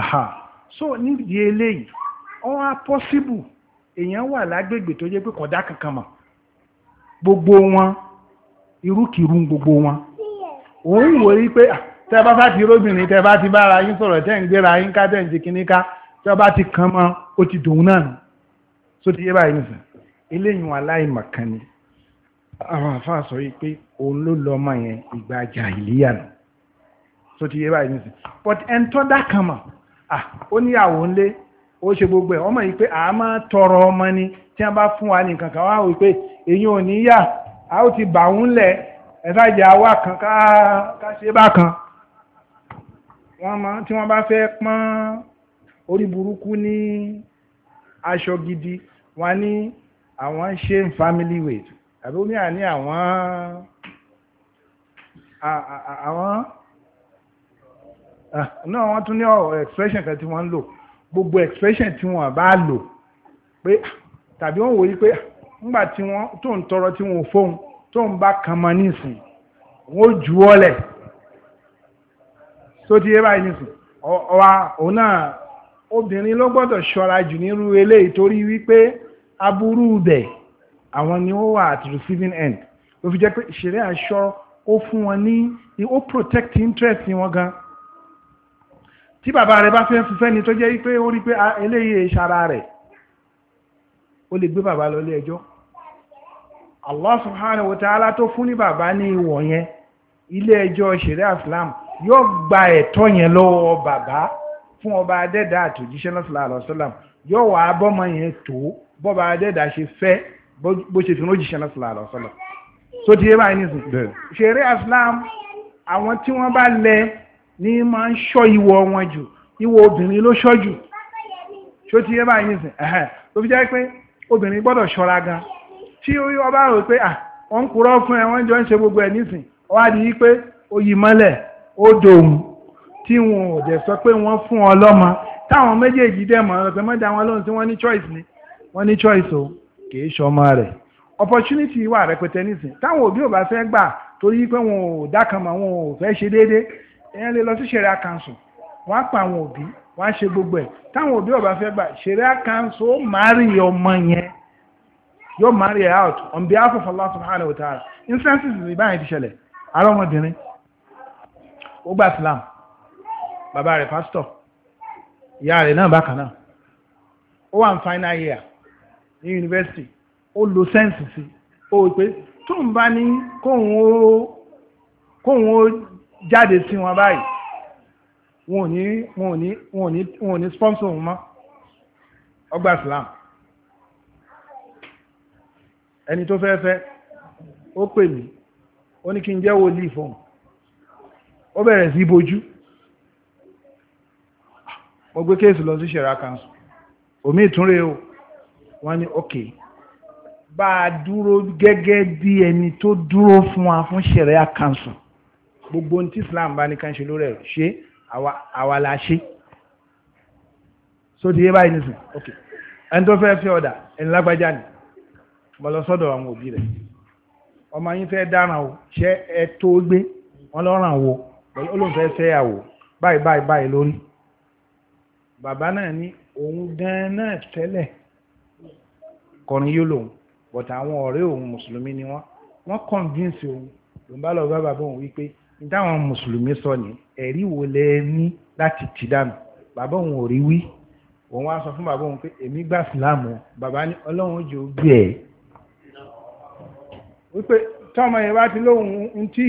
Aha. so nídìí eléyìí ọ̀hún apọ́síbù èèyàn wà lágbègbè tó jẹ́ pé kọ̀dá kankan mọ̀ gbogbo wọn irúkìrú gbogbo wọn òun wò rí pé tẹ́ bá bá ti róbìnrin tẹ́ bá ti bára yín sọ̀rọ̀ tẹ́ ń gbéra yín ká tẹ́ ń jikinní ká bá ti kàn mọ́ ó ti dòun náà nù so ti yé báyìí nìsín eléyìí wọn aláìmọ̀kan ni àwọn àfáà yìí pé òun ló lọ́mọ yẹn ìgbà jàhìlíyà nù tó ti yé báyìí nísìn but ẹn tọ́ dá kan mọ̀ ah ó níyàwó ńlé ó ṣe gbogbo ẹ̀ ọmọ yìí pé a máa tọrọ ọmọ ni tí wọ́n bá fún wa ní kankan wá wípé èyí ò ní yà á ó ti bà ń lẹ̀ ẹ̀fà ìjà wa kan ká ṣe bákan wọ́n máa tí wọ́n bá fẹ́ pọ́n orí burúkú ní aṣọ gidi wọ́n ní àwọn ṣe ń family weight àbí ó ní àní àwọn àwọn. Ah, náà wọ́n tún ní ọ̀rọ̀ expression kan tí wọ́n ń lò gbogbo expression tí wọ́n bá lò pé ah, tàbí wọ́n wòye pé ńgbà ah, tí wọ́n tó ń tọrọ tí wọ́n fóun tó ń bá kan mọ nísìn wọ́n jù ọ́ lẹ̀ tó ti yé báyìí nísìn ọ̀wà òun náà obìnrin ló gbọ́dọ̀ ṣọ́ra jù nírú eléyìí torí wípé aburú bẹ̀ àwọn ni ó wà àti receiving end ló fi jẹ́ pé ṣeré aṣọ ó fún wọn ní ó protect interest wọn gan-an. tí bàbá rẹ̀ bá fẹ́ fún fẹ́ni tó jẹ́ pé ó rí pé ah, eléyìí ìṣara e rẹ̀ ó lè gbé bàbá lọ ilé ẹjọ́ Allah subhanahu wa ta'ala tó fún ní bàbá ní ìwọ̀ yẹn ilé ẹjọ́ ṣẹ̀ríà Islam yóò gba ẹ̀tọ́ yẹn lọ́wọ́ bàbá fún ọba adẹ́dà àtòjíṣẹ́ lọ́sọ̀lá àlọ́sọ́làm àwọn tí wọ́n bá lẹ ní máa ń ṣọ́ ìwọ wọn jù ìwọ obìnrin ló ṣọ́ jù ṣó ti yé báyìí nìsín ẹ̀hẹ́ tó fi jẹ́ pé obìnrin gbọ́dọ̀ ṣọ́ra gan tí ó bá rò pé à wọ́n ń kúrọ́ fún ẹ wọ́n jọ ń ṣe gbogbo ẹ̀ nísìn wá di wípé oyì mọ́lẹ̀ ó dòun tí wọn ò dẹ̀ sọ pé wọ́n fún ọ lọ́mọ táwọn méjèèjì dẹ̀ mọ̀ ọ̀rọ̀ pé mọ́dà wọn lóhun tí wọ́n ní choice ni wọ́n ní choice o kì í ṣọmọ rẹ̀ opportunity wà rẹpẹtẹ nísìn táwọn òbí ò bá fẹ́ gbà torí pé wọn ò dákan wọn ò fẹ́ ṣe déédéé èèyàn lè lọ sí ṣẹ̀ríà council wọ́n á pa àwọn òbí wọ́n á ṣe gbogbo ẹ̀ táwọn òbí ọba fẹ́ gbà ṣẹ̀ríà council ó marry ọmọ yẹn yóò marry ẹ̀ out on behalf of Allah subhanahu wa ta'ala instances ìbáyìí ti ṣẹlẹ̀ arọ́mọbìnrin ó gba Islam bàbá rẹ̀ pásítọ̀ ìyá rẹ̀ náà bákan náà ó wà ní final year ní yunifásitì ó lo sẹ́ǹsì sí ó wípé tóun bá ní kóun ó jáde sí wọn báyìí wọn ò ní wọn ò ní wọn ò ní wọn ò ní sponsor wọn mọ́ ọgbà Islam ẹni tó fẹ́ fẹ́ ó pè mí ó ní kí n jẹ́ wòlíì fún ó bẹ̀rẹ̀ sí bojú mo gbé kéèsì lọ sí ṣẹ̀ra kanṣu omi ìtúnre o wọ́n ní ok bá a dúró gẹ́gẹ́ bí ẹni tó dúró fún wa fún ṣẹ̀ra kanṣu gbogbo ohun tí Islam bá ní ká ń ṣe lórí ẹ̀ ṣe àwa la ṣe so ti yé báyìí nísìn ok ẹni tó fẹ́ fẹ́ ọ̀dà ẹni lágbájá ni mo lọ sọ́dọ̀ àwọn òbí rẹ̀ ọmọ yín fẹ́ dáràn o ṣé ẹ tó gbé wọn lọ ràn wo olóńfẹ́ fẹ́ àwò báyìí báyìí báyìí lórí bàbá náà ní òun gan-an náà tẹ́lẹ̀ kọrin yóò lòun but àwọn ọ̀rẹ́ òun mùsùlùmí ni wọ́n wọ́n convince òun lòun bá lọ bá bàbá òun wípé dáwọn mùsùlùmí sọ ni ẹ̀rí wo lẹ ní láti tì dànù bàbá òun ò rí wí òun wá sọ fún bàbá òun pé èmi gbà síláàmù bàbá ní ọlọ́run jò bí ẹ̀ wípé tọ́mọ yẹn bá ti lóhun tí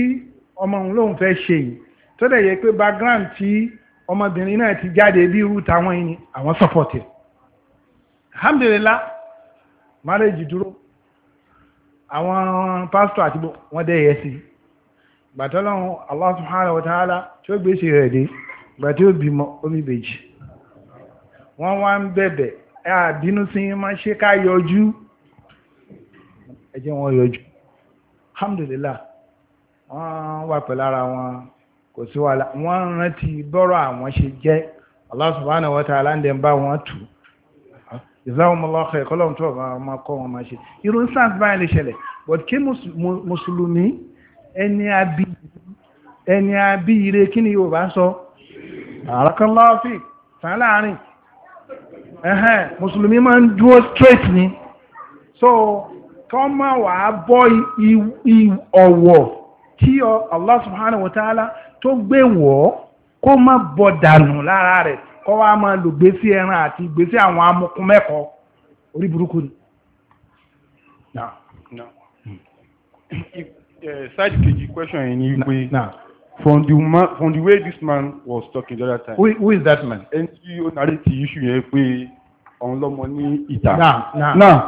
ọmọ òun lóhun fẹ́ ṣe yìí tó dẹ̀ yẹ pé background tí ọmọbìnrin náà ti jáde bí irú táwọn yìí àwọn support ẹ̀ marriage dúró àwọn pastor àti wọn dẹ̀ yẹ sí i gbàtọ́lọ́run Allah subhanahu wa ta'ala tí ó gbèsè rẹ̀ dé gbà tí ó bímọ omi bèjì wọ́n wá ń bẹ̀bẹ̀ àbínú sí ma ṣe ká yọjú ẹ jẹ́ wọn yọjú alhamdulillah wọ́n wà pẹ̀lú ara wọn kò sí wàhálà wọ́n rántí bọ́rọ̀ àwọn ṣe jẹ́ Allah subhanahu wa ta'ala ń dẹ̀ ń bá wọn tù jazakumullahu khairan kọ́lọ́run tó ọ̀gá ọmọ kọ́ wọn máa ṣe irú sáǹsì báyìí lè ṣẹlẹ̀ but kí mùsùlùmí ẹni àbí ẹni àbí ire kí ni Yorùbá sọ àràkánláàfì tàn láàrin ẹ̀hẹ́n mùsùlùmí máa ń dúró straight ni so kọ́ máa wà á bọ́ ọ̀wọ̀ tí Allah subhanahu wa ta'ala tó gbé wọ́ kó má bọ̀ dànù lára rẹ̀ kọ́ wá máa lò sí ẹran àti gbé sí àwọn amukun mẹ́kọ orí burúkú ni. Hmm. Eh, side kejì question yẹn ni wípé from the man from the way this man was talking the other time. who, who is that man. ẹni tí ó nàrí ti issue yẹn pé òun lọ́mọ ní ìta. náà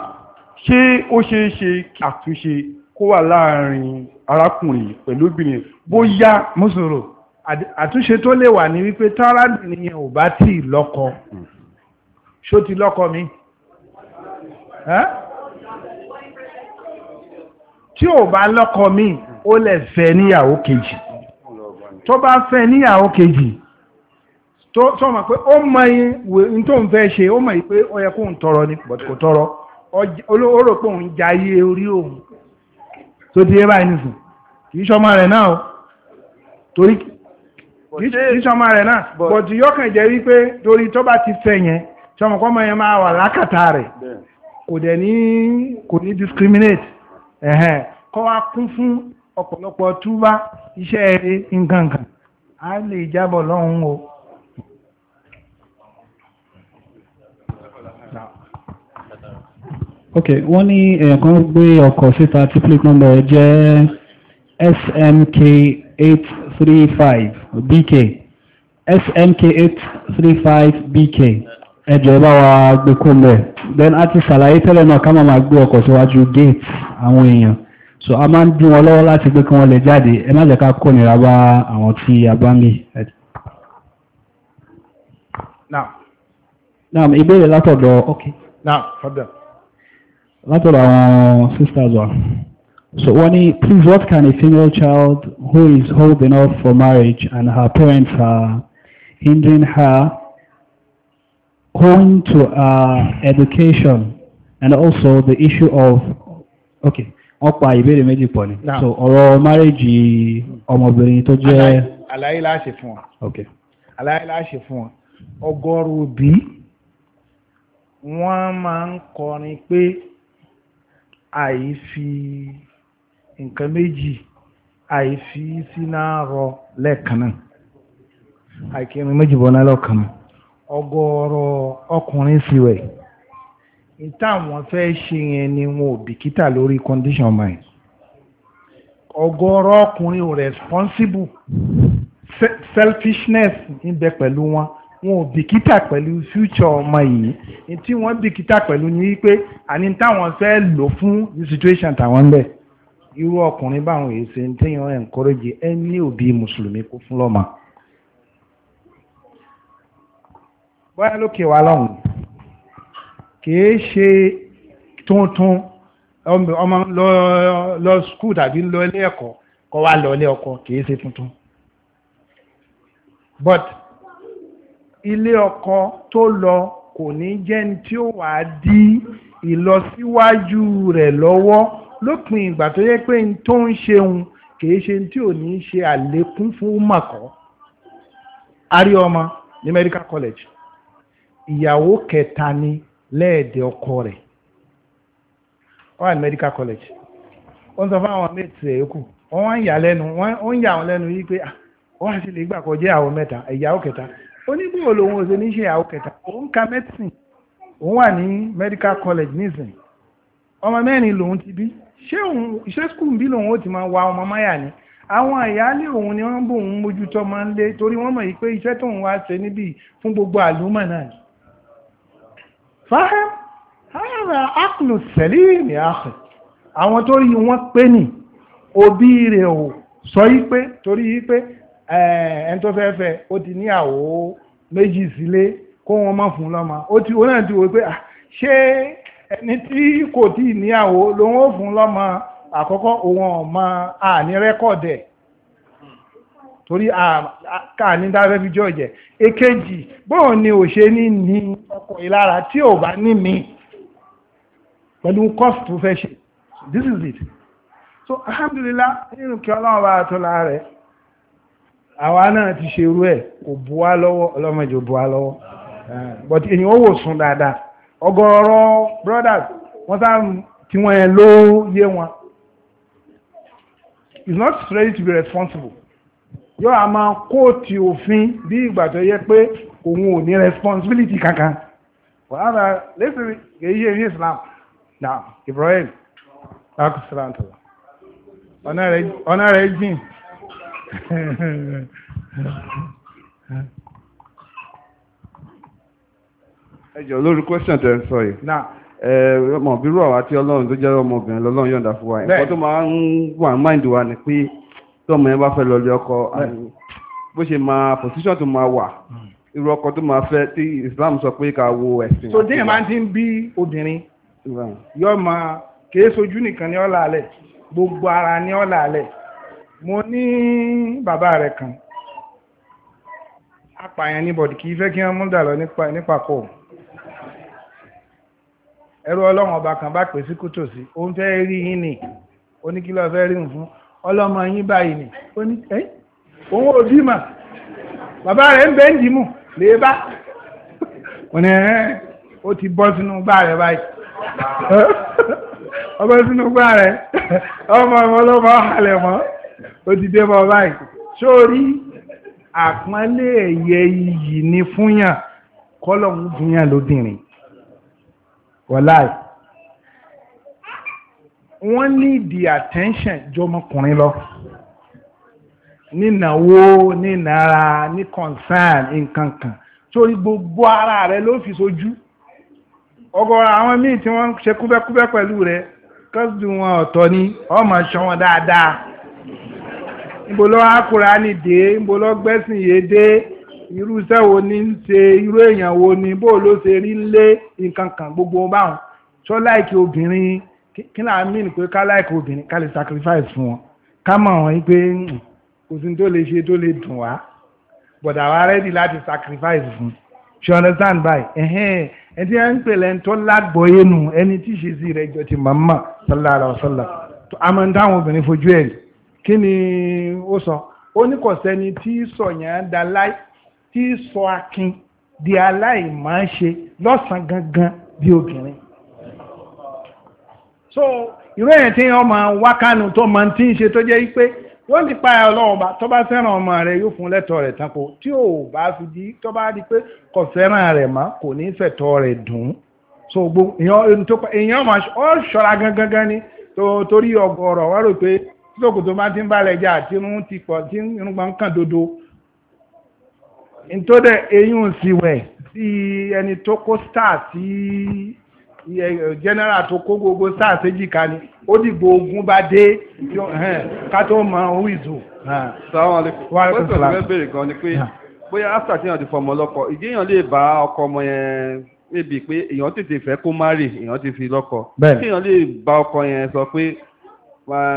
ṣé ó ṣeé ṣe àtúnṣe kó wà láàrin arákùnrin pẹ̀lú obìnrin bóyá. mo sọ̀rọ̀ àtúnṣe tó lè wà ní wípé tárábìnrin yẹn ò bá tí ì lọ́kọ hmm. ṣó ti lọ́kọ mi. Huh? tí o bá lọ́kọ mi ó lè fẹ́ níyàwó kejì tó bá fẹ́ níyàwó kejì tó mọ̀ pé ó mọ̀ yín tó ń fẹ́ ṣe ó mọ̀ pé ó yẹ kó ń tọrọ ní but kò tọrọ ó rò pé òun jayé orí òun tó ti yé báyìí kì í ṣọmọ rẹ̀ náà torí kì í ṣọmọ rẹ̀ náà yọkàn jẹ́ wípé torí tó bá ti fẹ́ yẹn yẹn ẹ̀hẹ́n kọ́ wa kún fún ọ̀pọ̀lọpọ̀ túbá iṣẹ́ eré nkankan a lè jábọ̀ lọ́hùn o. ok wọ́n ní èèyàn kan gbé ọkọ̀ síta tí plate number jẹ́ smk 835 bk smk 835 bk ẹjọ́ bá wa gbé kó lẹ̀ then a ti ṣàlàyé tẹ́lẹ̀ náà ká máa gbé ọkọ̀ síwájú gate àwọn èèyàn so a máa ń dún wọn lọ́wọ́ láti gbé kí wọ́n lè jáde ẹ má jẹ́ ká kó nira bá àwọn tí a bá ń lè. naam ìbéèrè látọ̀dọ̀ ok. naam fọ́dọ̀. látọ̀dọ̀ àwọn sisters wa. So Wani, please what can a female child who is old enough for marriage and her parents are hindering her going to uh, education and also the issue of okay wọ́n pa ìbéèrè méjì pọ̀ ni so ọ̀rọ̀ márèjì ọmọbìnrin tó jẹ́ àlàyé láṣẹ fún wa okay àlàyé láṣẹ fún wa ọgọ́rùn òbí wọ́n máa ń kọrin pé àìfi nǹkan méjì àìfi sínú àárọ̀ lẹ́ẹ̀kan náà àìkírun méjì bọ́ náà lọ́kàn náà ọgọ́rọ̀ ọkùnrin sí wẹ̀ ìtàwọn fẹ́ ṣe yẹn ni wọn ò bìkítà lórí condition mind ọgọ́rọ̀ ọkùnrin ò responsible selfishness ń bẹ pẹ̀lú wọn wọn ò bìkítà pẹ̀lú future ọmọ yìí ní tí wọ́n bìkítà pẹ̀lú ni wípé àní táwọn fẹ́ lò fún the situation táwọn ń bẹ̀ irú ọkùnrin báwọn èsè ń téèyàn encourage ẹni òbí mùsùlùmí kó fún lọ́mọ. bóyá lókè wa lọ́hùn kìí ṣe tuntun ọmọ lọ skul tàbí lọ ilé ẹ̀kọ́ kọ́ wá lọ ilé ọkọ kìí ṣe tuntun but ilé ọkọ tó lọ kò ní jẹ́ ní tí ó wàá dí ìlọsíwájú rẹ̀ lọ́wọ́ lópin ìgbà tó yẹ pé tó ń ṣeun kìí ṣe tí ò ní ṣe àlékún fún mọ̀kọ́ a ọmọ ní medical college ìyàwó kẹta ni lẹ́ẹ̀dẹ̀ ọkọ rẹ̀ wọ́n wà medical college wọ́n sọ fáwọn méjì rẹ̀ yókù wọ́n wá ń yà lẹ́nu wọ́n ń yà wọn lẹ́nu yìí pé wọ́n á sì lè gbà kọjá ìyàwó mẹ́ta ìyàwó kẹta onígbòho lòun ò ṣe ní ṣe ìyàwó kẹta òun ka medicine òun wà ní medical college nísìn ọmọ mẹ́rin lòun ti bí ṣé òun iṣẹ́ skul bí lòun ó ti máa wa ọmọ máyà ni àwọn àyálé òun ni wọ́n bò ń mójútó máa ń lé torí wọ́n mọ̀ yìí pé iṣẹ́ tóun wá ṣe níbí fún gbogbo àlùmọ̀ náà fáhẹ́m hàrà ákùlù sẹ̀lìm yà áhù àwọn tó rí wọn pé ní òbí rẹ̀ ò sọ yí pé torí yí pé ẹni tó fẹ́ fẹ́ ó ti níyàwó méjì sílé kó wọn má fún lọ́mọ ó ti wọn náà ti wò pé ṣé ẹni tí kò tí ì níyàwó lòun ó fún lọ́mọ àkọ́kọ́ òun ọ̀ àní rẹ́kọ̀dẹ̀ torí ká dáfẹ́ fi jọ jẹ́ èkejì bóò ni ò ṣe ní ní ọkọ̀ ìlara tí ò bá ní mi pẹ̀lú cost tó fẹ́ ṣe this is it so alhamdulillah nínú kí ọlọ́run bá tó lára rẹ̀ àwa náà ti ṣe irú ẹ̀ kò bu lọ́wọ́ ọlọ́mọdé ò lọ́wọ́ eh, but èyí ó wò sùn dáadáa ọ̀gọ̀rọ̀ brothers wọ́n sá tí wọ́n yẹn ló yé wọn it's not ready to be responsible. yóò a kóòtì òfin bí ìgbà tó yẹ pé òun ò ní responsibility kankan wàhálà lẹ́sìn kìí ní Islam na Ibrahim akusirantala ọ̀nà rẹ̀ jìn ẹjọ́ lórí question sọ yìí ọmọ tó ọmọbìnrin fún wa ẹ̀kọ́ tó máa wa ni pé tí ọmọ yẹn bá fẹ́ lọ lé ọkọ bó ṣe máa position tó máa wà hmm. irú ọkọ tó máa fẹ́ tí Islam sọ pé ká wo ẹ̀sìn. so díẹ̀ máa ti ń bí obìnrin yóò máa kìí sojú nìkan ní ọ̀la alẹ̀ gbogbo ara ní ọ̀la alẹ̀ mo ní bàbá rẹ̀ kan apààyàn ní bọ̀dì kìí fẹ́ kí wọ́n mú dàlọ́ nípa kọ́ ẹrú ọlọ́run ọba kan bá pè kútòsí òun fẹ́ rí yín ni oníkìlọ̀ fẹ́ rí yín fún ọlọ́mọ yín báyìí ni ó ní ẹ́ òun ò bí mà bàbá rẹ̀ ń bẹ́ ń dìímù lè bá wọn ni ẹ́ ó ti bọ́ sínú gbá rẹ̀ báyìí ọbẹ̀ sínú gbá rẹ̀ ọmọ ọmọ ọlọ́mọ ọ̀hálẹ̀ mọ́ ó ti dé mọ́ báyìí sórí àpọ́nlé ẹ̀yẹ iyì ni fúnyàn kọ́lọ̀ ń fúnyàn lóbìnrin wọ́láì wọ́n ní the attention jọmọkùnrin lọ nínáwó nínara ní concern nǹkan kan torí gbogbo ara rẹ ló fi sojú ọ̀gọ̀rọ̀ àwọn míì tí wọ́n ṣe kúbẹ́kúbẹ́ pẹ̀lú rẹ kọ́sùdù wọn ọ̀tọ̀ ni ọmọ ṣan wọn dáadáa níbo lọ akura ni dé níbo lọ gbẹ́sìn yé dé irú iṣẹ́ wo ni ń ṣe irú èèyàn wo ni bó ló ṣe rí lé nǹkan gbogbo báwọn ṣọ́ láìkí obìnrin kí náà mí ní pé ká láìka obìnrin ká lè sacrifice fún wọn ká mọ̀ wọ́n pé hmm, kò tó lè ṣe tó lè dùn wá but àwa ready láti sacrifice fún she understand by ẹ̀hẹ́n ẹni ẹ̀ ń pè lẹ́ni tó lágbọ́yé nù ẹni tí ṣe sí rẹ̀ jọ ti màmá sallallahu alaihi wasallam àmọ́ ń dáhùn obìnrin fojú ẹ̀ kí ni ó sọ ó ní kò sẹ́ni tí sọ yẹn da láì tí sọ akin di aláìmáṣe lọ́sàn gangan bí obìnrin so irú ẹ̀yìn tí wọ́n máa wá kánú tó máa ti ń ṣe tó jẹ́ pé wọ́n ti payà ọlọ́run bá tó bá fẹ́ràn ọmọ rẹ̀ yóò fún lẹ́tọ̀ rẹ̀ tán kó tí ò bá fi di tó bá di pé kò fẹ́ràn rẹ̀ mọ́ kò ní fẹ̀tọ́ rẹ̀ dùn so gbogbo èèyàn máa ọ ṣọ́ra gangan gan ni torí ọgọ́rọ̀ wọ́n rò pé títókù tó bá ti ń balẹ̀ jà tí irun ti pọ̀ tí irun gbọ́n kàn dodo nítorí eyín òsì wẹ̀ sí ẹni tó kó star sí general tó kó gbogbo sáà séjì ká ni ó dìgbò ogun bá dé ká tó mọ owó ìzù. sàwọn àlekún wọ́n tó fẹ́ bèrè gan ni pé bóyá after ti yàn ti fọmọ lọ́kọ ìdíyàn lè bá ọkọ ọmọ yẹn níbi pé èèyàn tètè fẹ́ kó má rè èèyàn ti fi lọ́kọ kí èèyàn lè bá ọkọ yẹn sọ pé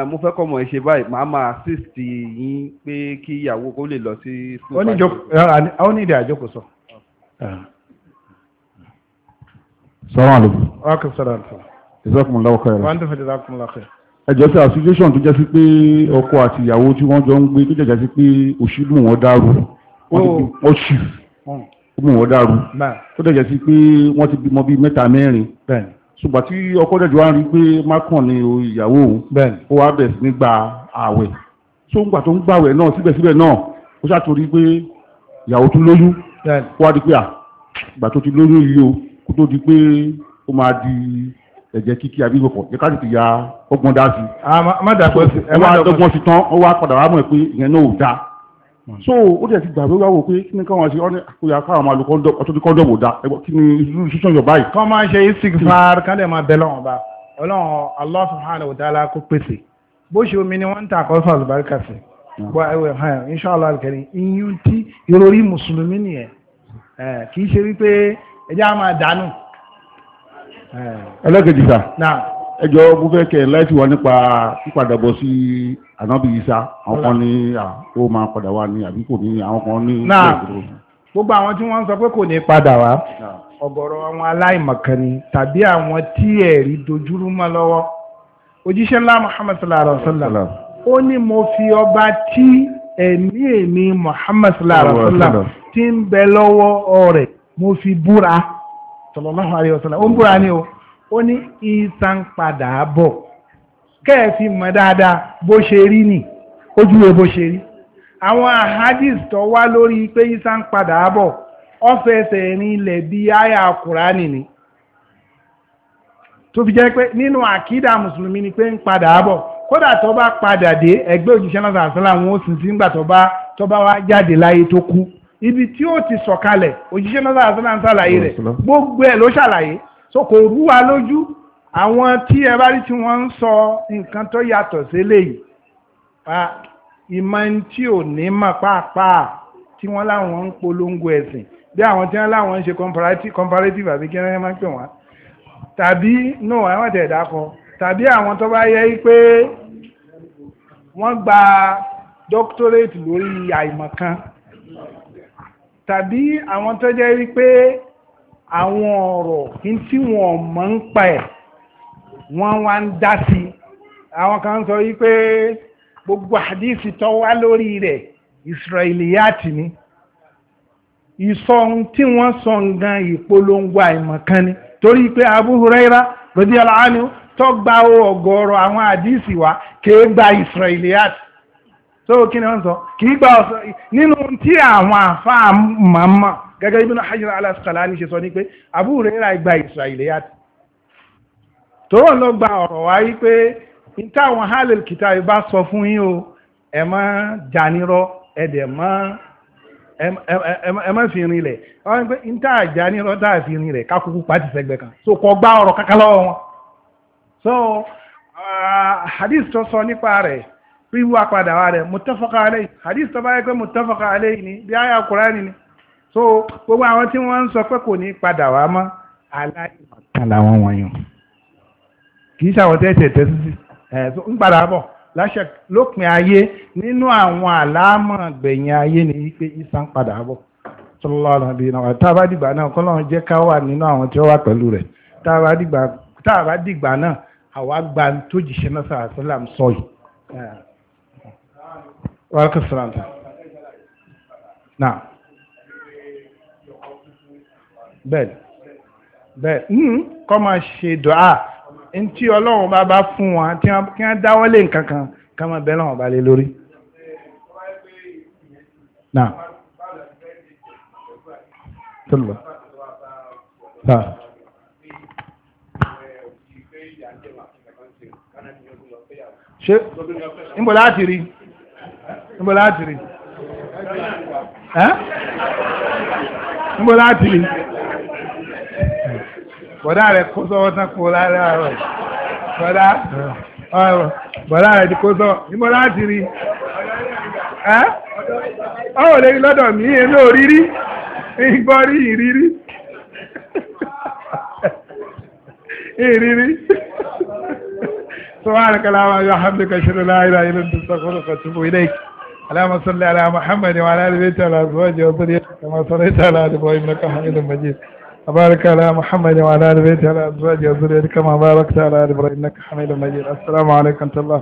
mo fẹ́ kọ́ mọ̀ ṣe báyìí màá máa assist yín pé kí ìyàwó kó lè lọ sí. ó ní ìdí àjókòó sọ. Ah sọ́rọ̀ àlejò. wákàtí sọ́rọ̀ àlejò. ìsọkùnrin lọ́wọ́ kọ́ ẹ̀rọ. wọ́n ń tẹ̀fẹ̀ dídá kún lọ́kẹ́. ẹ jẹ́ sí association tó jẹ́ sí pé ọkọ àti ìyàwó tí wọ́n jọ ń gbé tó jẹ́ jẹ́ sí pé òṣìlú wọn dàrú wọ́n ṣì oh. hmm. mú wọn dàrú tó jẹ́ jẹ́ sí pé wọ́n ti bímọ bíi mẹ́ta mẹ́rin ṣùgbọ́n tí ọkọ dẹ̀jọ́ wá rí pé mákàn ni ìyàwó òun ó wá bẹ̀ sí nígbà ààwẹ̀ tó ń gbà tó ń gbàwẹ̀ náà síbẹ̀síbẹ̀ náà ó ṣàtòrí pé ìyàwó tún lóyún wá di pé à ìgbà tó ti lóyún yìí o kó tó di pé ó máa di ẹ̀jẹ̀ kíkí abígbòpọ̀ yẹ ká tètè ya ọgbọ́n dá sí. ẹ wá dọ́gbọ́n sí tán ó wá padà wá mọ̀ pé ìyẹn náà ò dáa. Hmm. so ó dẹ̀ ti gbàgbé wá wò pé kí ni káwọn ṣe ọ́nà àkóyá káwọn máa lo ọtọ́jú kọ́ńdọ̀mù ò dáa kí ni sísun yọ̀ báyìí. kọ́ máa ń ṣe istikfar kán dẹ̀ máa bẹ lọ́wọ́n ba ọlọ́run Allah subhanahu wa ta'ala kó pèsè bó ṣe omi ni wọ́n ń ta àkọ́sọ́ àlùbáríkà sí bọ́ ẹwẹ̀ hàn inshallah alkarim iyún tí ìrorí mùsùlùmí nìyẹn kì í ṣe wípé ẹjẹ́ a máa dànù. ẹlẹ́kẹ̀jì sà ẹjọ́ mo fẹ́ kẹ́ láìsí wa nípa pípadàbọ̀ sí ànábì Ìsá àwọn kan ní ó máa padà wá ní àbí kò ní àwọn kan ní. gbogbo àwọn tí wọ́n ń sọ pé kò ní padà wá ọ̀gọ̀rọ̀ àwọn aláìmọ̀kànnì tàbí àwọn tí ẹ̀rí dojúrú mọ́ lọ́wọ́ òjíṣẹ́ ńlá Muhammad sallallahu alaihi wasallam ó ní mo fi ọba tí ẹ̀mí èmi Muhammad sallallahu alaihi wasallam ti ń bẹ lọ́wọ́ ọ̀rẹ́ mo fi búra sallallahu alaihi wasallam ó ń búra ni o ó ní ìtàn padà bọ̀ kẹ́ẹ̀fì mọ̀ dáadáa bó ṣe rí nì ojúwe bó ṣe rí àwọn ahadis tó wá lórí pé ìtàn padà bọ̀ ọ́fẹ́sẹ̀ ní ilẹ̀ bí àyà kùránì ni tó fi jẹ́ pé nínú àkídà mùsùlùmí ni pé ń padà bọ̀ kódà tó bá padà dé ẹgbẹ́ òjíṣẹ́ náà sàásánlá wọn ó sì sí ńgbà tó bá wá jáde láyé tó kú ibi tí ó ti sọ̀kalẹ̀ òjíṣẹ́ náà sàlàyé náà sàlàyé rẹ̀ gbogbo ẹ̀ ló ṣàlàyé so kò rú wa lójú àwọn tí ẹ bá rí tí wọ́n ń sọ nǹkan tó yàtọ̀ sí eléyìí ìmọ̀ tí ò ní mọ̀ pàápàá tí wọ́n láwọn ń polongo ẹ̀sìn bí àwọn tí wọ́n láwọn ń ṣe comparative comparative àbí kí wọ́n máa pè wọ́n tàbí no àwọn tẹ̀ ẹ̀dá kan tàbí àwọn tó bá yẹ pé wọ́n gba doctorate lórí àìmọ̀ kan tàbí àwọn tó jẹ́ wípé àwọn ọ̀rọ̀ tí wọ́n mọ̀ ń pa ẹ̀ wọ́n wá ń dá sí àwọn kan sọ wípé gbogbo àdísì tó wá lórí rẹ̀ ìsírẹ̀lìyàtì ni ìsọ̀hun tí wọ́n sọ gan ìpolongo àìmọ̀kan ni torí pé Abu Huraira radiyallahu anhu tó gba ọgọ́rọ̀ àwọn àdísì wa kéé gba ìsírẹ̀lìyàtì so kí ni wọ́n sọ kì í gba ọ̀sán nínú tí àwọn àfáà màmá gẹ́gẹ́ Ibn Hajar al-Asqalani ṣe sọ ní pé Abu Hurairah ìgbà Israiliyat tó wọ́n lọ gba ọ̀rọ̀ wá wípé n táwọn halil kìtà bá sọ fún yín o ẹ má janirọ́ ẹ dẹ̀ má ẹ má fi rin lẹ̀ wọ́n pé n tá janirọ́ tá fi rin lẹ̀ kákúkú pàtì sẹ́gbẹ̀ kan so kò gba ọ̀rọ̀ kankan lọ́wọ́ wọn so ah, hadith tó sọ nípa rẹ̀ wíwá padà wá rẹ̀ mutafaqa alayhi hadith tó bá yẹ pé mutafaqa alayhi ni bí àyà kúránì ni so gbogbo àwọn tí wọ́n ń sọ pé kò ní padà wá mọ́ aláìmọ̀tán làwọn wọ̀nyàn kì í ṣàwọn tẹ́tẹ̀ tẹ́tí sí ẹ̀ ń padà bọ̀ láṣẹ lópin ayé nínú àwọn àlámọ̀ gbẹ̀yìn ayé ni wípé ìsàn padà bọ̀ sallallahu alaihi wa sallam tá a bá dìgbà náà àwọn tí tó jìṣẹ́ náà sàrà wàlúkà sàlàntà náà bẹ́ẹ̀ bẹ́ẹ̀ hmm kọ́ máa ṣe dọ́à ntí ọlọ́run bá bá fún wọn kí wọ́n dáwọ́lé nǹkan kan ká máa bẹ́ẹ̀ lọ́wọ́ balẹ̀ lórí náà tó lọ. ṣé níbo láti níbo láti rí níbo láti rí bọ̀dá rẹ̀ kó sọ́wọ́ tán kó lára rẹ̀ bọ̀dá bọ̀dá rẹ̀ kó sọ́ níbo láti rí ọ̀rọ̀ lè rí lọ́dọ̀ mí èmi ò rírí ìgbọ́ rí ìrírí ìrírí سبحانك اللهم وبحمدك اشهد ان لا اله الا انت استغفرك واتوب اليك اللهم صل على محمد وعلى ال بيته وعلى ازواجه وذريته كما صليت على ال ابراهيم انك حميد مجيد وبارك على محمد وعلى ال بيته وعلى ازواجه وذريته كما باركت على ال ابراهيم انك حميد مجيد السلام عليكم ورحمه الله